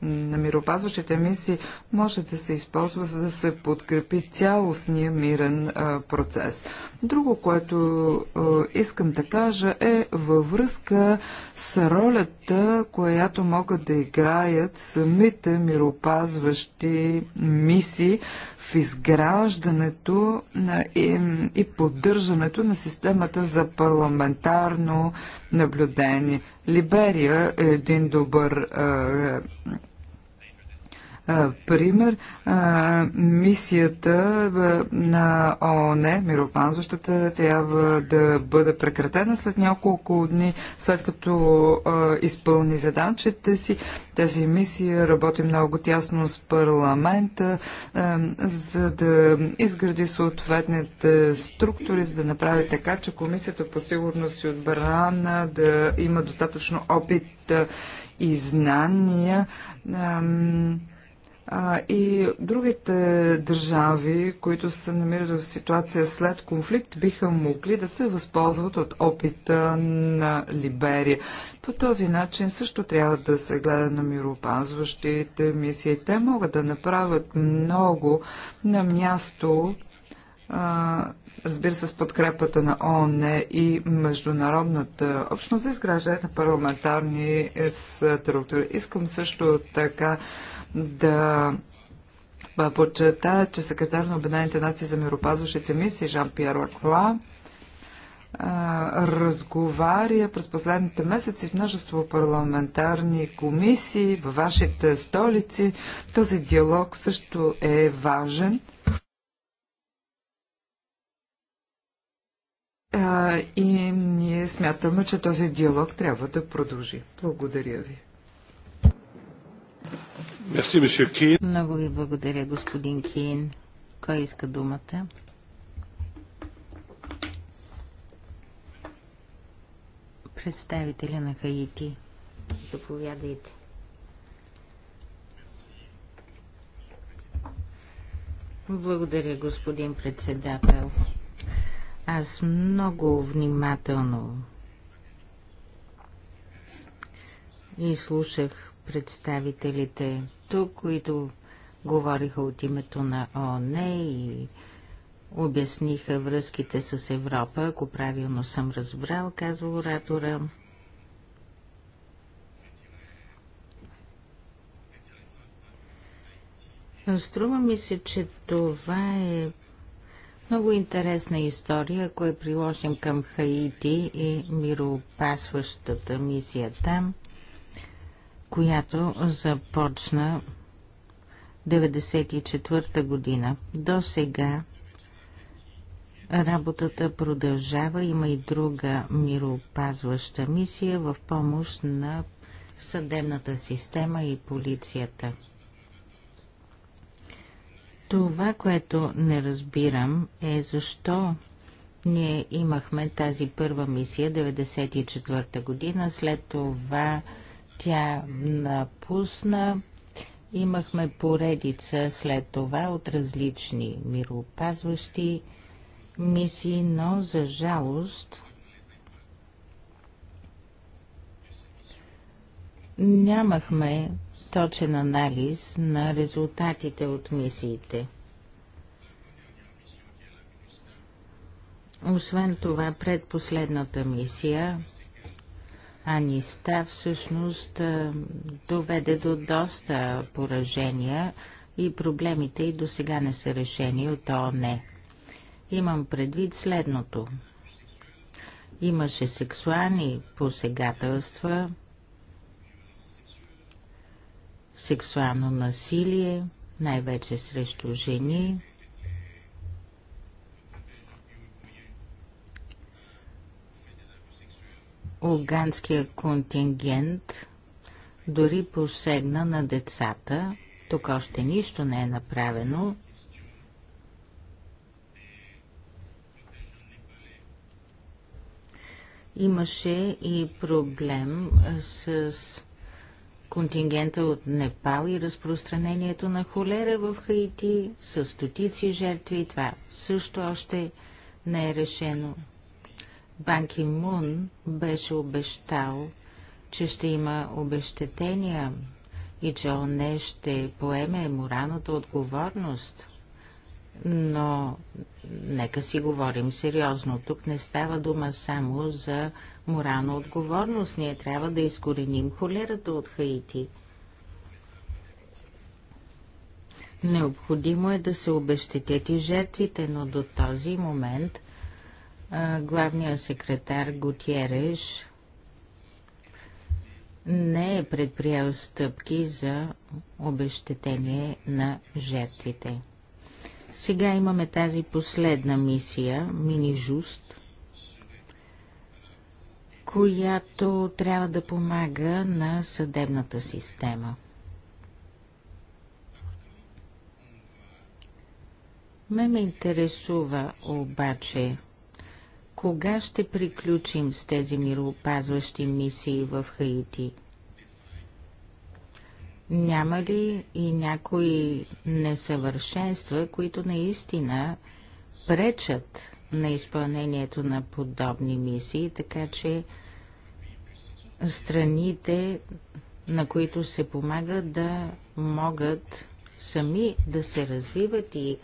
на миропазващите мисии може да се използва, за да се подкрепи цялостния мирен а, процес. Друго, което а, искам да кажа е във връзка с ролята, която могат да играят самите миропазващи мисии в изграждането на, и, и поддържането на системата за парламентарно наблюдение. Либерия е един добър пример, мисията на ООН, миропанзващата, трябва да бъде прекратена след няколко дни, след като изпълни задачите си. Тази мисия работи много тясно с парламента, за да изгради съответните структури, за да направи така, че Комисията по сигурност и отбрана да има достатъчно опит и знания а, и другите държави, които се намират в ситуация след конфликт, биха могли да се възползват от опита на Либерия. По този начин също трябва да се гледа на мироопазващите мисии. Те могат да направят много на място. А, разбира се, с подкрепата на ООН и международната общност за изграждане на парламентарни е, е, структури. Искам също така да подчерта, че секретар на Обединените нации за миропазващите мисии Жан-Пьер Лакроа разговаря през последните месеци в множество парламентарни комисии, във вашите столици. Този диалог също е важен. и ние смятаме, че този диалог трябва да продължи. Благодаря ви. Merci, Много ви благодаря, господин Кейн. Кой иска думата? Представителя на Хаити. Заповядайте. Благодаря, господин председател. Аз много внимателно изслушах представителите тук, които говориха от името на ООН и обясниха връзките с Европа, ако правилно съм разбрал, казва оратора. Струва ми се, че това е много интересна история, ако е приложим към Хаити и мироопасващата мисия там – която започна 1994 година. До сега работата продължава. Има и друга мироопазваща мисия в помощ на съдебната система и полицията. Това, което не разбирам е защо ние имахме тази първа мисия 1994 година, след това тя напусна. Имахме поредица след това от различни мироопазващи мисии, но за жалост нямахме точен анализ на резултатите от мисиите. Освен това, предпоследната мисия Аниста всъщност доведе до доста поражения и проблемите и до сега не са решени от ООН. Имам предвид следното. Имаше сексуални посегателства, сексуално насилие, най-вече срещу жени, Уганския контингент дори посегна на децата. Тук още нищо не е направено. Имаше и проблем с контингента от Непал и разпространението на холера в Хаити с стотици жертви. Това също още не е решено. Банки Мун беше обещал, че ще има обещетения и че не ще поеме моралната отговорност. Но нека си говорим сериозно. Тук не става дума само за морална отговорност. Ние трябва да изкореним холерата от Хаити. Необходимо е да се обещетят и жертвите, но до този момент главният секретар Гутиереш не е предприял стъпки за обещетение на жертвите. Сега имаме тази последна мисия, Мини-Жуст, която трябва да помага на съдебната система. Ме ме интересува обаче кога ще приключим с тези мироопазващи мисии в Хаити? Няма ли и някои несъвършенства, които наистина пречат на изпълнението на подобни мисии, така че страните, на които се помага да могат сами да се развиват и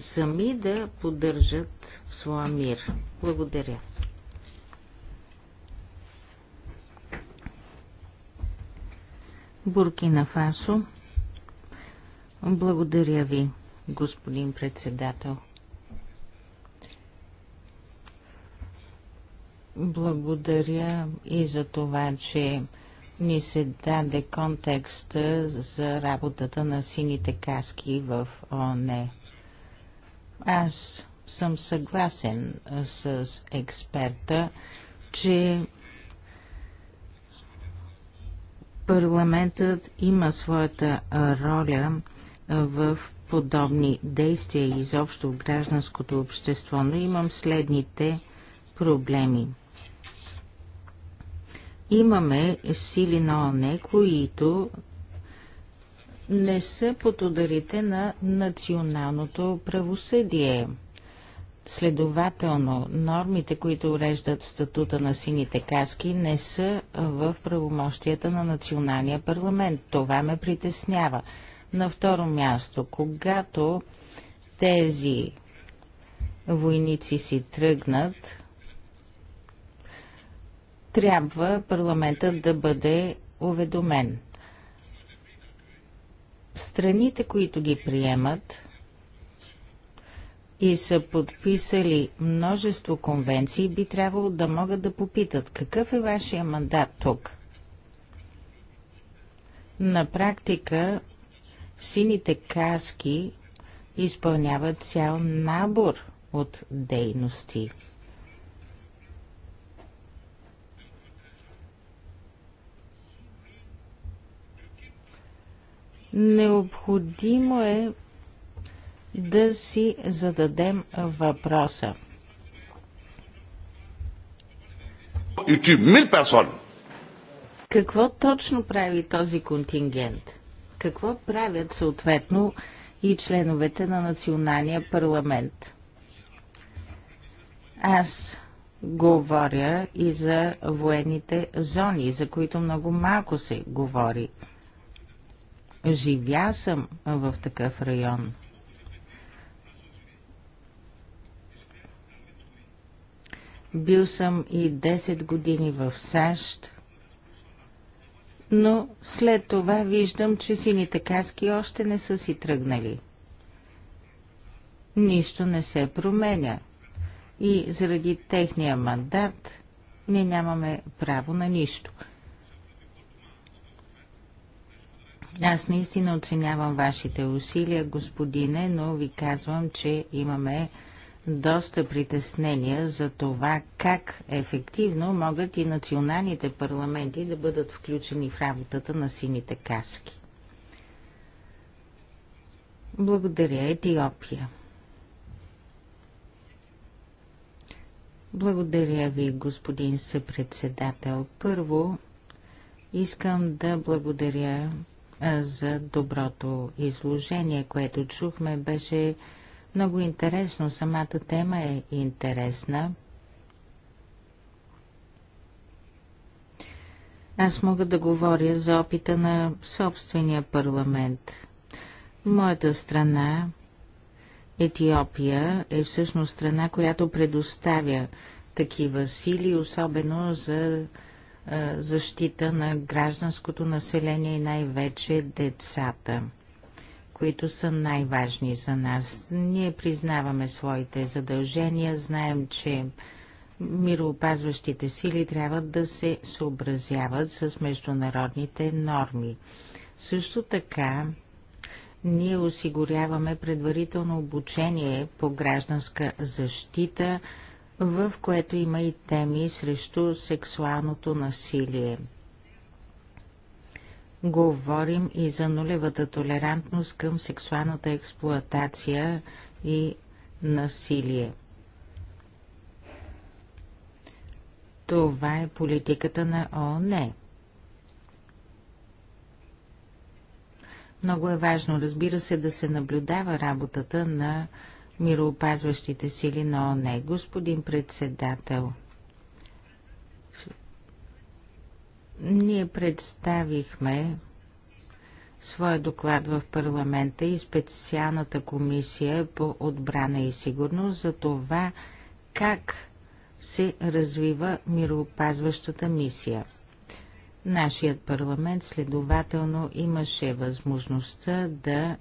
сами да поддържат своя мир. Благодаря. Буркина Фасо. Благодаря ви, господин председател. Благодаря и за това, че ни се даде контекста за работата на сините каски в ОНЕ. Аз съм съгласен с експерта, че парламентът има своята роля в подобни действия изобщо в гражданското общество, но имам следните проблеми. Имаме сили на ОНЕ, които не са под ударите на националното правосъдие. Следователно, нормите, които уреждат статута на сините каски, не са в правомощията на националния парламент. Това ме притеснява. На второ място, когато тези войници си тръгнат, трябва парламентът да бъде уведомен. Страните, които ги приемат и са подписали множество конвенции, би трябвало да могат да попитат какъв е вашия мандат тук. На практика сините каски изпълняват цял набор от дейности – Необходимо е да си зададем въпроса. Какво точно прави този контингент? Какво правят съответно и членовете на националния парламент? Аз говоря и за военните зони, за които много малко се говори Живя съм в такъв район. Бил съм и 10 години в САЩ, но след това виждам, че сините каски още не са си тръгнали. Нищо не се променя и заради техния мандат ние нямаме право на нищо – Аз наистина оценявам вашите усилия, господине, но ви казвам, че имаме доста притеснения за това как ефективно могат и националните парламенти да бъдат включени в работата на сините каски. Благодаря, Етиопия. Благодаря ви, господин съпредседател. Първо, искам да благодаря за доброто изложение, което чухме. Беше много интересно. Самата тема е интересна. Аз мога да говоря за опита на собствения парламент. Моята страна, Етиопия, е всъщност страна, която предоставя такива сили, особено за е, защита на гражданското население и най-вече децата, които са най-важни за нас. Ние признаваме своите задължения, знаем, че мироопазващите сили трябва да се съобразяват с международните норми. Също така, ние осигуряваме предварително обучение по гражданска защита – в което има и теми срещу сексуалното насилие. Говорим и за нулевата толерантност към сексуалната експлоатация и насилие. Това е политиката на ООН. Много е важно, разбира се, да се наблюдава работата на мироопазващите сили на ОНЕ. Господин председател, ние представихме своя доклад в парламента и специалната комисия по отбрана и сигурност за това как се развива мироопазващата мисия. Нашият парламент следователно имаше възможността да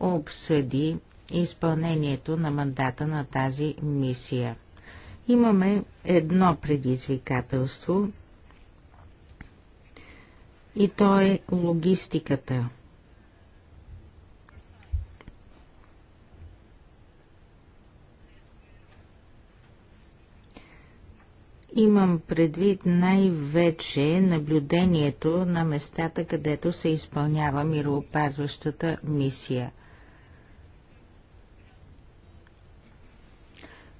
обсъди изпълнението на мандата на тази мисия. Имаме едно предизвикателство и то е логистиката. Имам предвид най-вече наблюдението на местата, където се изпълнява мироопазващата мисия –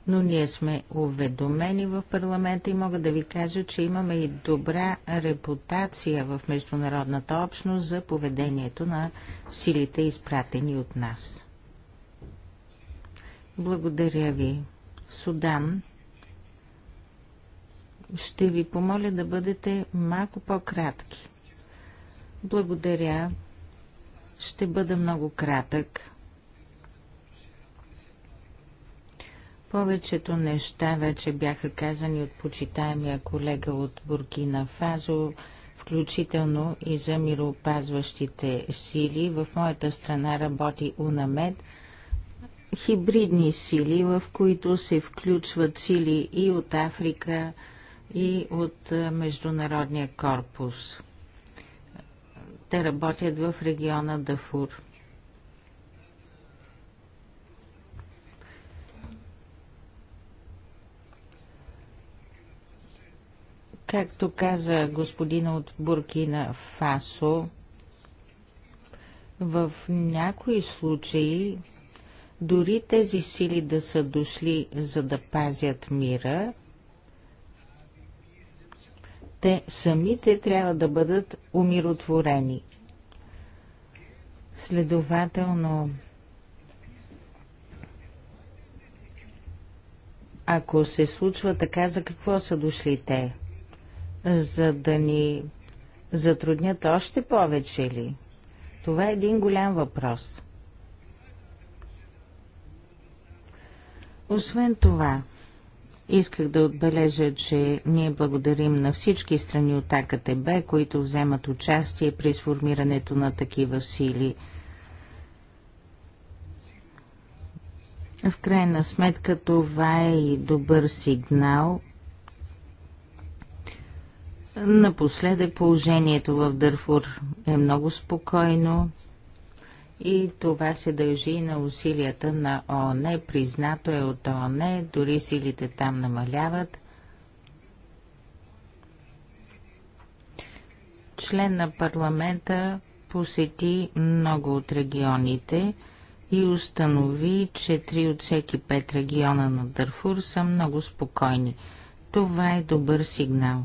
но ние сме уведомени в парламента и мога да ви кажа, че имаме и добра репутация в международната общност за поведението на силите, изпратени от нас. Благодаря ви. Судан. Ще ви помоля да бъдете малко по-кратки. Благодаря. Ще бъда много кратък. Повечето неща вече бяха казани от почитаемия колега от Буркина Фазо, включително и за мироопазващите сили. В моята страна работи УНАМЕД, хибридни сили, в които се включват сили и от Африка, и от Международния корпус. Те работят в региона Дафур. Както каза господина от Буркина Фасо, в някои случаи дори тези сили да са дошли за да пазят мира, те самите трябва да бъдат умиротворени. Следователно, ако се случва така, за какво са дошли те? за да ни затруднят още повече ли? Това е един голям въпрос. Освен това, исках да отбележа, че ние благодарим на всички страни от АКТБ, които вземат участие при сформирането на такива сили. В крайна сметка това е и добър сигнал – Напоследък положението в Дърфур е много спокойно и това се дължи на усилията на ООН. Признато е от ООН, дори силите там намаляват. Член на парламента посети много от регионите и установи, че три от всеки пет региона на Дърфур са много спокойни. Това е добър сигнал.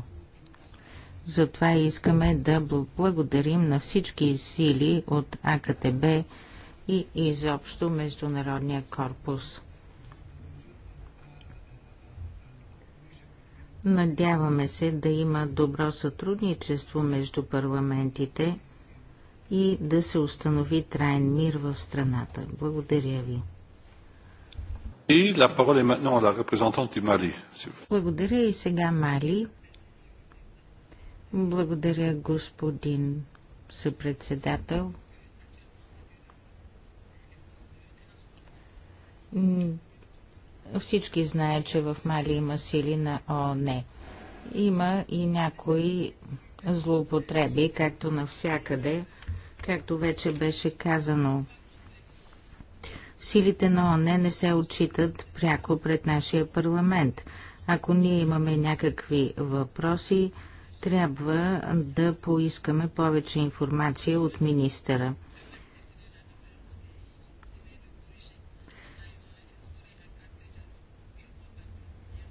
Затова искаме да благодарим на всички сили от АКТБ и изобщо Международния корпус. Надяваме се да има добро сътрудничество между парламентите и да се установи траен мир в страната. Благодаря ви. Благодаря и сега Мали. Благодаря, господин съпредседател. Всички знаят, че в Мали има сили на ООН. Има и някои злоупотреби, както навсякъде, както вече беше казано. Силите на ООН не се отчитат пряко пред нашия парламент. Ако ние имаме някакви въпроси, трябва да поискаме повече информация от министъра.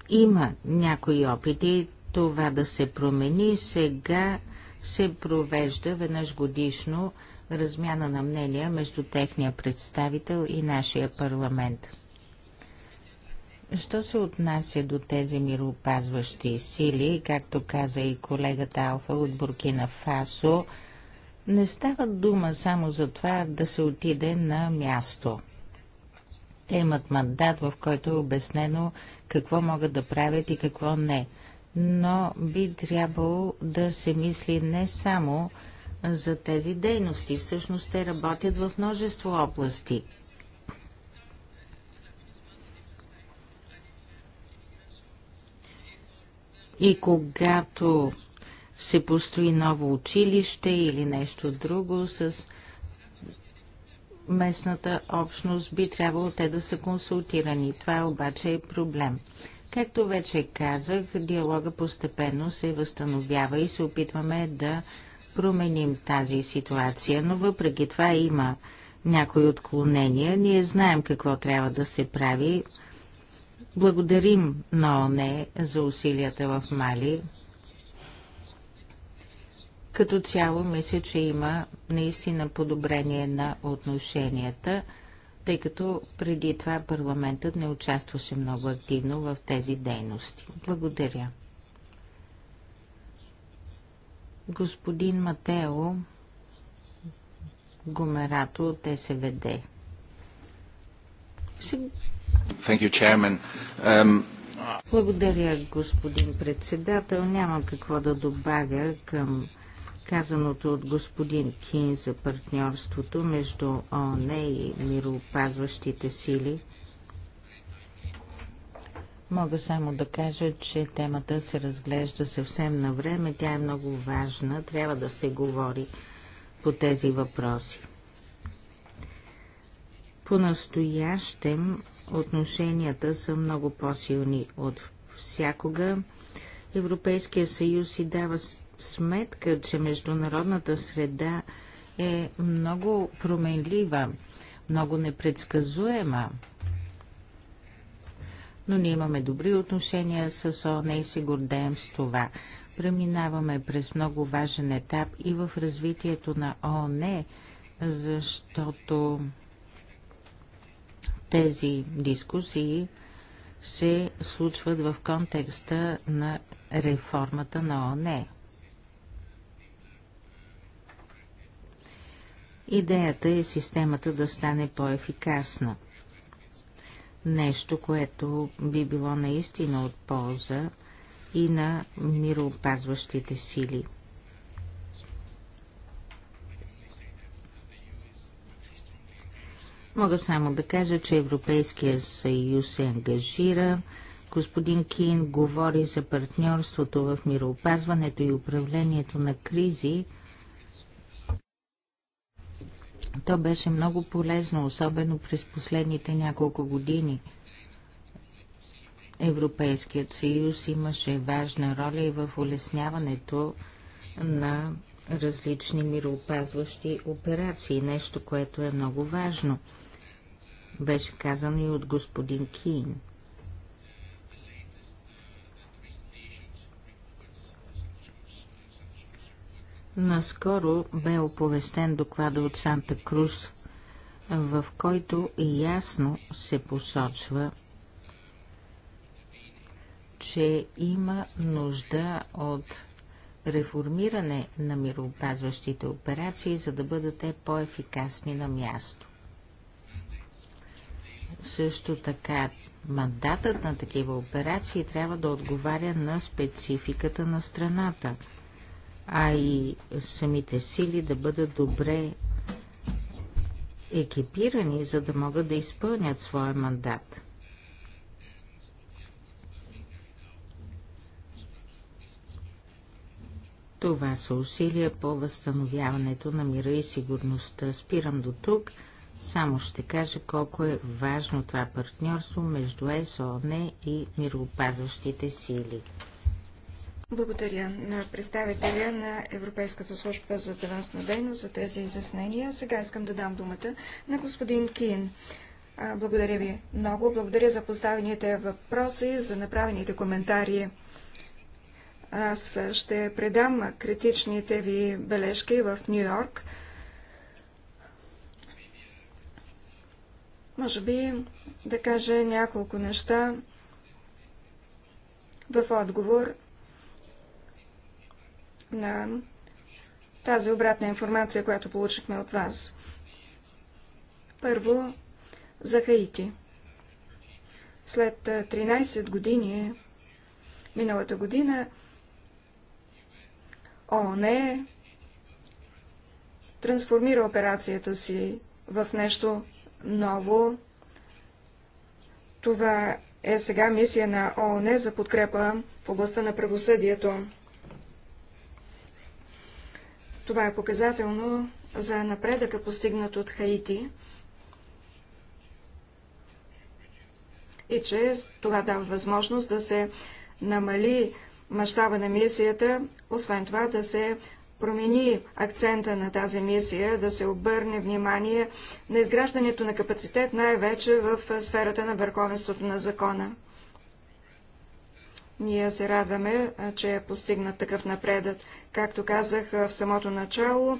Има някои опити това да се промени. Сега се провежда веднъж годишно размяна на мнения между техния представител и нашия парламент. Що се отнася до тези мироопазващи сили, както каза и колегата Алфа от Буркина Фасо, не става дума само за това да се отиде на място. Те имат мандат, в който е обяснено какво могат да правят и какво не. Но би трябвало да се мисли не само за тези дейности. Всъщност те работят в множество области – И когато се построи ново училище или нещо друго с местната общност, би трябвало те да са консултирани. Това обаче е проблем. Както вече казах, диалога постепенно се възстановява и се опитваме да променим тази ситуация, но въпреки това има някои отклонения. Ние знаем какво трябва да се прави Благодарим на ОНЕ за усилията в Мали. Като цяло мисля, че има наистина подобрение на отношенията, тъй като преди това парламентът не участваше много активно в тези дейности. Благодаря. Господин Матео Гомерато от СВД. Um, Благодаря, господин председател. Нямам какво да добавя към казаното от господин Кин за партньорството между ООН и мироопазващите сили. Мога само да кажа, че темата се разглежда съвсем на време. Тя е много важна. Трябва да се говори по тези въпроси. По-настоящем отношенията са много по-силни от всякога. Европейския съюз си дава сметка, че международната среда е много променлива, много непредсказуема. Но ние имаме добри отношения с ОНЕ и се гордеем с това. Преминаваме през много важен етап и в развитието на ОНЕ, защото тези дискусии се случват в контекста на реформата на ОНЕ. Идеята е системата да стане по-ефикасна. Нещо, което би било наистина от полза и на мироопазващите сили – Мога само да кажа, че Европейския съюз се ангажира. Господин Кин говори за партньорството в мироопазването и управлението на кризи. То беше много полезно, особено през последните няколко години. Европейският съюз имаше важна роля и в улесняването на различни мироопазващи операции, нещо, което е много важно – беше казано и от господин Кин. Наскоро бе оповестен доклада от Санта Крус, в който ясно се посочва, че има нужда от реформиране на мироопазващите операции, за да бъдат те по-ефикасни на място. Също така, мандатът на такива операции трябва да отговаря на спецификата на страната, а и самите сили да бъдат добре екипирани, за да могат да изпълнят своя мандат. Това са усилия по възстановяването на мира и сигурността. Спирам до тук. Само ще кажа колко е важно това партньорство между ЕСОНЕ и мироопазващите сили. Благодаря на представителя на Европейската служба за авансна дейност за тези изяснения. Сега искам да дам думата на господин Кин. Благодаря ви много. Благодаря за поставените въпроси, за направените коментари. Аз ще предам критичните ви бележки в Нью Йорк. Може би да кажа няколко неща в отговор на тази обратна информация, която получихме от вас. Първо, за Хаити. След 13 години, миналата година, ООН е трансформира операцията си в нещо ново. Това е сега мисия на ООН за подкрепа в областта на правосъдието. Това е показателно за напредъка, постигнат от Хаити. И че това дава възможност да се намали мащаба на мисията, освен това да се промени акцента на тази мисия, да се обърне внимание на изграждането на капацитет, най-вече в сферата на върховенството на закона. Ние се радваме, че е постигнат такъв напредък. Както казах в самото начало,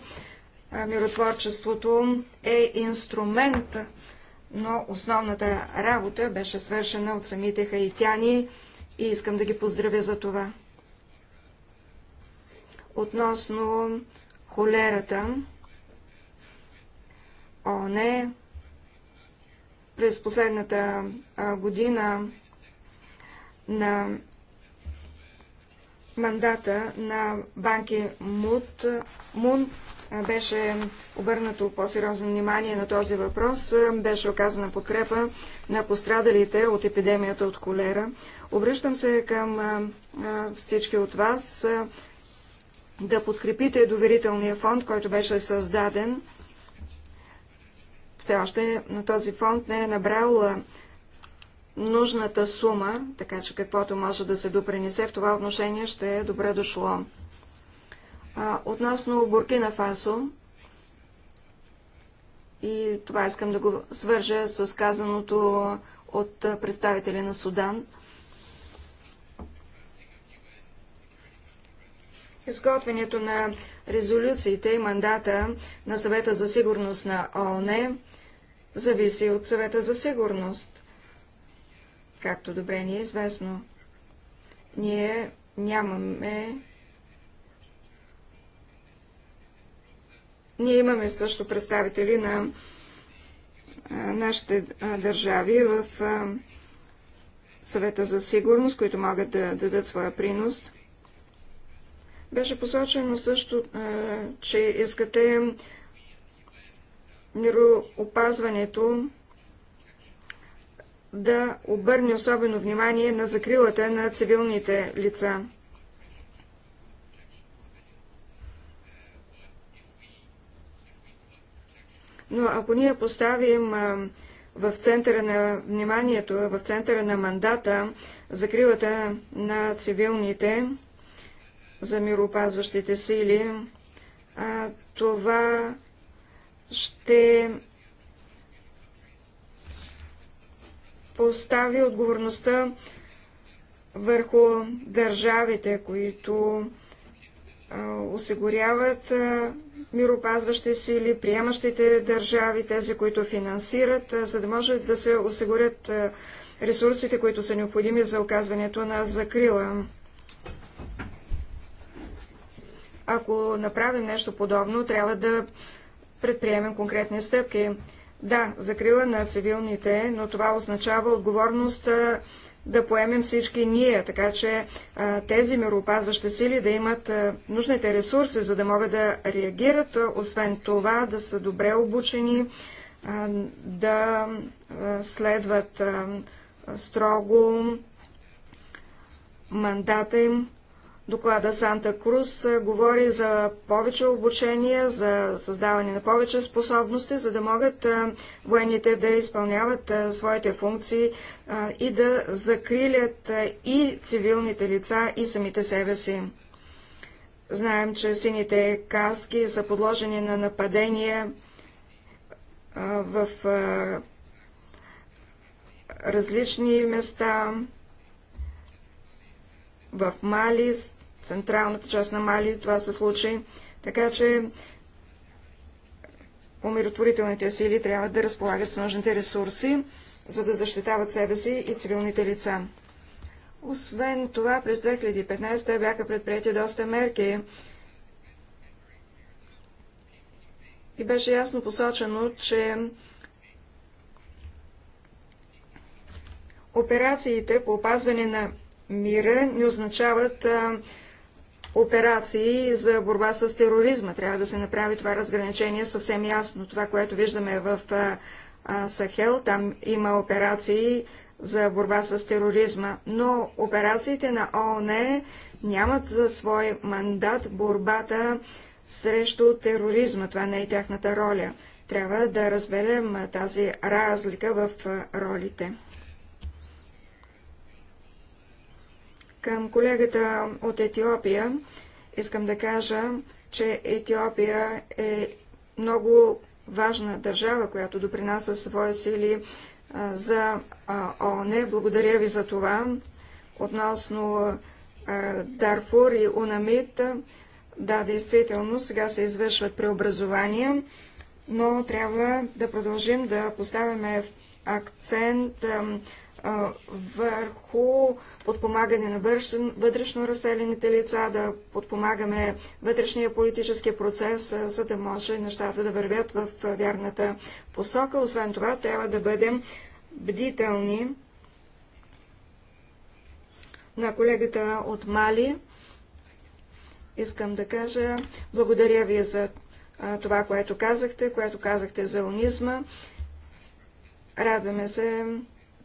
миротворчеството е инструмент, но основната работа беше свършена от самите хаитяни и искам да ги поздравя за това относно холерата. О, не! През последната година на мандата на банки МУД, МУН беше обърнато по-сериозно внимание на този въпрос. Беше оказана подкрепа на пострадалите от епидемията от колера. Обръщам се към всички от вас да подкрепите доверителния фонд, който беше създаден. Все още на този фонд не е набрал нужната сума, така че каквото може да се допринесе в това отношение ще е добре дошло. А, относно Буркина Фасо, и това искам да го свържа с казаното от представители на Судан – Изготвянето на резолюциите и мандата на съвета за сигурност на ООН зависи от съвета за сигурност. Както добре ни е известно, ние нямаме Ние имаме също представители на нашите държави в съвета за сигурност, които могат да дадат своя принос. Беше посочено също, че искате мироопазването да обърне особено внимание на закрилата на цивилните лица. Но ако ние поставим в центъра на вниманието, в центъра на мандата, закрилата на цивилните, за мироопазващите сили. А, това ще постави отговорността върху държавите, които а, осигуряват а, миропазващи сили, приемащите държави, тези, които финансират, а, за да може да се осигурят ресурсите, които са необходими за оказването на закрила. Ако направим нещо подобно, трябва да предприемем конкретни стъпки. Да, закрила на цивилните, но това означава отговорност да поемем всички ние, така че тези мироопазващи сили да имат нужните ресурси, за да могат да реагират, освен това да са добре обучени, да следват строго мандата им, Доклада Санта Крус говори за повече обучение, за създаване на повече способности, за да могат военните да изпълняват своите функции и да закрилят и цивилните лица, и самите себе си. Знаем, че сините каски са подложени на нападения в различни места в малист централната част на Мали това се случи. Така че умиротворителните сили трябва да разполагат с нужните ресурси, за да защитават себе си и цивилните лица. Освен това, през 2015 бяха предприяти доста мерки и беше ясно посочено, че операциите по опазване на мира не означават а, операции за борба с тероризма. Трябва да се направи това разграничение съвсем ясно. Това, което виждаме в Сахел, там има операции за борба с тероризма, но операциите на ООН нямат за свой мандат борбата срещу тероризма. Това не е тяхната роля. Трябва да разберем тази разлика в ролите. Към колегата от Етиопия искам да кажа, че Етиопия е много важна държава, която допринася своя сили за ООН. Благодаря ви за това. Относно Дарфур и Унамит. да, действително, сега се извършват преобразования, но трябва да продължим да поставяме акцент върху подпомагане на вътрешно разселените лица, да подпомагаме вътрешния политически процес, за да може нещата да вървят в вярната посока. Освен това, трябва да бъдем бдителни на колегата от Мали. Искам да кажа благодаря ви за това, което казахте, което казахте за унизма. Радваме се,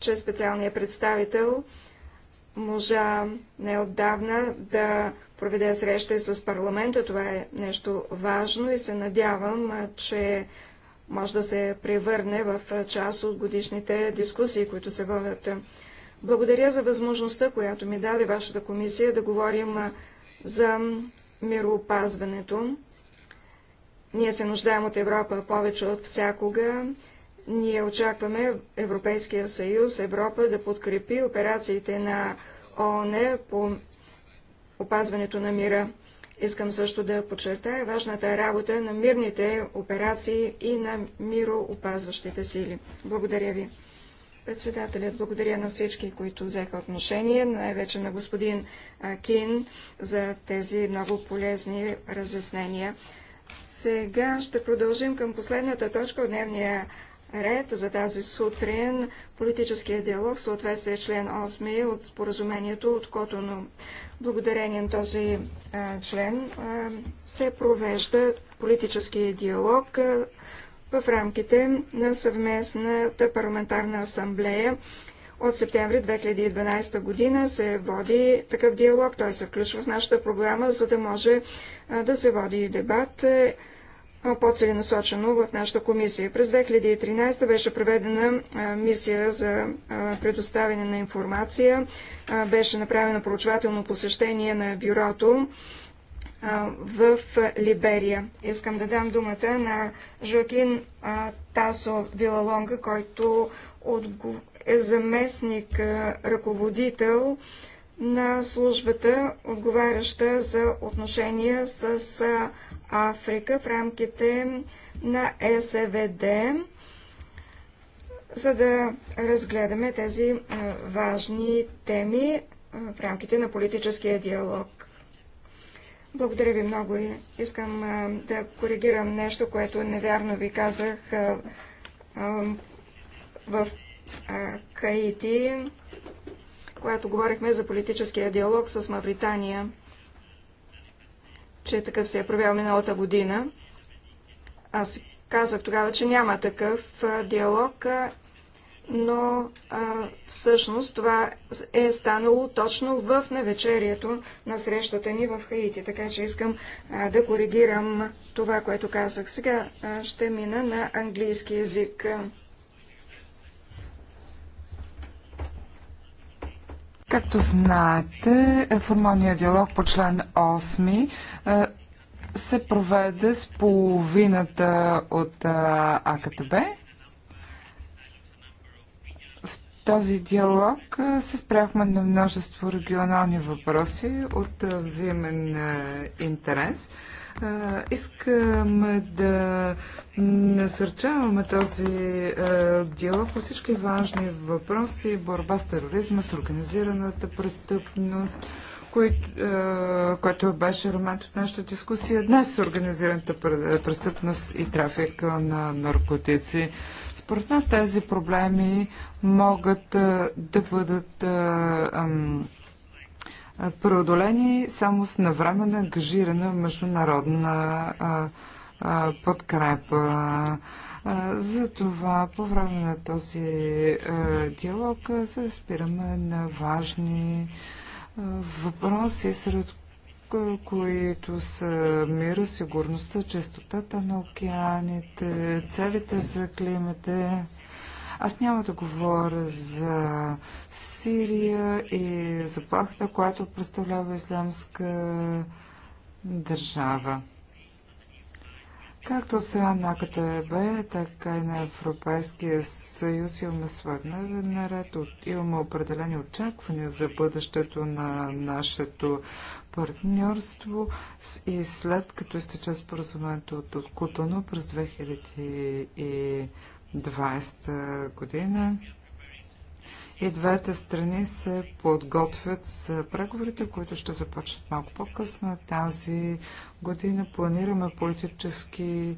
чрез специалния представител можа неотдавна да проведе среща с парламента. Това е нещо важно и се надявам, че може да се превърне в част от годишните дискусии, които се водят. Благодаря за възможността, която ми даде вашата комисия да говорим за мироопазването. Ние се нуждаем от Европа повече от всякога. Ние очакваме Европейския съюз, Европа да подкрепи операциите на ООН по опазването на мира. Искам също да подчертая важната работа на мирните операции и на мироопазващите сили. Благодаря ви. Председателят, благодаря на всички, които взеха отношение, най-вече на господин Кин за тези много полезни разяснения. Сега ще продължим към последната точка от дневния ред за тази сутрин политическия диалог в съответствие член 8 от споразумението от Котоно. Благодарение на този а, член а, се провежда политически диалог а, в рамките на съвместната парламентарна асамблея. От септември 2012 година се води такъв диалог. Той се включва в нашата програма, за да може да се води и дебат е, по-целенасочено в нашата комисия. През 2013 беше проведена мисия за предоставяне на информация. Беше направено проучвателно посещение на бюрото в Либерия. Искам да дам думата на Жоакин Тасо Вилалонга, който е заместник ръководител на службата, отговаряща за отношения с Африка в рамките на СВД, за да разгледаме тези важни теми в рамките на политическия диалог. Благодаря ви много. и Искам да коригирам нещо, което невярно ви казах в Каити, когато говорихме за политическия диалог с Мавритания че такъв се е провел миналата година. Аз казах тогава, че няма такъв диалог, но а, всъщност това е станало точно в навечерието на срещата ни в Хаити, така че искам а, да коригирам това, което казах. Сега а, ще мина на английски язик. Както знаете, формалният диалог по член 8 е, се проведе с половината от е, АКТБ. В този диалог е, се спряхме на множество регионални въпроси от взаимен интерес. Искам да насърчаваме този диалог по всички важни въпроси, борба с тероризма, с организираната престъпност, който беше елемент от нашата дискусия днес с организираната престъпност и трафика на наркотици. Според нас тези проблеми могат да бъдат преодолени само с навременно ангажирана международна а, а, подкрепа. Затова по време на този диалог се спираме на важни въпроси, сред които са мира, сигурността, честотата на океаните, целите за климата, аз няма да говоря за Сирия и заплахата, която представлява ислямска държава. Както страна на КТБ, така и на Европейския съюз имаме свой дневен ред, имаме определени очаквания за бъдещето на нашето партньорство и след като изтече споразумението от Кутано през 2000 2020 година. И двете страни се подготвят за преговорите, които ще започнат малко по-късно тази година. Планираме политически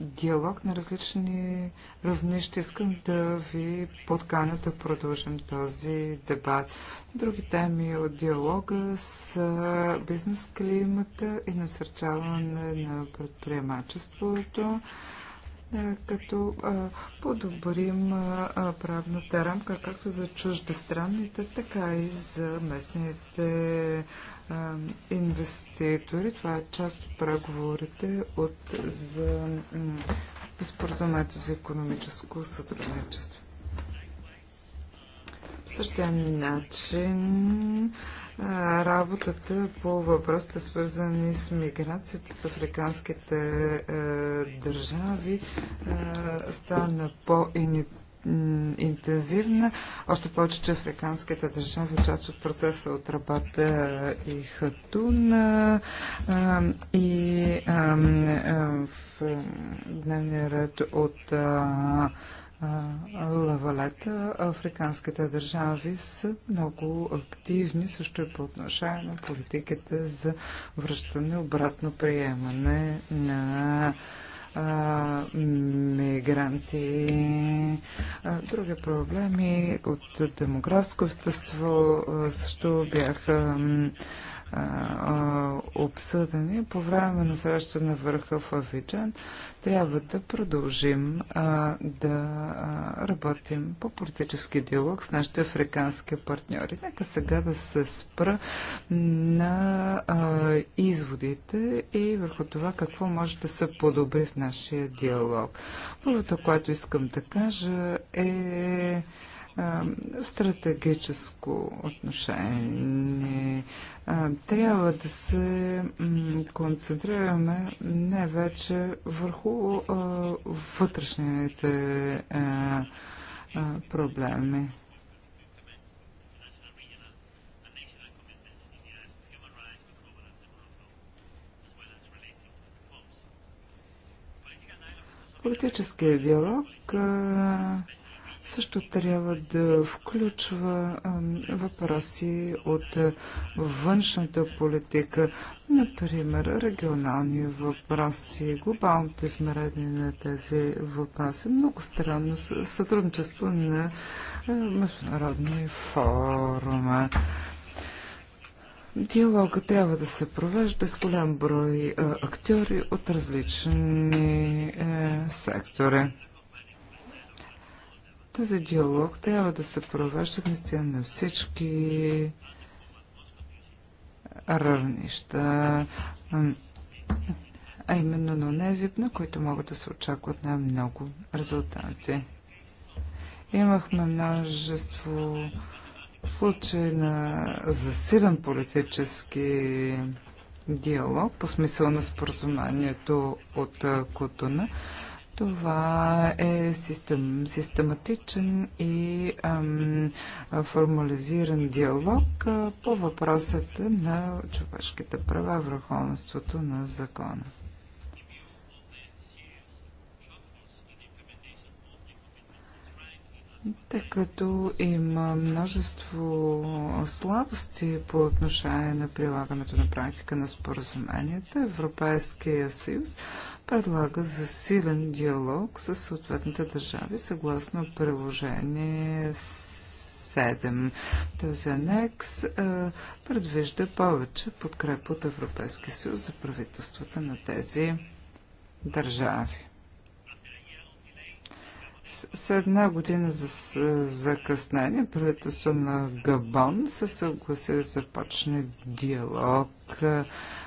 диалог на различни равнища. Искам да ви подканя да продължим този дебат. Други теми от диалога са бизнес климата и насърчаване на предприемачеството като подобрим правната рамка както за чуждестранните, така и за местните инвеститори. Това е част от преговорите от, за споразумението за економическо сътрудничество. В същия начин работата по въпросите, свързани с миграцията с африканските е, държави, е, стана по-интензивна. Още повече, че африканските държави участват от процеса от Рабата и Хатун а, е, е, и е, в дневния ред от лавалета, африканските държави са много активни също и по отношение на политиката за връщане, обратно приемане на мигранти, други проблеми от демографско естество също бяха а, обсъдени по време на среща на върха в Авиджан, трябва да продължим а, да работим по политически диалог с нашите африкански партньори. Нека сега да се спра на а, изводите и върху това какво може да се подобри в нашия диалог. Първото, което искам да кажа е стратегическо отношение. Трябва да се концентрираме не вече върху вътрешните проблеми. Политическия диалог също трябва да включва въпроси от външната политика, например регионални въпроси, глобалното измерение на тези въпроси, много странно сътрудничество на международни форума. Диалога трябва да се провежда с голям брой актьори от различни е, сектори. Този диалог трябва да се провежда наистина на всички равнища, а именно на тези, на които могат да се очакват най-много резултати. Имахме множество случаи на засилен политически диалог по смисъл на споразумението от Котона. Това е систем, систематичен и ам, формализиран диалог а, по въпросата на човешките права, върховенството на закона. Тъй като има множество слабости по отношение на прилагането на практика на споразуменията, Европейския съюз предлага засилен диалог с съответните държави съгласно приложение 7. Този анекс а, е, предвижда повече подкреп от Европейския съюз за правителствата на тези държави. С, с една година за закъснение правителство на Габон се съгласи да започне диалог а, е,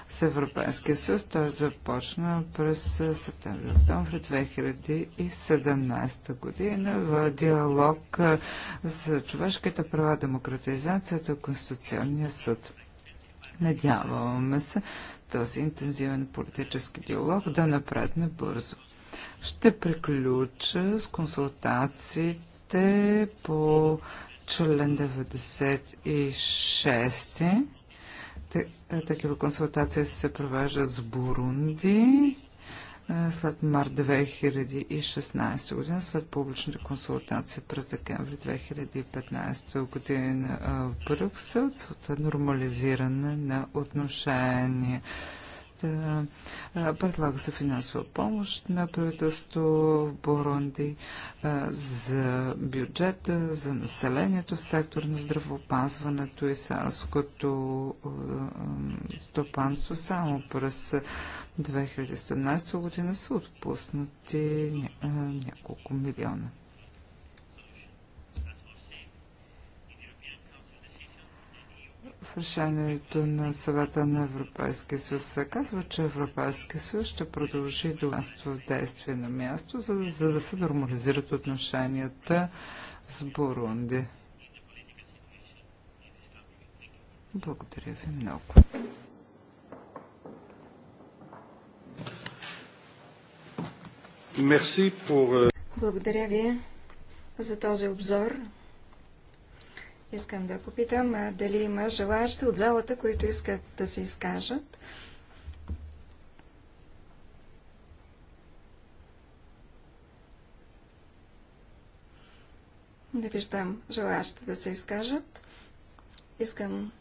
с Европейския съюз. Той започна през септември-октомври 2017 година в диалог за човешките права, демократизацията и Конституционния съд. Надяваме се този интензивен политически диалог да напредне бързо. Ще приключа с консултациите по член 96 такива е, консултации се провеждат с Бурунди е, след март 2016 година, след публичните консултации през декември 2015 година е, в Брюксел, целта нормализиране на отношения предлага се финансова помощ на правителство в Бурунди за бюджета, за населението в сектор на здравеопазването и селското стопанство. Само през 2017 година са отпуснати няколко милиона. решението на съвета на Европейския съюз се казва, че Европейския съюз ще продължи до в действие на място, за, да, за да се нормализират отношенията с Бурунди. Благодаря ви много. Euh, Благодаря ви за този обзор Искам да попитам дали има желаящи от залата, които искат да се изкажат. Не виждам желаящи да се изкажат. Искам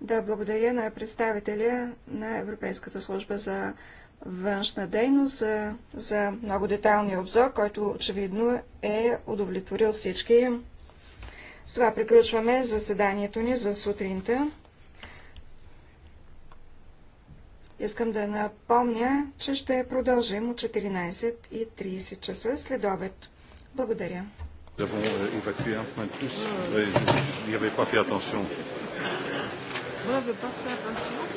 да благодаря на представителя на Европейската служба за външна дейност за, за много детайлния обзор, който очевидно е удовлетворил всички с това приключваме заседанието ни за сутринта. Искам да напомня, че ще продължим от 14.30 часа след обед. Благодаря. Благодаря.